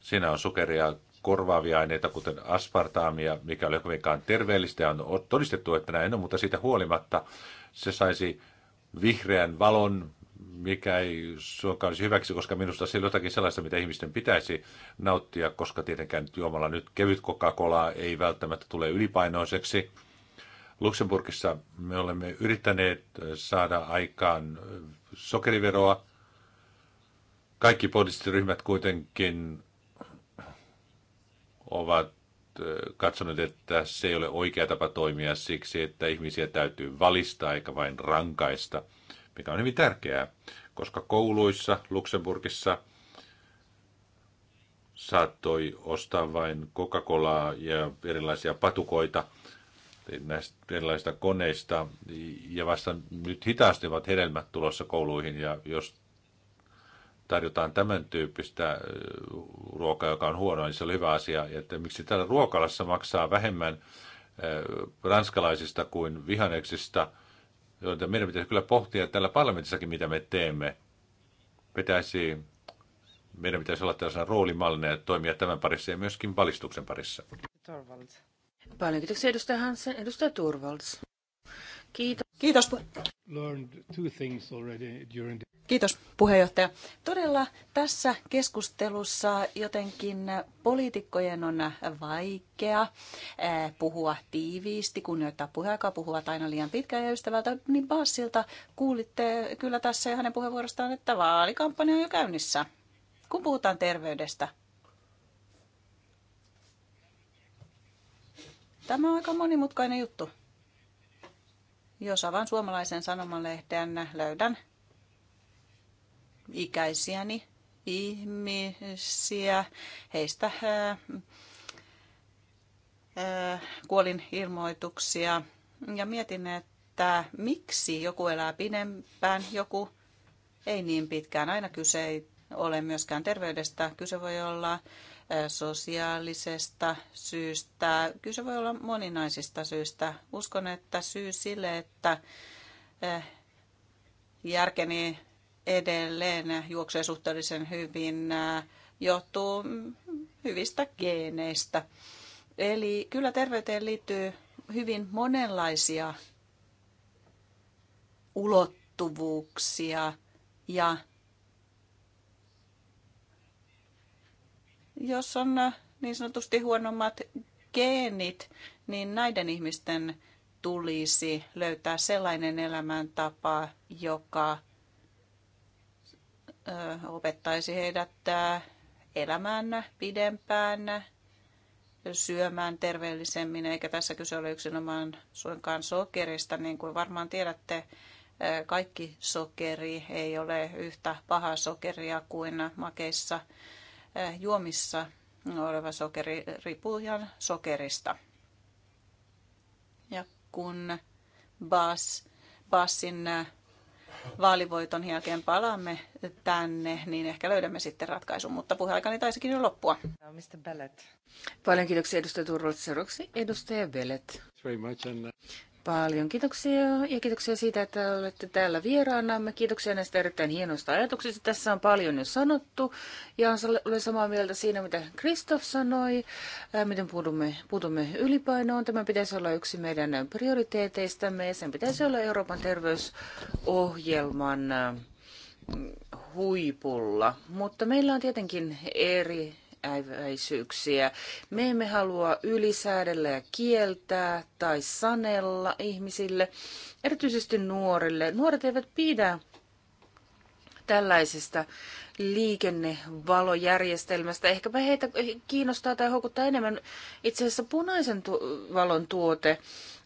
Siinä on sukeria korvaavia aineita, kuten aspartaamia, mikä ei ole kovinkaan terveellistä. Ja on todistettu, että näin on, mutta siitä huolimatta se saisi vihreän valon, mikä ei suokaan olisi hyväksi, koska minusta se on jotakin sellaista, mitä ihmisten pitäisi nauttia, koska tietenkään juomalla nyt kevyt Coca-Cola ei välttämättä tule ylipainoiseksi. Luxemburgissa me olemme yrittäneet äh, saada aikaan äh, sokeriveroa. Kaikki poliittiset kuitenkin ovat äh, katsonut, että se ei ole oikea tapa toimia siksi, että ihmisiä täytyy valistaa eikä vain rankaista – mikä on hyvin tärkeää, koska kouluissa Luxemburgissa saattoi ostaa vain Coca-Colaa ja erilaisia patukoita näistä erilaisista koneista, ja vasta nyt hitaasti ovat hedelmät tulossa kouluihin, ja jos tarjotaan tämän tyyppistä ruokaa, joka on huonoa, niin se on hyvä asia. Että miksi täällä ruokalassa maksaa vähemmän ranskalaisista kuin vihaneksista – joita meidän pitäisi kyllä pohtia täällä parlamentissakin, mitä me teemme. Pitäisi, meidän pitäisi olla tällaisena roolimallina ja toimia tämän parissa ja myöskin valistuksen parissa. Torvalds. Paljon kiitoksia edustaja Hansen. Edustaja Turvalds. Kiitos. Kiitos. Kiitos puheenjohtaja. Todella tässä keskustelussa jotenkin poliitikkojen on vaikea eh, puhua tiiviisti, kunnioittaa puheaikaa, puhua aina liian pitkään ja ystävältä. Niin Bassilta kuulitte kyllä tässä hänen puheenvuorostaan, että vaalikampanja on jo käynnissä, kun puhutaan terveydestä. Tämä on aika monimutkainen juttu. Jos avaan suomalaisen sanomalehden, löydän ikäisiäni ihmisiä, heistä ää, ää, kuolin ilmoituksia ja mietin, että miksi joku elää pidempään, joku ei niin pitkään. Aina kyse ei ole myöskään terveydestä. Kyse voi olla sosiaalisesta syystä. Kyse voi olla moninaisista syistä. Uskon, että syy sille, että järkeni edelleen juoksee suhteellisen hyvin, johtuu hyvistä geeneistä. Eli kyllä terveyteen liittyy hyvin monenlaisia ulottuvuuksia ja Jos on äh, niin sanotusti huonommat geenit, niin näiden ihmisten tulisi löytää sellainen elämäntapa, joka äh, opettaisi heidät äh, elämään pidempään, syömään terveellisemmin, eikä tässä kyse ole yksinomaan suinkaan sokerista, niin kuin varmaan tiedätte, kaikki sokeri ei ole yhtä paha sokeria kuin makeissa Eh, juomissa oleva sokeri riippuu ihan sokerista. Ja kun Bas, Basin eh, vaalivoiton jälkeen palaamme tänne, niin ehkä löydämme sitten ratkaisun, mutta puheaikani taisikin jo loppua. Mr. Bellet. Paljon kiitoksia edustaja Turvallisuus. Edustaja Bellet paljon. Kiitoksia ja kiitoksia siitä, että olette täällä vieraanamme. Kiitoksia näistä erittäin hienoista ajatuksista. Tässä on paljon jo sanottu ja olen samaa mieltä siinä, mitä Kristoff sanoi, äh, miten puutumme, puutumme ylipainoon. Tämä pitäisi olla yksi meidän prioriteeteistamme ja sen pitäisi olla Euroopan terveysohjelman äh, huipulla. Mutta meillä on tietenkin eri äiväisyyksiä. Me emme halua ylisäädellä ja kieltää tai sanella ihmisille, erityisesti nuorille. Nuoret eivät pidä tällaisesta liikennevalojärjestelmästä. Ehkäpä heitä kiinnostaa tai houkuttaa enemmän itse asiassa punaisen tu- valon tuote.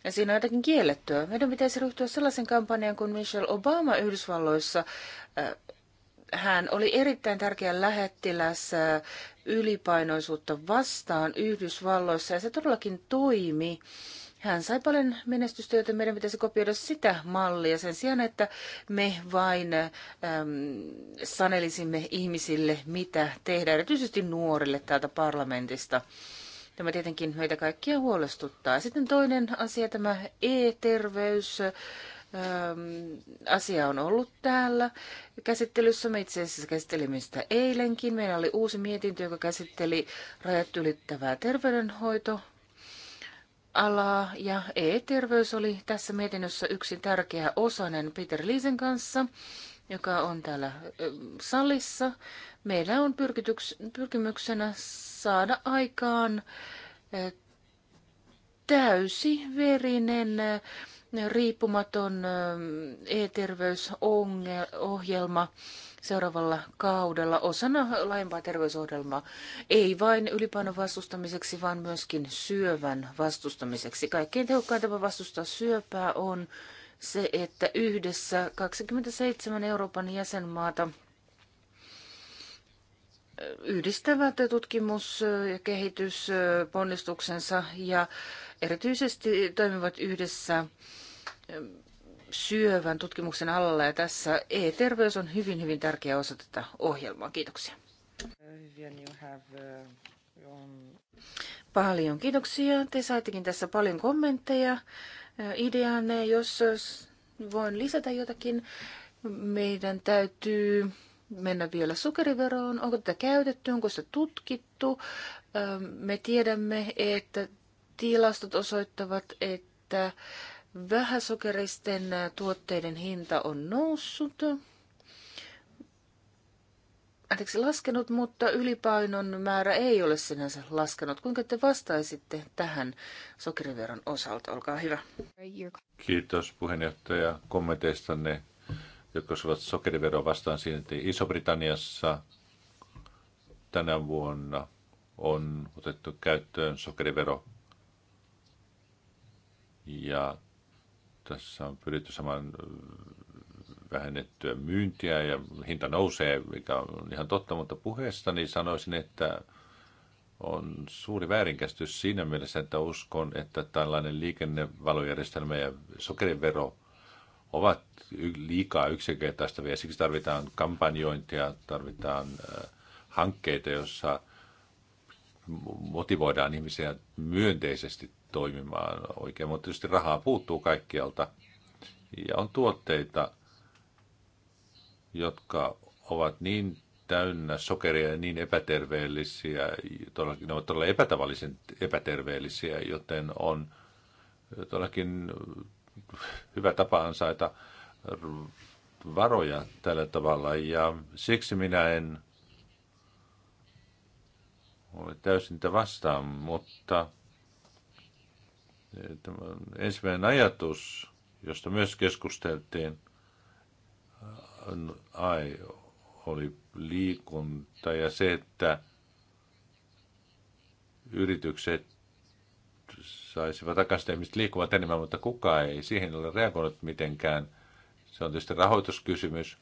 Ja siinä on jotakin kiellettyä. Meidän pitäisi ryhtyä sellaisen kampanjan kuin Michelle Obama Yhdysvalloissa äh, hän oli erittäin tärkeä lähettiläs äh, ylipainoisuutta vastaan Yhdysvalloissa ja se todellakin toimi. Hän sai paljon menestystä, joten meidän pitäisi kopioida sitä mallia sen sijaan, että me vain äm, sanelisimme ihmisille, mitä tehdä, erityisesti nuorille täältä parlamentista. Tämä tietenkin meitä kaikkia huolestuttaa. Sitten toinen asia, tämä e-terveys asia on ollut täällä käsittelyssä. Me itse asiassa käsittelimme sitä eilenkin. Meillä oli uusi mietintö, joka käsitteli rajat ylittävää terveydenhoito alaa ja e-terveys oli tässä mietinnössä yksi tärkeä osanen Peter Liisen kanssa, joka on täällä salissa. Meillä on pyrkimyksenä saada aikaan täysiverinen riippumaton ähm, e-terveysohjelma seuraavalla kaudella osana laajempaa terveysohjelmaa. Ei vain ylipainon vastustamiseksi, vaan myöskin syövän vastustamiseksi. Kaikkein tehokkain tapa vastustaa syöpää on se, että yhdessä 27 Euroopan jäsenmaata – yhdistävät tutkimus- ja kehitysponnistuksensa ja erityisesti toimivat yhdessä ähm, syövän tutkimuksen alalla ja tässä e-terveys on hyvin, hyvin tärkeä osa tätä ohjelmaa. Kiitoksia. Paljon kiitoksia. Te saittekin tässä paljon kommentteja, äh, ideanne. Jos äh, voin lisätä jotakin, meidän täytyy mennä vielä sokeriveroon? Onko tätä käytetty? Onko sitä tutkittu? Ähm, me tiedämme, että tilastot osoittavat, että vähäsokeristen tuotteiden hinta on noussut. Anteeksi, laskenut, mutta ylipainon määrä ei ole sinänsä laskenut. Kuinka te vastaisitte tähän sokeriveron osalta? Olkaa hyvä. Kiitos puheenjohtaja kommenteistanne jotka ovat sokeriveron vastaan siinä, Iso-Britanniassa tänä vuonna on otettu käyttöön sokerivero. Ja tässä on pyritty saman vähennettyä myyntiä ja hinta nousee, mikä on ihan totta, mutta puheesta niin sanoisin, että on suuri väärinkäsitys siinä mielessä, että uskon, että tällainen liikennevalojärjestelmä ja sokerivero ovat liikaa yksinkertaistavia. Siksi tarvitaan kampanjointia, tarvitaan äh, hankkeita, joissa motivoidaan ihmisiä myönteisesti toimimaan oikein, mutta tietysti rahaa puuttuu kaikkialta. Ja on tuotteita, jotka ovat niin täynnä sokeria ja niin epäterveellisiä, todellakin, ne ovat todella epätavallisen epäterveellisiä, joten on todellakin hyvä tapa ansaita varoja tällä tavalla. Ja siksi minä en ole täysin niitä vastaan, mutta eh, ensimmäinen ajatus, josta myös keskusteltiin, ai, oli liikunta ja se, että yritykset saisivat takaisin, ihmiset liikkuvat enemmän, mutta kukaan ei siihen ole reagoinut mitenkään. Se on tietysti rahoituskysymys.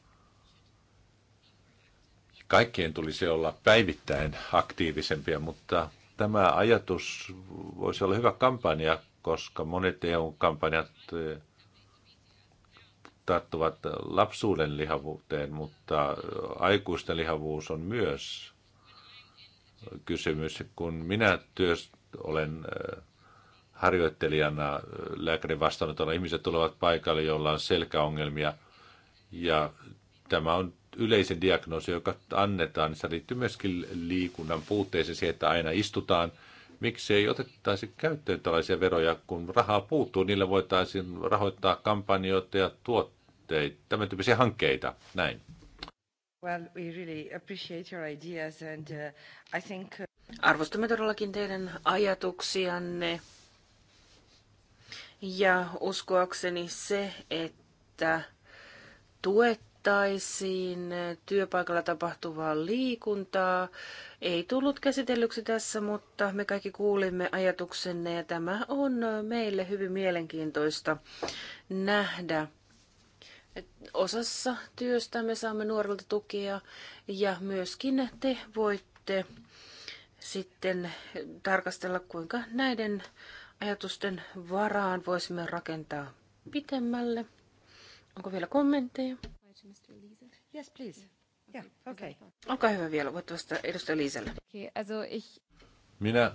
Kaikkien tulisi olla päivittäin aktiivisempia, mutta tämä ajatus voisi olla hyvä kampanja, koska monet EU-kampanjat eh, tarttuvat lapsuuden lihavuuteen, mutta aikuisten lihavuus on myös kysymys. Kun minä työs olen eh, harjoittelijana äh, lääkärin vastaanotolla. Ihmiset tulevat paikalle, joilla on selkäongelmia ja tämä on yleisen diagnoosi, joka annetaan, se liittyy myöskin liikunnan puutteeseen siihen, että aina istutaan. Miksi ei otettaisi käyttöön tällaisia veroja, kun rahaa puuttuu, niillä voitaisiin rahoittaa kampanjoita ja tuotteita, tämän tyyppisiä hankkeita, näin. Well, we really appreciate your ideas and uh, I think... Uh, Arvostamme todellakin teidän ajatuksianne. Ja uskoakseni se, että tuettaisiin työpaikalla tapahtuvaa liikuntaa, ei tullut käsitellyksi tässä, mutta me kaikki kuulimme ajatuksenne ja tämä on meille hyvin mielenkiintoista nähdä. Osassa työstä me saamme nuorilta tukea ja myöskin te voitte sitten tarkastella, kuinka näiden ajatusten varaan voisimme rakentaa pitemmälle. Onko vielä kommentteja? Yes, please. Yeah, okay. Olkaa hyvä vielä. Voit vastata edustaja Liiselle. Minä,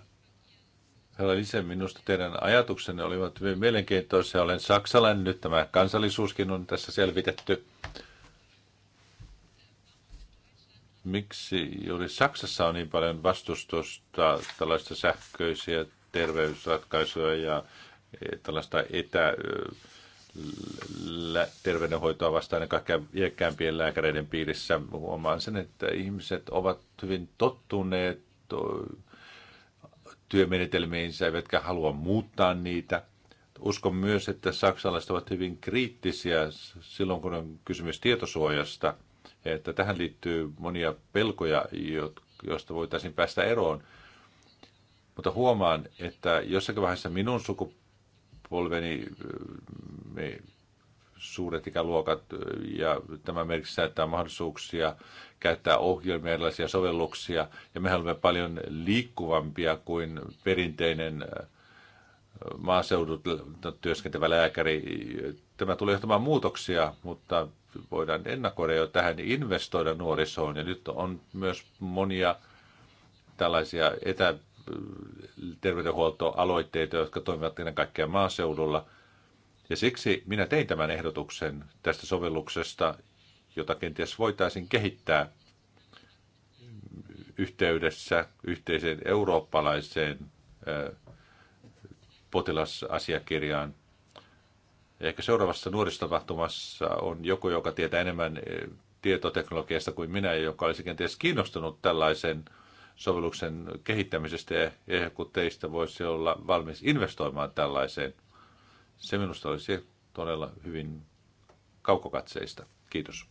herra Lise, minusta teidän ajatuksenne olivat hyvin mielenkiintoisia. Olen saksalainen, nyt tämä kansallisuuskin on tässä selvitetty. Miksi juuri Saksassa on niin paljon vastustusta tällaista sähköisiä terveysratkaisuja ja eh, tällaista etä eh, terveydenhoitoa vastaan ja kaikkea iäkkäämpien lääkäreiden piirissä. Huomaan sen, että ihmiset ovat hyvin tottuneet työmenetelmiinsä, eivätkä halua muuttaa niitä. Uskon myös, että saksalaiset ovat hyvin kriittisiä silloin, kun on kysymys tietosuojasta, että tähän liittyy monia pelkoja, joista voitaisiin päästä eroon mutta huomaan, että jossakin vaiheessa minun sukupolveni me suuret ikäluokat ja tämä merkitsee säätää mahdollisuuksia käyttää ohjelmia, erilaisia sovelluksia ja me olemme paljon liikkuvampia kuin perinteinen maaseudut no, työskentävä lääkäri. Tämä tulee johtamaan muutoksia, mutta voidaan ennakoida jo tähän investoida nuorisoon ja nyt on myös monia tällaisia etä terveydenhuoltoaloitteita, jotka toimivat ennen kaikkea maaseudulla. Ja siksi minä tein tämän ehdotuksen tästä sovelluksesta, jota kenties voitaisiin kehittää yhteydessä yhteiseen eurooppalaiseen äh, potilasasiakirjaan. Ehkä seuraavassa nuoristapahtumassa on joku, joka tietää enemmän äh, tietoteknologiasta kuin minä, joka olisi kenties kiinnostunut tällaisen sovelluksen kehittämisestä ja joku teistä voisi olla valmis investoimaan tällaiseen. Se minusta olisi todella hyvin kaukokatseista. Kiitos.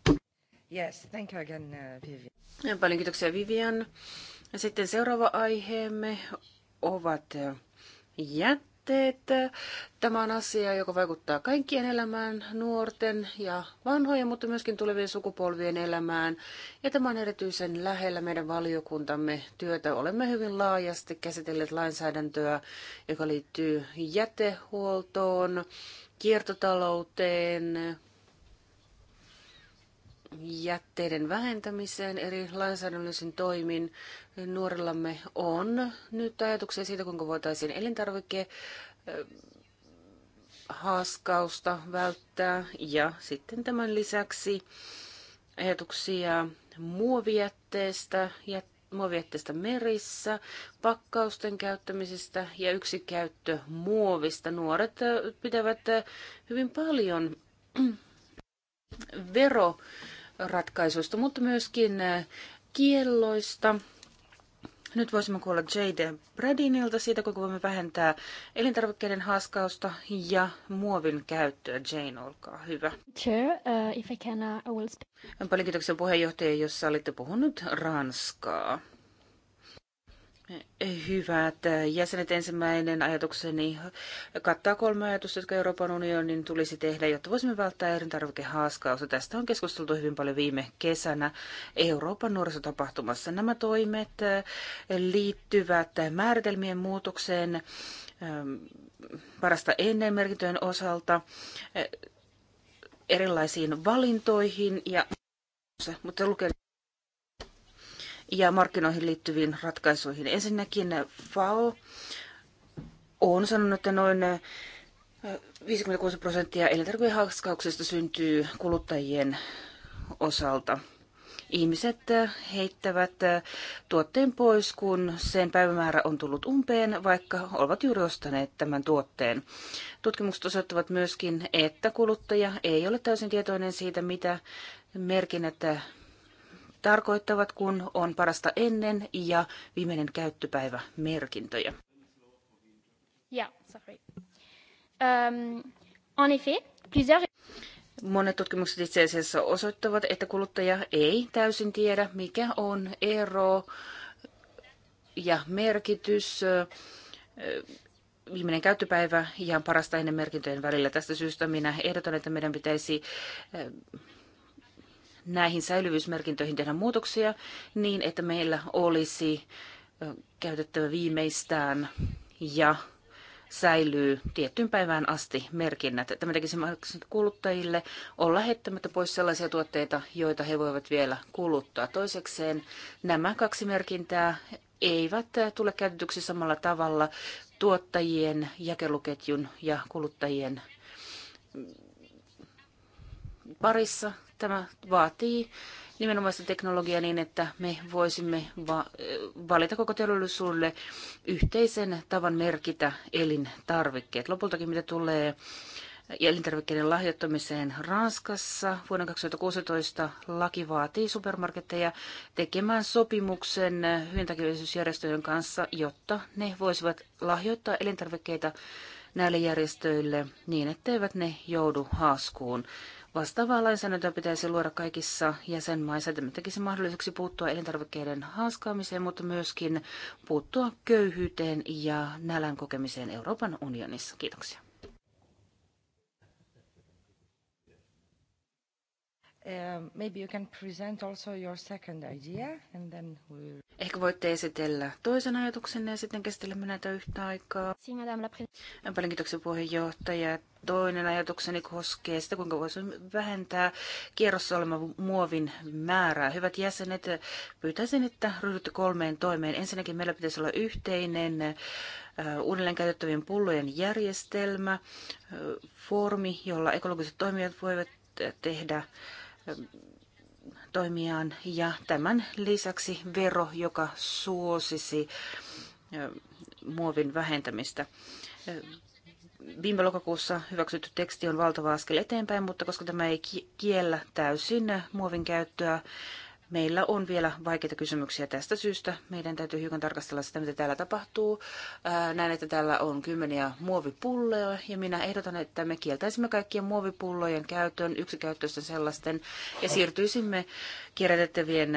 Yes, thank you again, uh, Vivian. Paljon kiitoksia Vivian. Ja sitten seuraava aiheemme ovat uh, jättä että Tämä on asia, joka vaikuttaa kaikkien elämään, nuorten ja vanhojen, mutta myöskin tulevien sukupolvien elämään. Ja tämä on erityisen lähellä meidän valiokuntamme työtä. Olemme hyvin laajasti käsitelleet lainsäädäntöä, joka liittyy jätehuoltoon, kiertotalouteen, jätteiden vähentämiseen eri lainsäädännöllisin toimin. Nuorillamme on nyt ajatuksia siitä, kuinka voitaisiin elintarvike haaskausta välttää ja sitten tämän lisäksi ajatuksia muovijätteestä, jät, muovijätteestä merissä, pakkausten käyttämisestä ja yksikäyttömuovista. Nuoret pitävät hyvin paljon *clears throat* vero ratkaisuista, mutta myöskin eh, kielloista. Nyt voisimme kuulla J.D. Bradinilta siitä, kuinka voimme vähentää elintarvikkeiden haaskausta ja muovin käyttöä. Jane, olkaa hyvä. Sure, uh, if I can, uh, I will speak. Paljon kiitoksia puheenjohtaja, jos olitte puhunut ranskaa. Hyvät jäsenet, ensimmäinen ajatukseni kattaa kolme ajatusta, jotka Euroopan unionin tulisi tehdä, jotta voisimme välttää elintarvikehaaskausta. Tästä on keskusteltu hyvin paljon viime kesänä Euroopan nuorisotapahtumassa. Nämä toimet eh, liittyvät määritelmien muutokseen eh, parasta ennen merkintöjen osalta, eh, erilaisiin valintoihin ja mutta lukee ja markkinoihin liittyviin ratkaisuihin. Ensinnäkin FAO on sanonut, että noin 56 prosenttia elintarvikehaskauksista syntyy kuluttajien osalta. Ihmiset heittävät tuotteen pois, kun sen päivämäärä on tullut umpeen, vaikka ovat juuri ostaneet tämän tuotteen. Tutkimukset osoittavat myöskin, että kuluttaja ei ole täysin tietoinen siitä, mitä merkinnät tarkoittavat, kun on parasta ennen ja viimeinen käyttöpäivä merkintöjä. Yeah, sorry. Um, en effet, plusieurs... Monet tutkimukset itse asiassa osoittavat, että kuluttaja ei täysin tiedä, mikä on ero ja merkitys eh, viimeinen käyttöpäivä ja parasta ennen merkintöjen välillä. Tästä syystä minä ehdotan, että meidän pitäisi eh, näihin säilyvyysmerkintöihin tehdä muutoksia niin, että meillä olisi käytettävä viimeistään ja säilyy tiettyyn päivään asti merkinnät. Tämä tekisi mahdollisesti kuluttajille olla lähettämättä pois sellaisia tuotteita, joita he voivat vielä kuluttaa. Toisekseen nämä kaksi merkintää eivät tule käytetyksi samalla tavalla tuottajien, jakeluketjun ja kuluttajien parissa Tämä vaatii nimenomaista teknologiaa niin, että me voisimme va- valita koko teollisuudelle yhteisen tavan merkitä elintarvikkeet. Lopultakin mitä tulee elintarvikkeiden lahjoittamiseen Ranskassa. vuonna 2016 laki vaatii supermarketteja tekemään sopimuksen hyvintäkivyysjärjestöjen kanssa, jotta ne voisivat lahjoittaa elintarvikkeita näille järjestöille niin, etteivät ne joudu haaskuun. Vastaavaa lainsäädäntöä pitäisi luoda kaikissa jäsenmaissa. että tekisi mahdolliseksi puuttua elintarvikkeiden haaskaamiseen, mutta myöskin puuttua köyhyyteen ja nälän kokemiseen Euroopan unionissa. Kiitoksia. Um, maybe you can present also your second idea and then we'll... Ehkä voitte esitellä toisen ajatuksenne ja sitten käsittelemme näitä yhtä aikaa. Paljon kiitoksia puheenjohtaja. Toinen ajatukseni koskee sitä, kuinka voisimme vähentää kierrossa olevan muovin määrää. Hyvät jäsenet, pyytäisin, että ryhdytte kolmeen toimeen. Ensinnäkin meillä pitäisi olla yhteinen äh, uudelleen käytettävien pullojen järjestelmä, äh, foorumi, jolla ekologiset toimijat voivat äh, tehdä toimiaan ja tämän lisäksi vero, joka suosisi muovin vähentämistä. Viime lokakuussa hyväksytty teksti on valtava askel eteenpäin, mutta koska tämä ei kiellä täysin muovin käyttöä, meillä on vielä vaikeita kysymyksiä tästä syystä. Meidän täytyy hiukan tarkastella sitä, mitä täällä tapahtuu. Näen, että täällä on kymmeniä muovipulloja ja minä ehdotan, että me kieltäisimme kaikkien muovipullojen käytön, yksikäyttöisten sellaisten ja siirtyisimme kierrätettävien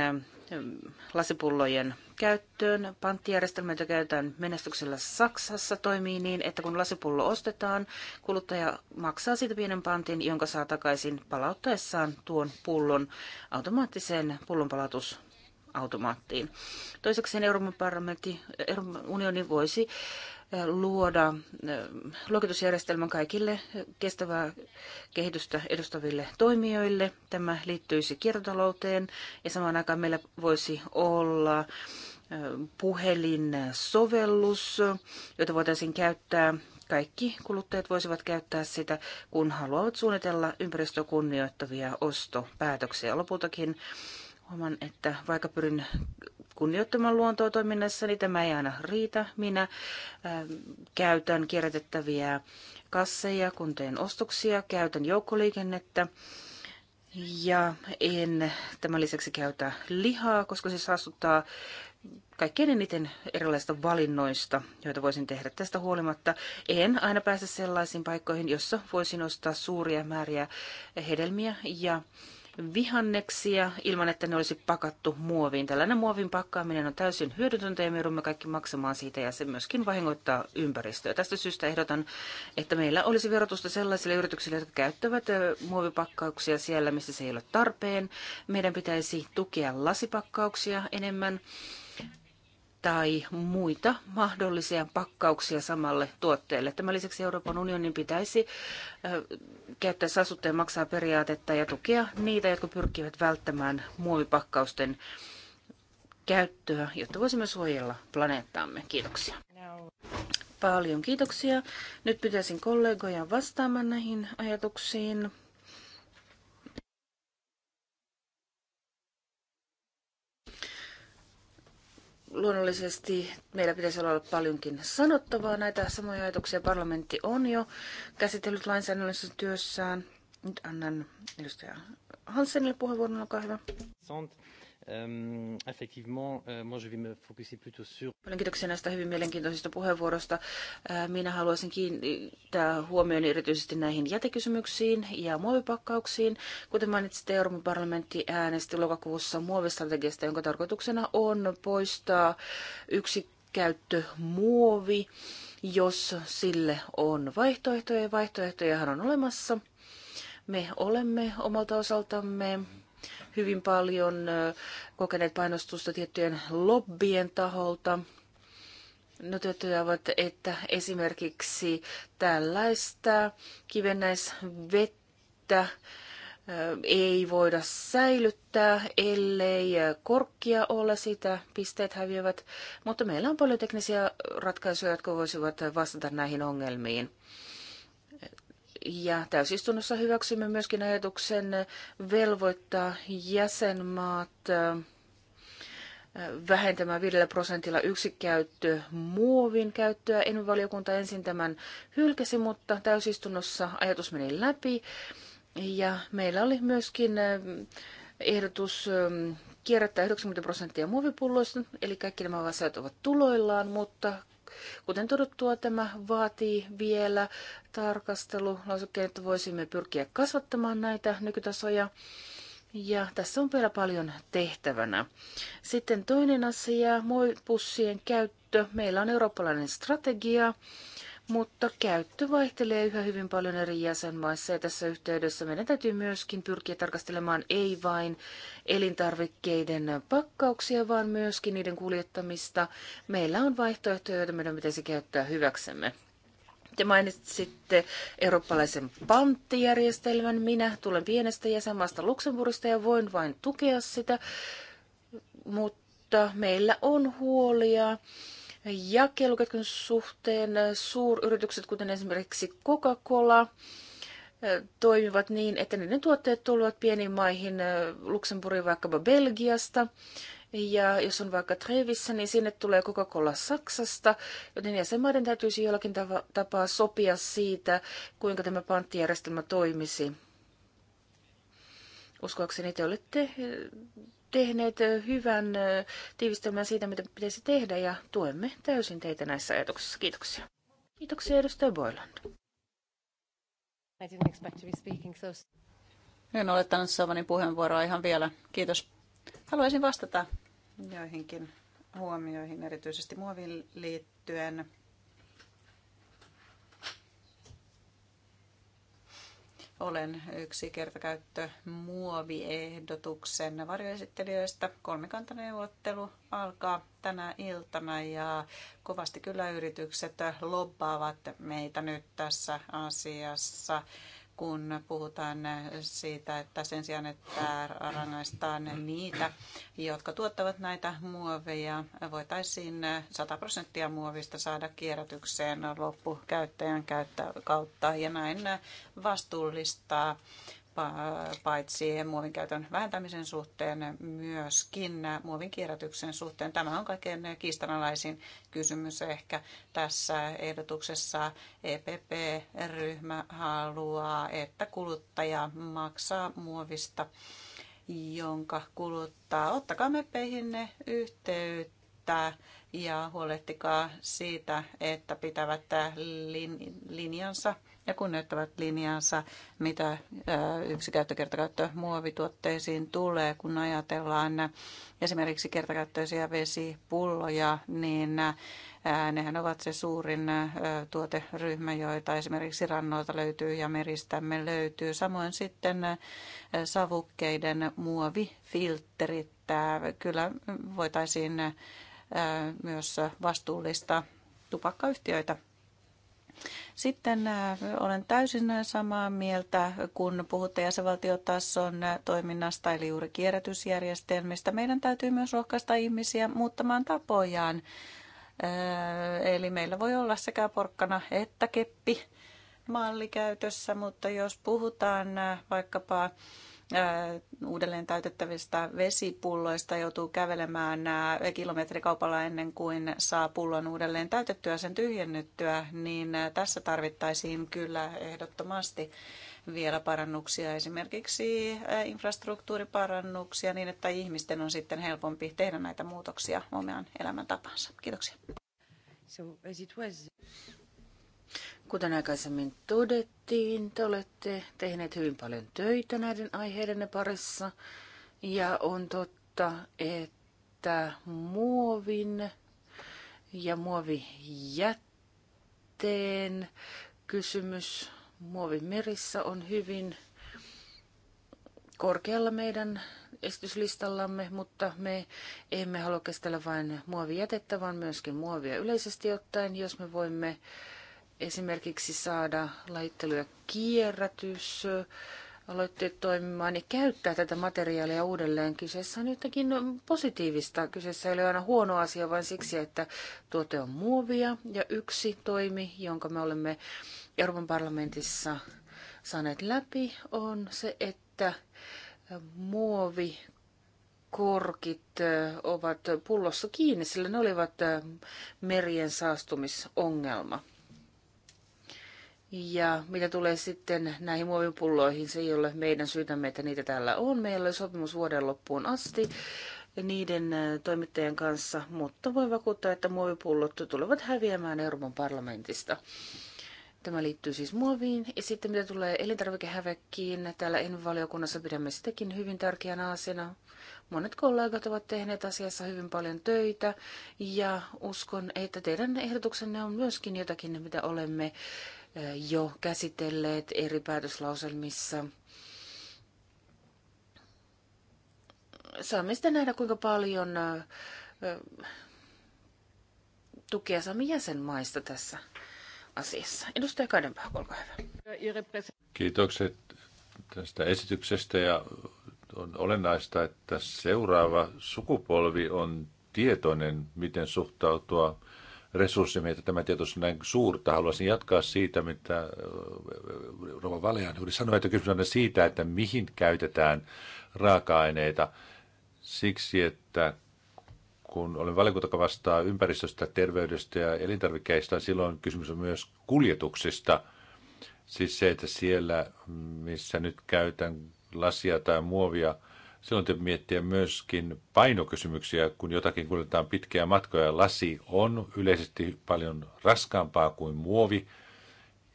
lasipullojen käyttöön. Panttijärjestelmä, jota käytetään menestyksellä Saksassa, toimii niin, että kun lasipullo ostetaan, kuluttaja maksaa siitä pienen pantin, jonka saa takaisin palauttaessaan tuon pullon automaattiseen pullonpalautus automaattiin. Toiseksi Euroopan parlamentti, Euroopan unioni voisi eh, luoda eh, luokitusjärjestelmän kaikille kestävää kehitystä edustaville toimijoille. Tämä liittyisi kiertotalouteen ja samaan aikaan meillä voisi olla eh, puhelinsovellus, jota voitaisiin käyttää. Kaikki kuluttajat voisivat käyttää sitä, kun haluavat suunnitella ympäristökunnioittavia ostopäätöksiä. Lopultakin Huomaan, että vaikka pyrin kunnioittamaan luontoa toiminnassa, niin tämä ei aina riitä. Minä ää, ähm, käytän kierrätettäviä kasseja, kun teen ostoksia, käytän joukkoliikennettä ja en tämän lisäksi käytä lihaa, koska se saastuttaa kaikkein eniten erilaisista valinnoista, joita voisin tehdä tästä huolimatta. En aina pääse sellaisiin paikkoihin, jossa voisin ostaa suuria määriä hedelmiä ja vihanneksia ilman, että ne olisi pakattu muoviin. Tällainen muovin pakkaaminen on täysin hyödytöntä ja me joudumme kaikki maksamaan siitä ja se myöskin vahingoittaa ympäristöä. Tästä syystä ehdotan, että meillä olisi verotusta sellaisille yrityksille, jotka käyttävät muovipakkauksia siellä, missä se ei ole tarpeen. Meidän pitäisi tukea lasipakkauksia enemmän tai muita mahdollisia pakkauksia samalle tuotteelle. Tämän lisäksi Euroopan unionin pitäisi käyttää sasutteen maksaa periaatetta ja tukea niitä, jotka pyrkivät välttämään muovipakkausten käyttöä, jotta voisimme suojella planeettaamme. Kiitoksia. Paljon kiitoksia. Nyt pitäisin kollegoja vastaamaan näihin ajatuksiin. Luonnollisesti meillä pitäisi olla paljonkin sanottavaa. Näitä samoja ajatuksia parlamentti on jo käsitellyt lainsäädännöllisessä työssään. Nyt annan edustaja Hansenille puheenvuoron, olkaa hyvä. Sont. Euh, euh, Paljon kiitoksia näistä hyvin mielenkiintoisista puheenvuorosta. Äh, minä haluaisin kiinnittää huomioon erityisesti näihin jätekysymyksiin ja muovipakkauksiin. Kuten mainitsitte, Euroopan parlamentti äänesti lokakuussa muovistrategiasta, jonka tarkoituksena on poistaa yksikäyttömuovi, jos sille on vaihtoehtoja. Vaihtoehtojahan on olemassa. Me olemme omalta osaltamme hyvin paljon kokeneet painostusta tiettyjen lobbien taholta. No toteavat, että esimerkiksi tällaista kivennäisvettä ei voida säilyttää, ellei korkkia ole, sitä pisteet häviävät. Mutta meillä on paljon teknisiä ratkaisuja, jotka voisivat vastata näihin ongelmiin. Ja täysistunnossa hyväksymme myöskin ajatuksen velvoittaa jäsenmaat vähentämään 5 prosentilla yksikäyttö muovin käyttöä. En valiokunta ensin tämän hylkäsi, mutta täysistunnossa ajatus meni läpi. Ja meillä oli myöskin ehdotus kierrättää 90 prosenttia muovipulloista, eli kaikki nämä asiat ovat tuloillaan, mutta Kuten todettua, tämä vaatii vielä tarkastelulausekkeen, että voisimme pyrkiä kasvattamaan näitä nykytasoja. Ja tässä on vielä paljon tehtävänä. Sitten toinen asia, muovipussien käyttö. Meillä on eurooppalainen strategia mutta käyttö vaihtelee yhä hyvin paljon eri jäsenmaissa ja tässä yhteydessä meidän täytyy myöskin pyrkiä tarkastelemaan ei vain elintarvikkeiden pakkauksia, vaan myöskin niiden kuljettamista. Meillä on vaihtoehtoja, joita meidän pitäisi käyttää hyväksemme. Te mainitsitte eurooppalaisen panttijärjestelmän. Minä tulen pienestä jäsenmaasta Luxemburgista ja voin vain tukea sitä, mutta meillä on huolia jakeluketjun suhteen suuryritykset, kuten esimerkiksi Coca-Cola, toimivat niin, että niiden tuotteet tulevat pieniin maihin, Luxemburgin vaikkapa Belgiasta, ja jos on vaikka Trevissä, niin sinne tulee Coca-Cola Saksasta, joten jäsenmaiden täytyisi jollakin tapaa sopia siitä, kuinka tämä panttijärjestelmä toimisi. Uskoakseni te olette tehneet hyvän tiivistelmän siitä, mitä pitäisi tehdä, ja tuemme täysin teitä näissä ajatuksissa. Kiitoksia. Kiitoksia, edustaja Boyland. I didn't expect to be speaking, so... En ole tannut saavani puheenvuoroa ihan vielä. Kiitos. Haluaisin vastata joihinkin huomioihin, erityisesti muoviin liittyen. Olen yksi kertakäyttö muoviehdotuksen varjoesittelijöistä. Kolmikantaneuvottelu alkaa tänä iltana ja kovasti kyllä yritykset lobbaavat meitä nyt tässä asiassa kun puhutaan siitä, että sen sijaan, että rangaistaan niitä, jotka tuottavat näitä muoveja, voitaisiin 100 prosenttia muovista saada kierrätykseen loppukäyttäjän kautta ja näin vastuullistaa paitsi muovin käytön vähentämisen suhteen, myöskin muovin kierrätyksen suhteen. Tämä on kaikkein kiistanalaisin kysymys ehkä tässä ehdotuksessa. EPP-ryhmä haluaa, että kuluttaja maksaa muovista, jonka kuluttaa. Ottakaa ne yhteyttä ja huolehtikaa siitä, että pitävät linjansa ja kunnioittavat linjaansa, mitä yksi käyttökertakäyttö muovituotteisiin tulee. Kun ajatellaan esimerkiksi kertakäyttöisiä vesipulloja, niin nehän ovat se suurin tuoteryhmä, joita esimerkiksi rannoilta löytyy ja meristämme löytyy. Samoin sitten savukkeiden muovifiltterit. Kyllä voitaisiin myös vastuullista tupakkayhtiöitä sitten äh, olen täysin samaa mieltä, kun puhutte jäsenvaltiotason äh, toiminnasta, eli juuri kierrätysjärjestelmistä. Meidän täytyy myös rohkaista ihmisiä muuttamaan tapojaan. Äh, eli meillä voi olla sekä porkkana että keppi mallikäytössä, mutta jos puhutaan vaikkapa uudelleen täytettävistä vesipulloista joutuu kävelemään kilometrikaupalla ennen kuin saa pullon uudelleen täytettyä sen tyhjennyttyä, niin tässä tarvittaisiin kyllä ehdottomasti vielä parannuksia, esimerkiksi infrastruktuuriparannuksia niin, että ihmisten on sitten helpompi tehdä näitä muutoksia omaan elämäntapaansa. Kiitoksia. So, as it was... Kuten aikaisemmin todettiin, te olette tehneet hyvin paljon töitä näiden aiheiden parissa. Ja on totta, että muovin ja muovijätteen kysymys muovin merissä on hyvin korkealla meidän esityslistallamme, mutta me emme halua kestellä vain muovijätettä, vaan myöskin muovia yleisesti ottaen, jos me voimme esimerkiksi saada lajittelu ja kierrätys aloitteet toimimaan ja käyttää tätä materiaalia uudelleen. Kyseessä on jotakin positiivista. Kyseessä ei ole aina huono asia, vaan siksi, että tuote on muovia. Ja yksi toimi, jonka me olemme Euroopan parlamentissa saaneet läpi, on se, että muovi korkit äh, ovat pullossa kiinni, sillä ne olivat äh, merien saastumisongelma. Ja mitä tulee sitten näihin muovipulloihin, se ei ole meidän syytämme, että niitä täällä on. Meillä oli sopimus vuoden loppuun asti niiden äh, toimittajien kanssa, mutta voin vakuuttaa, että muovipullot tulevat häviämään Euroopan parlamentista. Tämä liittyy siis muoviin. Ja sitten mitä tulee elintarvikehävekkiin, täällä ENVY-valiokunnassa pidämme sitäkin hyvin tärkeänä asiana. Monet kollegat ovat tehneet asiassa hyvin paljon töitä ja uskon, että teidän ehdotuksenne on myöskin jotakin, mitä olemme jo käsitelleet eri päätöslauselmissa. Saamme sitten nähdä, kuinka paljon tukea saamme jäsenmaista tässä asiassa. Edustaja Kadenbach, olkaa hyvä. Kiitokset tästä esityksestä ja on olennaista, että seuraava sukupolvi on tietoinen, miten suhtautua resurssimme, että tämä tieto on näin suurta. Haluaisin jatkaa siitä, mitä Rova Valean juuri sanoi, että kysymys on siitä, että mihin käytetään raaka-aineita siksi, että kun olen valiokunta, joka vastaa ympäristöstä, terveydestä ja elintarvikkeista, silloin kysymys on myös kuljetuksista. Siis se, että siellä, missä nyt käytän lasia tai muovia, Silloin te miettiä myöskin painokysymyksiä, kun jotakin kuljetaan pitkiä matkoja. Lasi on yleisesti paljon raskaampaa kuin muovi.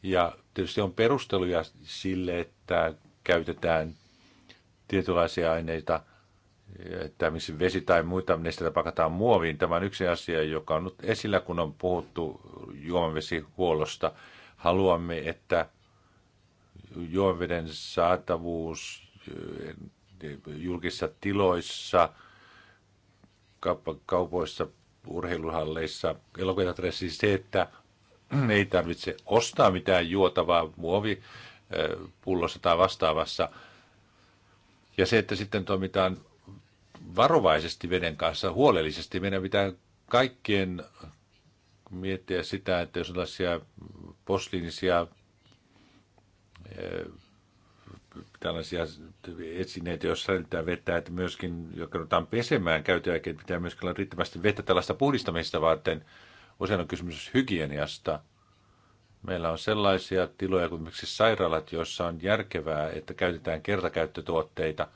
Ja tietysti on perusteluja sille, että käytetään tietynlaisia aineita, että missä vesi tai muita nesteitä pakataan muoviin. Tämä on yksi asia, joka on nyt esillä, kun on puhuttu juomavesihuollosta. Haluamme, että juomaveden saatavuus julkisissa tiloissa, kaupoissa, urheiluhalleissa, elokuvateatterissa, siis se, että *clears throat* ei tarvitse ostaa mitään juotavaa muovipullossa äh, tai vastaavassa. Ja se, että sitten toimitaan varovaisesti veden kanssa, huolellisesti. Meidän pitää kaikkien miettiä sitä, että jos on tällaisia posliinisia äh, tällaisia etsineitä, joissa säilytetään vettä, että myöskin, jotka joudutaan pesemään käytöjälkeen, pitää myöskin olla riittävästi vettä tällaista puhdistamista varten. Usein on kysymys siis hygieniasta. Meillä on sellaisia tiloja kuin esimerkiksi sairaalat, joissa on järkevää, että käytetään kertakäyttötuotteita.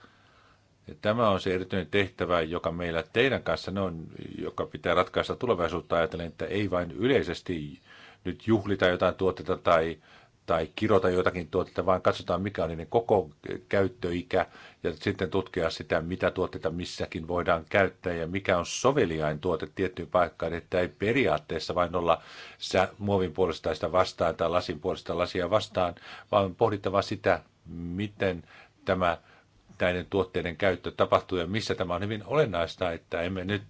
Ja tämä on se erityinen tehtävä, joka meillä teidän kanssa on, joka pitää ratkaista tulevaisuutta ajatellen, että ei vain yleisesti nyt juhlita jotain tuotteita tai tai kirota jotakin tuotteita, vaan katsotaan mikä on niiden koko käyttöikä ja sitten tutkia sitä, mitä tuotteita missäkin voidaan käyttää ja mikä on soveliain tuote tiettyyn paikkaan, että ei periaatteessa vain olla sä muovin puolesta sitä vastaan tai lasin puolesta lasia vastaan, vaan pohdittava sitä, miten tämä näiden tuotteiden käyttö tapahtuu ja missä tämä on hyvin olennaista, että emme nyt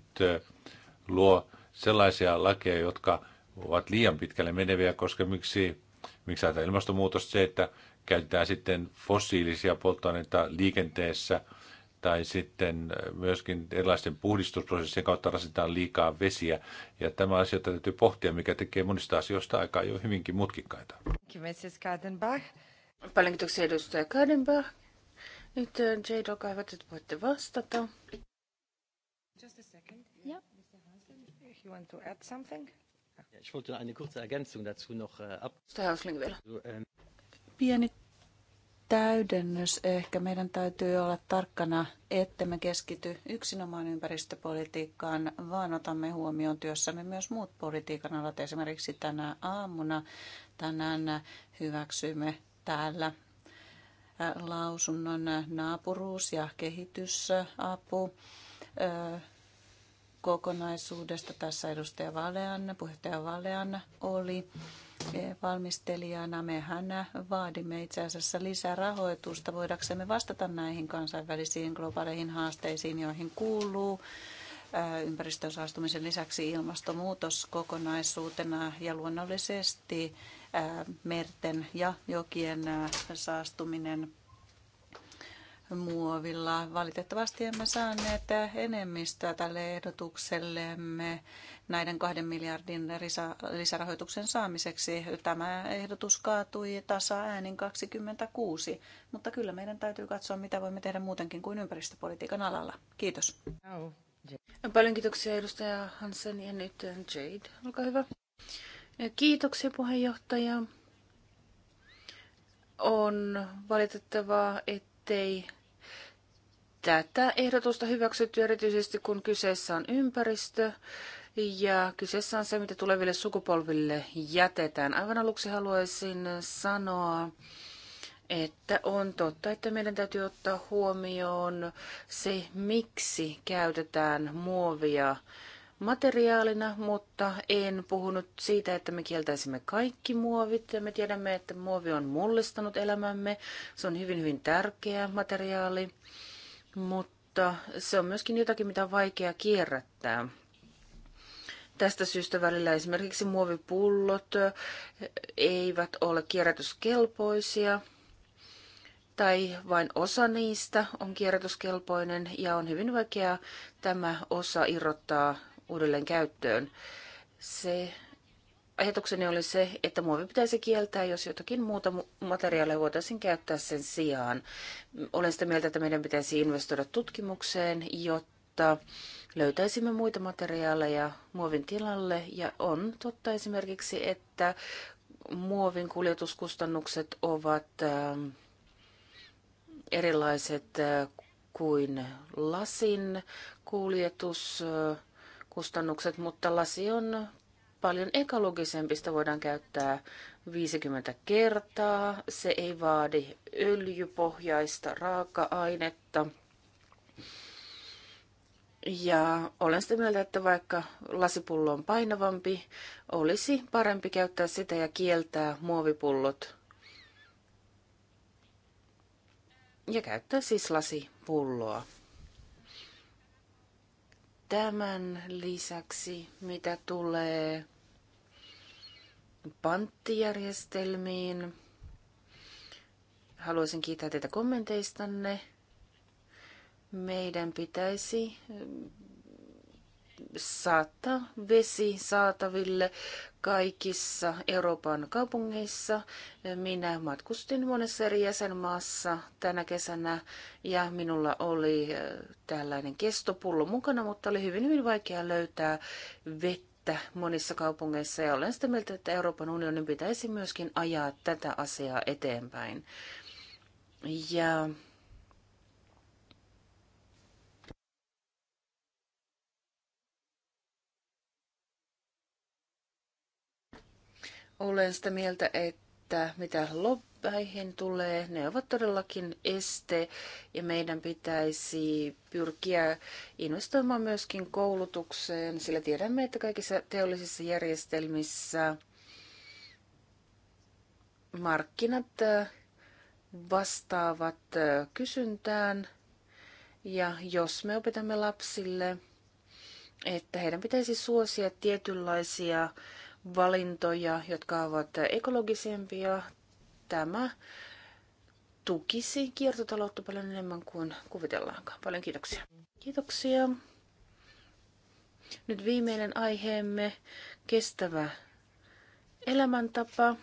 luo sellaisia lakeja, jotka ovat liian pitkälle meneviä, koska miksi miksi ajatellaan ilmastonmuutos, se, että käytetään sitten fossiilisia polttoaineita liikenteessä tai sitten äh, myöskin erilaisten puhdistusprosessien kautta rasitetaan liikaa vesiä. Ja tämä asia täytyy pohtia, mikä tekee monista asioista aika jo hyvinkin mutkikkaita. Kiitos, Kadenbach. Paljon kiitoksia edustaja Kadenbach. Nyt äh, J. Doka, hyvät, että voitte vastata. Just a second. Yeah. Mr. Hansen, if you want to add something. Äh, ähm, Pieni täydennys. Ehkä meidän täytyy olla tarkkana, että me keskity yksinomaan ympäristöpolitiikkaan, vaan otamme huomioon työssämme myös muut politiikan alat. Esimerkiksi tänä aamuna tänään hyväksymme täällä äh, lausunnon äh, naapuruus- ja kehitysapu kokonaisuudesta. Tässä edustaja Valeanna, puheenjohtaja Valeanna oli eh, valmistelijana. Mehän vaadimme itse asiassa lisää rahoitusta voidaksemme vastata näihin kansainvälisiin globaaleihin haasteisiin, joihin kuuluu eh, ympäristön saastumisen lisäksi ilmastonmuutos kokonaisuutena ja luonnollisesti eh, merten ja jokien saastuminen muovilla. Valitettavasti emme saaneet enemmistöä tälle ehdotuksellemme näiden kahden miljardin lisärahoituksen saamiseksi. Tämä ehdotus kaatui tasa äänin 26, mutta kyllä meidän täytyy katsoa, mitä voimme tehdä muutenkin kuin ympäristöpolitiikan alalla. Kiitos. Paljon kiitoksia edustaja Hansen ja nyt äh, Jade. Olkaa hyvä. Kiitoksia puheenjohtaja. On valitettavaa, ettei tätä ehdotusta hyväksytty erityisesti, kun kyseessä on ympäristö ja kyseessä on se, mitä tuleville sukupolville jätetään. Aivan aluksi haluaisin sanoa, että on totta, että meidän täytyy ottaa huomioon se, miksi käytetään muovia materiaalina, mutta en puhunut siitä, että me kieltäisimme kaikki muovit. Me tiedämme, että muovi on mullistanut elämämme. Se on hyvin, hyvin tärkeä materiaali mutta se on myöskin jotakin, mitä on vaikea kierrättää. Tästä syystä välillä esimerkiksi muovipullot eivät ole kierrätyskelpoisia tai vain osa niistä on kierrätyskelpoinen ja on hyvin vaikea tämä osa irrottaa uudelleen käyttöön. Se ajatukseni oli se, että muovi pitäisi kieltää, jos jotakin muuta materiaalia voitaisiin käyttää sen sijaan. Olen sitä mieltä, että meidän pitäisi investoida tutkimukseen, jotta löytäisimme muita materiaaleja muovin tilalle. Ja on totta esimerkiksi, että muovin kuljetuskustannukset ovat ähm, erilaiset äh, kuin lasin kuljetuskustannukset, äh, mutta lasi on paljon ekologisempi. Sitä voidaan käyttää 50 kertaa. Se ei vaadi öljypohjaista raaka-ainetta. Ja olen sitä mieltä, että vaikka lasipullo on painavampi, olisi parempi käyttää sitä ja kieltää muovipullot. Ja käyttää siis lasipulloa. Tämän lisäksi, mitä tulee panttijärjestelmiin. Haluaisin kiittää teitä kommenteistanne. Meidän pitäisi mm, saattaa vesi saataville kaikissa Euroopan kaupungeissa. Minä matkustin monessa eri jäsenmaassa tänä kesänä ja minulla oli äh, tällainen kestopullo mukana, mutta oli hyvin, hyvin vaikea löytää vettä että monissa kaupungeissa, ja olen sitä mieltä, että Euroopan unionin pitäisi myöskin ajaa tätä asiaa eteenpäin. Ja olen sitä mieltä, että että mitä lobbyeihin tulee, ne ovat todellakin este ja meidän pitäisi pyrkiä investoimaan myöskin koulutukseen, sillä tiedämme, että kaikissa teollisissa järjestelmissä markkinat äh, vastaavat äh, kysyntään ja jos me opetamme lapsille, että heidän pitäisi suosia tietynlaisia valintoja, jotka ovat ekologisempia. Tämä tukisi kiertotaloutta paljon enemmän kuin kuvitellaankaan. Paljon kiitoksia. Kiitoksia. Nyt viimeinen aiheemme, kestävä elämäntapa,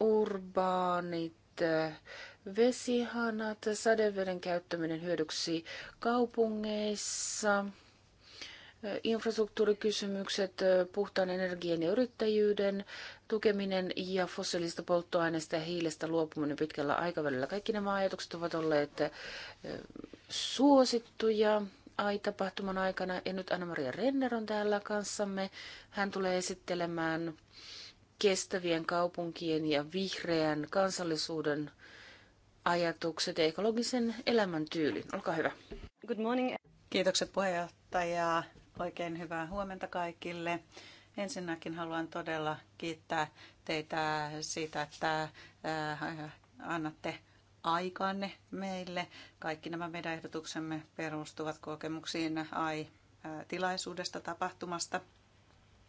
urbaanit, eh, vesihanat, sadeveden käyttäminen hyödyksi kaupungeissa – infrastruktuurikysymykset, puhtaan energian ja yrittäjyyden tukeminen ja fossiilista polttoaineista ja hiilestä luopuminen pitkällä aikavälillä. Kaikki nämä ajatukset ovat olleet suosittuja AI-tapahtuman aikana ja nyt Anna-Maria Renner on täällä kanssamme. Hän tulee esittelemään kestävien kaupunkien ja vihreän kansallisuuden ajatukset ja ekologisen elämäntyylin. Olkaa hyvä. Good morning. Kiitokset puheenjohtaja. Oikein hyvää huomenta kaikille. Ensinnäkin haluan todella kiittää teitä siitä, että äh, annatte aikaanne meille. Kaikki nämä meidän ehdotuksemme perustuvat kokemuksiin AI-tilaisuudesta, äh, tapahtumasta.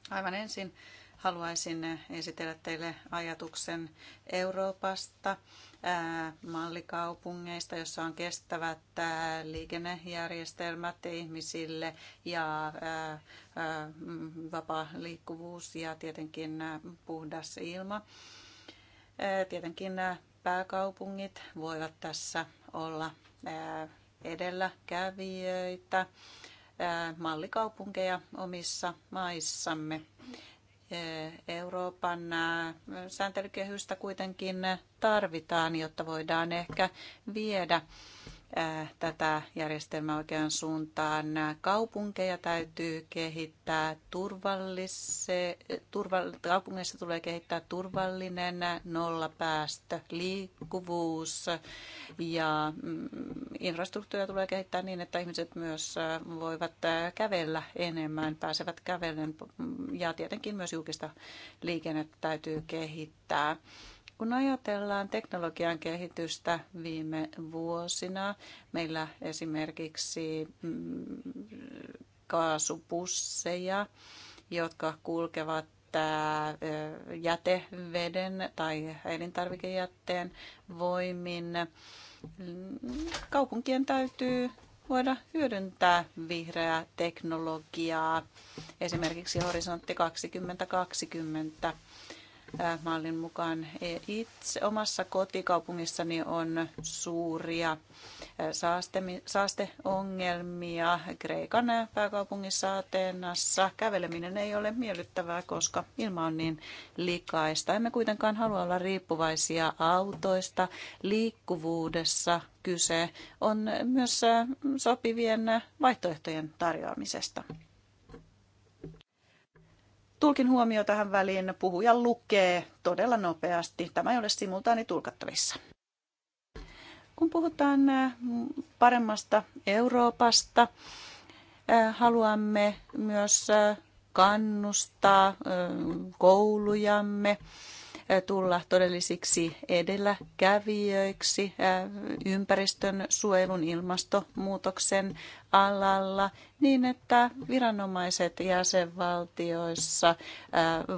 Aivan ensin haluaisin esitellä teille ajatuksen Euroopasta, mallikaupungeista, jossa on kestävät liikennejärjestelmät ihmisille ja mm, vapaa liikkuvuus ja tietenkin puhdas ilma. Tietenkin pääkaupungit voivat tässä olla edelläkävijöitä, mallikaupunkeja omissa maissamme. Euroopan sääntelykehystä kuitenkin tarvitaan, jotta voidaan ehkä viedä Äh, tätä järjestelmää oikeaan suuntaan. Kaupunkeja täytyy kehittää turvallisse, turva, kaupungeissa tulee kehittää turvallinen nollapäästö, liikkuvuus ja mm, infrastruktuuria tulee kehittää niin, että ihmiset myös äh, voivat äh, kävellä enemmän, pääsevät kävellen ja tietenkin myös julkista liikennettä täytyy kehittää. Kun ajatellaan teknologian kehitystä viime vuosina, meillä esimerkiksi mm, kaasupusseja, jotka kulkevat jäteveden tai elintarvikejätteen voimin. Mm, kaupunkien täytyy voida hyödyntää vihreää teknologiaa, esimerkiksi Horisontti 2020 mallin mukaan. E, itse omassa kotikaupungissani on suuria e, saasteongelmia. Kreikan pääkaupungissa Ateenassa käveleminen ei ole miellyttävää, koska ilma on niin likaista. Emme kuitenkaan halua olla riippuvaisia autoista. Liikkuvuudessa kyse on myös e, sopivien vaihtoehtojen tarjoamisesta tulkin huomio tähän väliin. Puhuja lukee todella nopeasti. Tämä ei ole simultaani tulkattavissa. Kun puhutaan äh, paremmasta Euroopasta, äh, haluamme myös äh, kannustaa koulujamme tulla todellisiksi edelläkävijöiksi ympäristön suojelun ilmastonmuutoksen alalla niin, että viranomaiset jäsenvaltioissa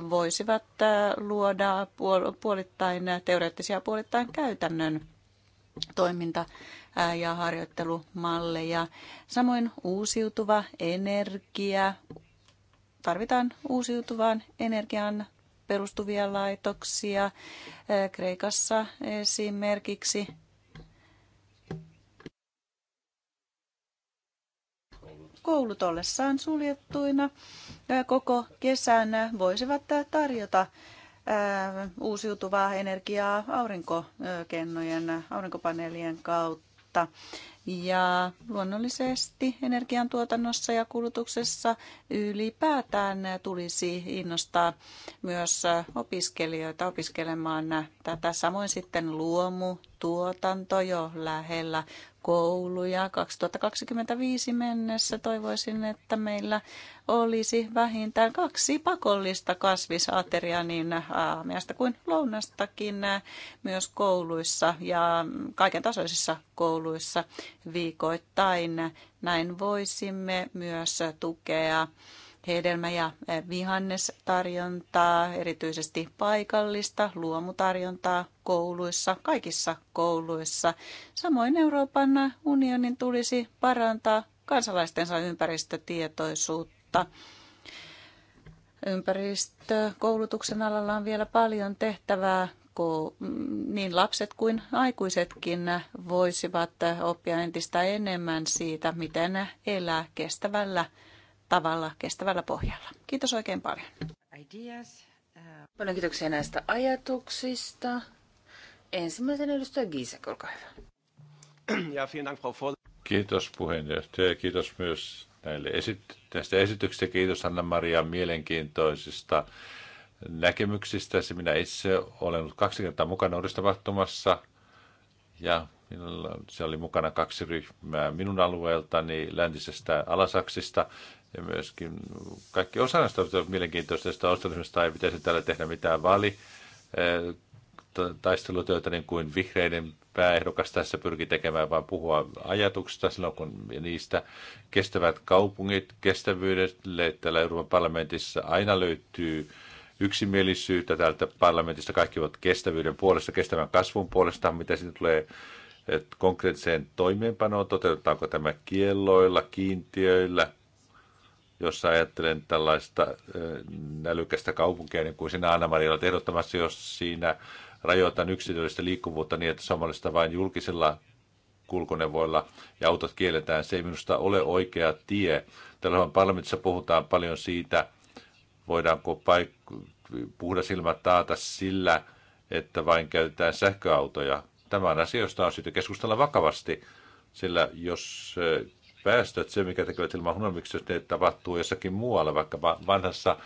voisivat luoda puolittain teoreettisia puolittain käytännön toiminta- ja harjoittelumalleja. Samoin uusiutuva energia. Tarvitaan uusiutuvaan energian perustuvia laitoksia. Eh, Kreikassa esimerkiksi koulut ollessaan suljettuina eh, koko kesän voisivat tarjota eh, uusiutuvaa energiaa aurinkokennojen, aurinkopaneelien kautta muutosta. Ja luonnollisesti energiantuotannossa ja kulutuksessa ylipäätään tulisi innostaa myös opiskelijoita opiskelemaan tätä. Samoin sitten luomutuotanto jo lähellä kouluja 2025 mennessä. Toivoisin, että meillä olisi vähintään kaksi pakollista kasvisateriaa niin äh, aamiasta kuin lounastakin äh, myös kouluissa ja kaiken tasoisissa kouluissa viikoittain. Näin voisimme myös tukea hedelmä- ja vihannestarjontaa, erityisesti paikallista luomutarjontaa kouluissa, kaikissa kouluissa. Samoin Euroopan unionin tulisi parantaa kansalaistensa ympäristötietoisuutta. Ympäristökoulutuksen alalla on vielä paljon tehtävää, mm, niin lapset kuin aikuisetkin voisivat oppia entistä enemmän siitä, miten elää kestävällä tavalla, kestävällä pohjalla. Kiitos oikein paljon. Ideas. Uh, paljon kiitoksia näistä ajatuksista. Ensimmäisenä edustaja Giisek, olkaa hyvä. Ja, Dank, Frau Kiitos puheenjohtaja kiitos myös näille esit- tästä esityksestä. Kiitos Anna-Maria mielenkiintoisista näkemyksistä. Se minä itse olen ollut kaksi kertaa mukana uudistapahtumassa ja minulla, siellä oli mukana kaksi ryhmää minun alueeltani läntisestä Alasaksista ja myöskin kaikki osa näistä on mielenkiintoista, josta australiasta ei pitäisi täällä tehdä mitään vali taistelutyötä niin kuin vihreiden pääehdokas tässä pyrki tekemään, vaan puhua ajatuksista silloin, kun niistä kestävät kaupungit kestävyydelle. Täällä Euroopan parlamentissa aina löytyy yksimielisyyttä täältä parlamentista. Kaikki ovat kestävyyden puolesta, kestävän kasvun puolesta, mitä sitten tulee konkreettiseen toimeenpanoon. Toteutetaanko tämä kielloilla, kiintiöillä, jossa ajattelen tällaista äh, nälykästä kaupunkia, niin kuin sinä Anna-Maria olet ehdottamassa, jos siinä rajoitan yksilöllistä liikkuvuutta niin, että samallista vain julkisilla kulkuneuvoilla ja autot kielletään. Se ei minusta ole oikea tie. Tällä parlamentissa puhutaan paljon siitä, voidaanko paik- puhdas ilma taata sillä, että vain käytetään sähköautoja. Tämä on asia, josta on syytä keskustella vakavasti, sillä jos äh, päästöt, se mikä tekevät ilman huonommiksi, jos ne tapahtuu jossakin muualla, vaikka vanhassa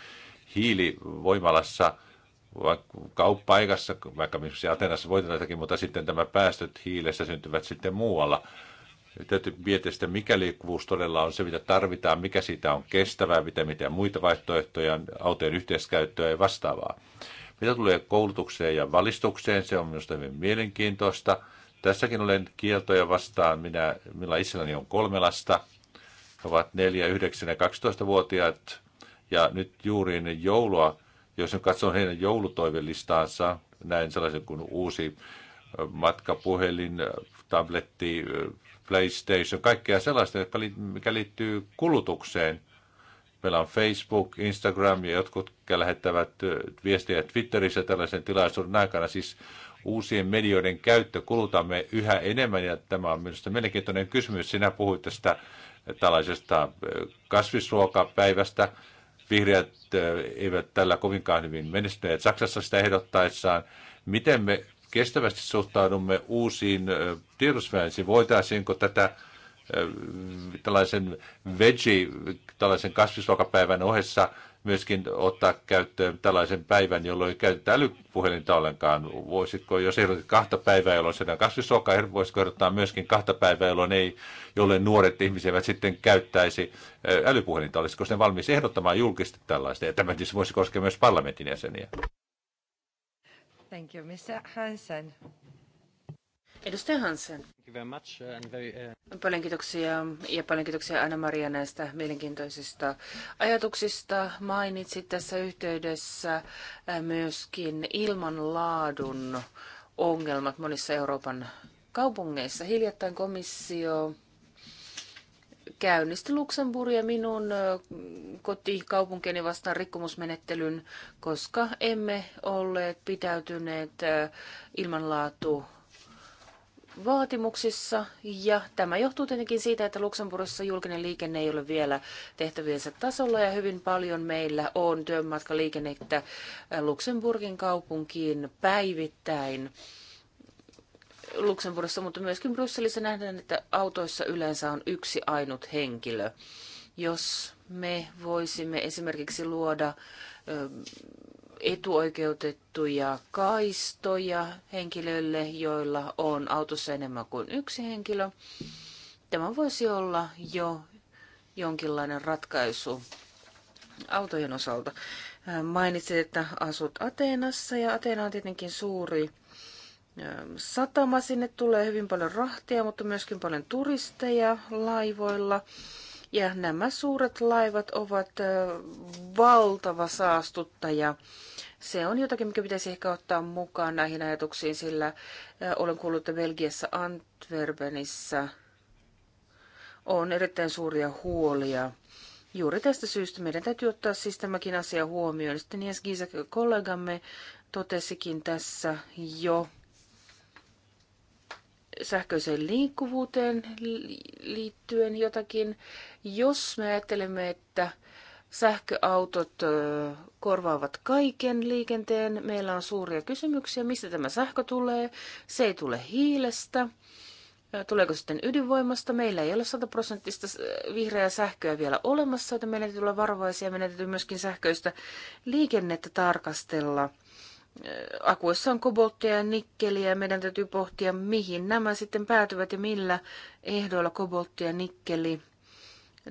hiilivoimalassa, kauppaikassa, vaikka missä Atenassa voitetaan mutta sitten tämä päästöt hiilestä syntyvät sitten muualla. Ja täytyy miettiä sitä, mikä liikkuvuus todella on se, mitä tarvitaan, mikä siitä on kestävää, mitä, mitä muita vaihtoehtoja, autojen yhteiskäyttöä ja vastaavaa. Mitä tulee koulutukseen ja valistukseen, se on minusta hyvin mielenkiintoista. Tässäkin olen kieltoja vastaan. Minä, minulla itselläni on kolme lasta. He ovat 4, 9 ja 12-vuotiaat. Ja nyt juuri ennen joulua, jos nyt katson heidän joulutoivelistaansa, näin sellaisen kuin uusi matkapuhelin, tabletti, PlayStation, kaikkea sellaista, mikä liittyy kulutukseen. Meillä on Facebook, Instagram ja jotkut lähettävät viestejä Twitterissä tällaisen tilaisuuden aikana. Siis uusien medioiden käyttö kulutamme yhä enemmän, ja tämä on minusta mielenkiintoinen kysymys. Sinä puhuit tästä äh, tällaisesta äh, kasvisruokapäivästä. Vihreät äh, eivät tällä kovinkaan hyvin menestyneet Saksassa sitä ehdottaessaan. Miten me kestävästi suhtaudumme uusiin tiedotusväensiin? Voitaisiinko tätä tällaisen veggie, tällaisen kasvisruokapäivän ohessa myöskin ottaa käyttöön tällaisen päivän, jolloin ei käytetä älypuhelinta ollenkaan. Voisitko, jos ehdotit kahta päivää, jolloin se on kaksi sokaa, niin voisitko ehdottaa myöskin kahta päivää, jolloin, ei, jolloin nuoret ihmiset sitten käyttäisi eh, älypuhelinta? Olisiko ne valmis ehdottamaan julkisesti tällaista? Ja tämä siis voisi koskea myös parlamentin jäseniä. Thank you, Mr. Hansen. Edustaja Hansen. Uh, uh, paljon kiitoksia ja paljon kiitoksia Anna-Maria näistä mielenkiintoisista ajatuksista. Mainitsit tässä yhteydessä äh, myöskin ilmanlaadun ongelmat monissa Euroopan kaupungeissa. Hiljattain komissio käynnisti Luxemburgia minun äh, kotikaupunkini vastaan rikkomusmenettelyn, koska emme olleet pitäytyneet äh, ilmanlaatu vaatimuksissa. Ja tämä johtuu tietenkin siitä, että Luxemburgissa julkinen liikenne ei ole vielä tehtäviensä tasolla ja hyvin paljon meillä on työmatkaliikennettä Luxemburgin kaupunkiin päivittäin. Luxemburgissa, mutta myöskin Brysselissä nähdään, että autoissa yleensä on yksi ainut henkilö. Jos me voisimme esimerkiksi luoda etuoikeutettuja kaistoja henkilöille, joilla on autossa enemmän kuin yksi henkilö. Tämä voisi olla jo jonkinlainen ratkaisu autojen osalta. Mainitsit, että asut Ateenassa ja Ateena on tietenkin suuri satama. Sinne tulee hyvin paljon rahtia, mutta myöskin paljon turisteja laivoilla. Ja nämä suuret laivat ovat valtava saastuttaja. Se on jotakin, mikä pitäisi ehkä ottaa mukaan näihin ajatuksiin, sillä olen kuullut, että Belgiassa Antwerpenissä on erittäin suuria huolia. Juuri tästä syystä meidän täytyy ottaa siis tämäkin asia huomioon. Sitten Jens Giesek, kollegamme, totesikin tässä jo sähköiseen liikkuvuuteen liittyen jotakin. Jos me ajattelemme, että sähköautot korvaavat kaiken liikenteen, meillä on suuria kysymyksiä, mistä tämä sähkö tulee. Se ei tule hiilestä. Tuleeko sitten ydinvoimasta? Meillä ei ole sataprosenttista vihreää sähköä vielä olemassa, joten meidän täytyy olla varovaisia. Meidän täytyy myöskin sähköistä liikennettä tarkastella – akuissa on kobolttia ja nikkeliä ja meidän täytyy pohtia, mihin nämä sitten päätyvät ja millä ehdoilla kobolttia ja nikkeli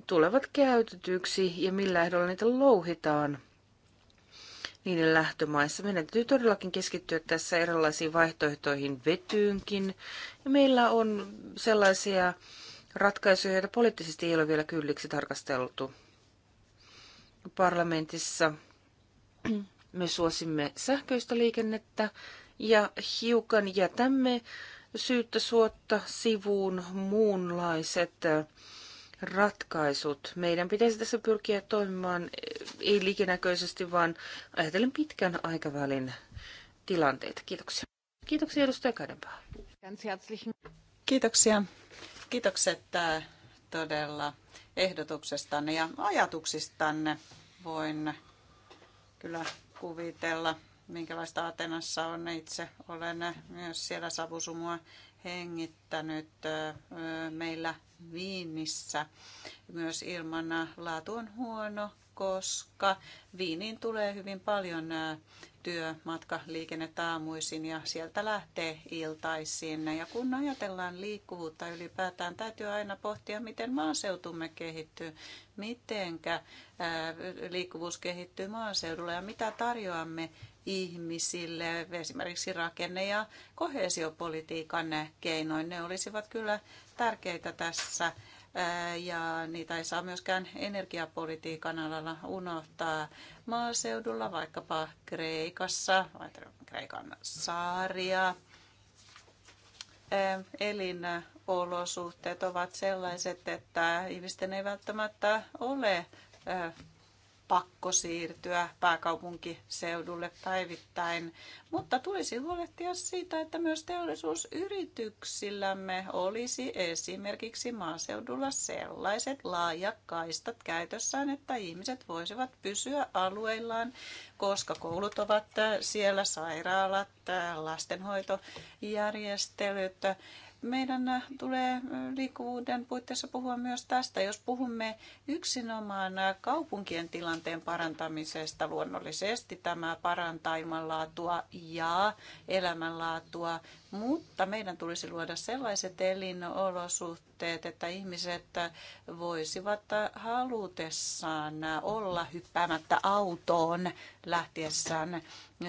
tulevat käytetyksi ja millä ehdolla niitä louhitaan niiden lähtömaissa. Meidän täytyy todellakin keskittyä tässä erilaisiin vaihtoehtoihin vetyynkin. Ja meillä on sellaisia ratkaisuja, joita poliittisesti ei ole vielä kylliksi tarkasteltu parlamentissa me suosimme sähköistä liikennettä ja hiukan jätämme syyttä suotta sivuun muunlaiset äh, ratkaisut. Meidän pitäisi tässä pyrkiä toimimaan äh, ei liikenäköisesti, vaan ajatellen pitkän aikavälin tilanteita. Kiitoksia. Kiitoksia edustaja Kädenpää. Kiitoksia. Kiitokset äh, todella ehdotuksestanne ja ajatuksistanne. Voin kyllä kuvitella, minkälaista Atenassa on. Itse olen myös siellä savusumua hengittänyt meillä viinissä. Myös ilman laatu on huono, koska viiniin tulee hyvin paljon liikenne taamuisin ja sieltä lähtee iltaisin. Ja kun ajatellaan liikkuvuutta ylipäätään, täytyy aina pohtia, miten maaseutumme kehittyy, mitenkä liikkuvuus kehittyy maaseudulla ja mitä tarjoamme ihmisille esimerkiksi rakenne- ja kohesiopolitiikan keinoin. Ne olisivat kyllä tärkeitä tässä ja niitä ei saa myöskään energiapolitiikan alalla unohtaa. Maaseudulla, vaikkapa Kreikassa, Kreikan saaria, elinolosuhteet ovat sellaiset, että ihmisten ei välttämättä ole pakko siirtyä pääkaupunkiseudulle päivittäin, mutta tulisi huolehtia siitä, että myös teollisuusyrityksillämme olisi esimerkiksi maaseudulla sellaiset laajakaistat käytössään, että ihmiset voisivat pysyä alueillaan, koska koulut ovat siellä, sairaalat, lastenhoitojärjestelyt, meidän äh, tulee äh, liikkuvuuden puitteissa puhua myös tästä. Jos puhumme yksinomaan äh, kaupunkien tilanteen parantamisesta, luonnollisesti tämä parantaa ilmanlaatua ja elämänlaatua, mutta meidän tulisi luoda sellaiset elinolosuhteet, että ihmiset voisivat halutessaan olla hyppäämättä autoon lähtiessään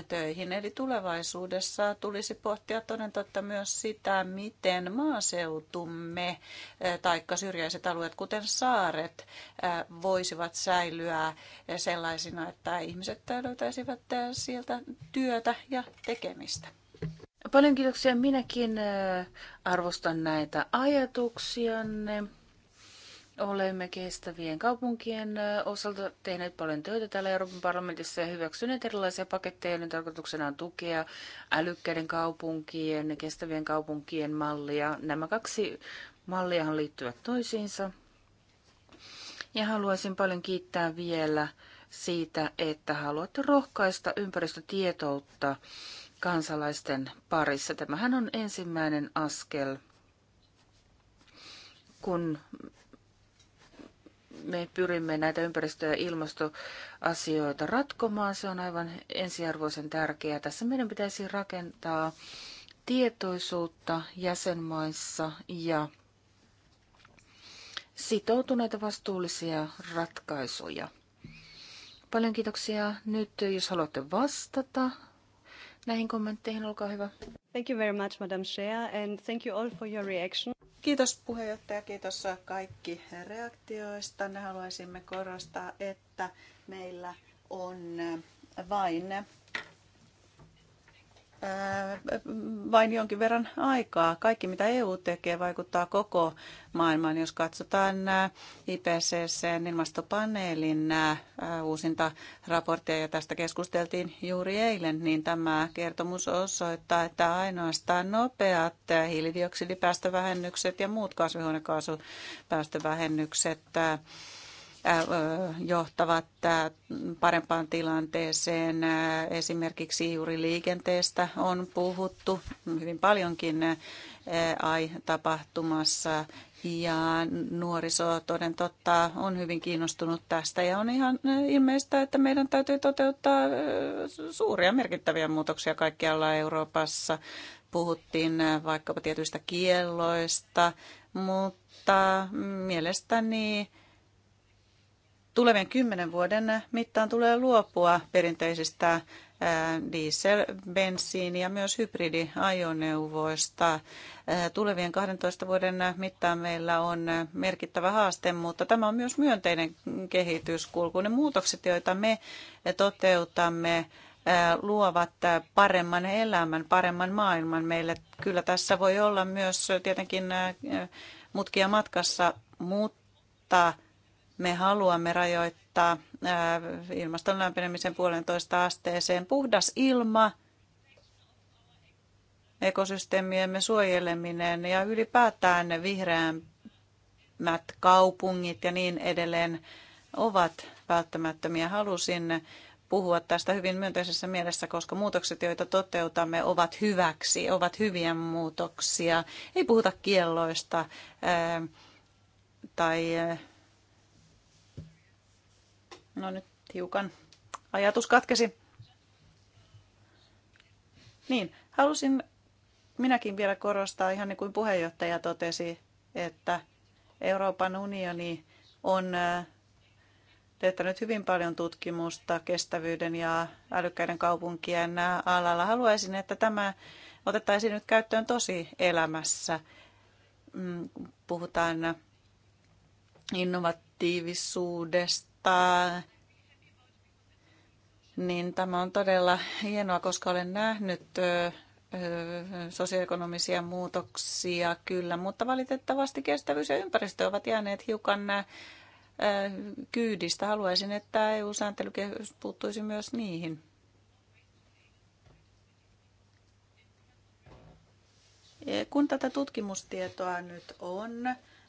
töihin. Eli tulevaisuudessa tulisi pohtia toden totta myös sitä, miten maaseutumme eh, tai syrjäiset alueet, kuten saaret, eh, voisivat säilyä sellaisina, että ihmiset löytäisivät eh, sieltä työtä ja tekemistä. Paljon kiitoksia. Minäkin äh, arvostan näitä ajatuksianne. Olemme kestävien kaupunkien äh, osalta tehneet paljon töitä täällä Euroopan parlamentissa ja hyväksyneet erilaisia paketteja, joiden tarkoituksena on tukea älykkäiden kaupunkien ja kestävien kaupunkien mallia. Nämä kaksi malliahan liittyvät toisiinsa. Ja haluaisin paljon kiittää vielä siitä, että haluatte rohkaista ympäristötietoutta kansalaisten parissa. Tämähän on ensimmäinen askel, kun me pyrimme näitä ympäristö- ja ilmastoasioita ratkomaan. Se on aivan ensiarvoisen tärkeää. Tässä meidän pitäisi rakentaa tietoisuutta jäsenmaissa ja sitoutuneita vastuullisia ratkaisuja. Paljon kiitoksia nyt, jos haluatte vastata näihin kommentteihin. Olkaa hyvä. Thank you very much, Madam Shea, and thank you all for your reaction. Kiitos puheenjohtaja, kiitos kaikki reaktioista. Me haluaisimme korostaa, että meillä on vain vain jonkin verran aikaa. Kaikki mitä EU tekee vaikuttaa koko maailmaan. Jos katsotaan ipcc ilmastopaneelin uusinta raporttia, ja tästä keskusteltiin juuri eilen, niin tämä kertomus osoittaa, että ainoastaan nopeat hiilidioksidipäästövähennykset ja muut kasvihuonekaasupäästövähennykset johtavat parempaan tilanteeseen. Esimerkiksi juuri liikenteestä on puhuttu hyvin paljonkin AI-tapahtumassa ja nuoriso toden totta on hyvin kiinnostunut tästä ja on ihan ilmeistä, että meidän täytyy toteuttaa suuria merkittäviä muutoksia kaikkialla Euroopassa. Puhuttiin vaikkapa tietyistä kielloista, mutta mielestäni tulevien kymmenen vuoden mittaan tulee luopua perinteisistä diesel-, bensiini- ja myös hybridiajoneuvoista. Tulevien 12 vuoden mittaan meillä on merkittävä haaste, mutta tämä on myös myönteinen kehityskulku. Ne muutokset, joita me toteutamme, luovat paremman elämän, paremman maailman meille. Kyllä tässä voi olla myös tietenkin mutkia matkassa, mutta me haluamme rajoittaa äh, ilmaston lämpenemisen puolentoista asteeseen. Puhdas ilma, ekosysteemiemme suojeleminen ja ylipäätään vihreämmät kaupungit ja niin edelleen ovat välttämättömiä. Halusin puhua tästä hyvin myönteisessä mielessä, koska muutokset, joita toteutamme, ovat hyväksi, ovat hyviä muutoksia. Ei puhuta kielloista äh, tai äh, No nyt hiukan ajatus katkesi. Niin, halusin minäkin vielä korostaa, ihan niin kuin puheenjohtaja totesi, että Euroopan unioni on teettänyt hyvin paljon tutkimusta kestävyyden ja älykkäiden kaupunkien alalla. Haluaisin, että tämä otettaisiin nyt käyttöön tosi elämässä. Mm, puhutaan innovatiivisuudesta mutta niin tämä on todella hienoa, koska olen nähnyt sosioekonomisia muutoksia kyllä, mutta valitettavasti kestävyys ja ympäristö ovat jääneet hiukan kyydistä. Haluaisin, että EU-sääntelykehys puuttuisi myös niihin. Kun tätä tutkimustietoa nyt on,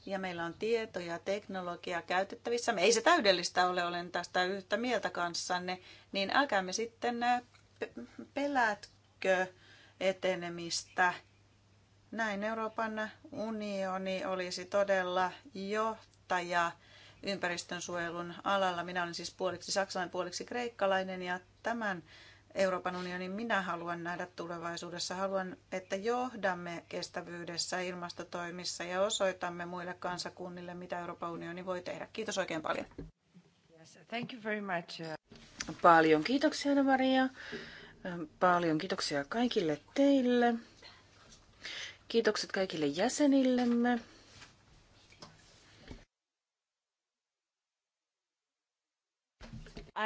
ja meillä on tietoja, teknologiaa käytettävissä. Me ei se täydellistä ole, olen tästä yhtä mieltä kanssanne, niin älkäämme sitten äh, pelätkö etenemistä. Näin Euroopan unioni olisi todella johtaja ympäristönsuojelun alalla. Minä olen siis puoliksi saksalainen, puoliksi kreikkalainen ja tämän Euroopan unionin minä haluan nähdä tulevaisuudessa. Haluan, että johdamme kestävyydessä ilmastotoimissa ja osoitamme muille kansakunnille, mitä Euroopan unioni voi tehdä. Kiitos oikein paljon. Yes, thank you very much. Paljon kiitoksia, Maria. Ähm, paljon kiitoksia kaikille teille. Kiitokset kaikille jäsenillemme.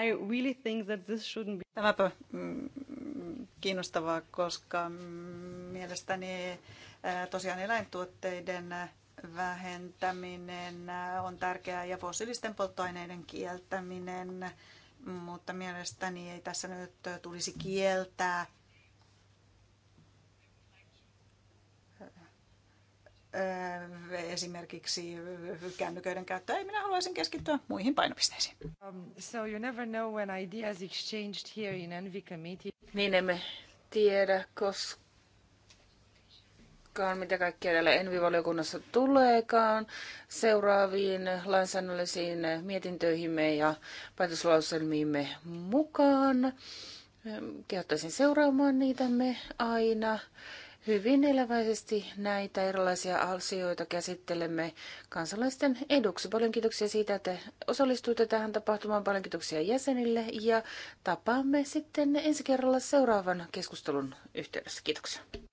I really think that this shouldn't be... Tämäpä mm, kiinnostavaa, koska mielestäni tosiaan eläintuotteiden vähentäminen on tärkeää ja fossiilisten polttoaineiden kieltäminen, mutta mielestäni ei tässä nyt tulisi kieltää esimerkiksi kännyköiden käyttöä. Ei, minä haluaisin keskittyä muihin painopisteisiin. Um, so you never know when ideas exchanged here in Envy Committee. Niin emme tiedä koskaan, mitä kaikkea täällä Envi-valiokunnassa tuleekaan seuraaviin lainsäädännöllisiin mietintöihimme ja päätöslauselmiimme mukaan. Kehottaisin seuraamaan niitämme aina hyvin eläväisesti näitä erilaisia asioita käsittelemme kansalaisten eduksi. Paljon kiitoksia siitä, että osallistuitte tähän tapahtumaan. Paljon kiitoksia jäsenille ja tapaamme sitten ensi kerralla seuraavan keskustelun yhteydessä. Kiitoksia.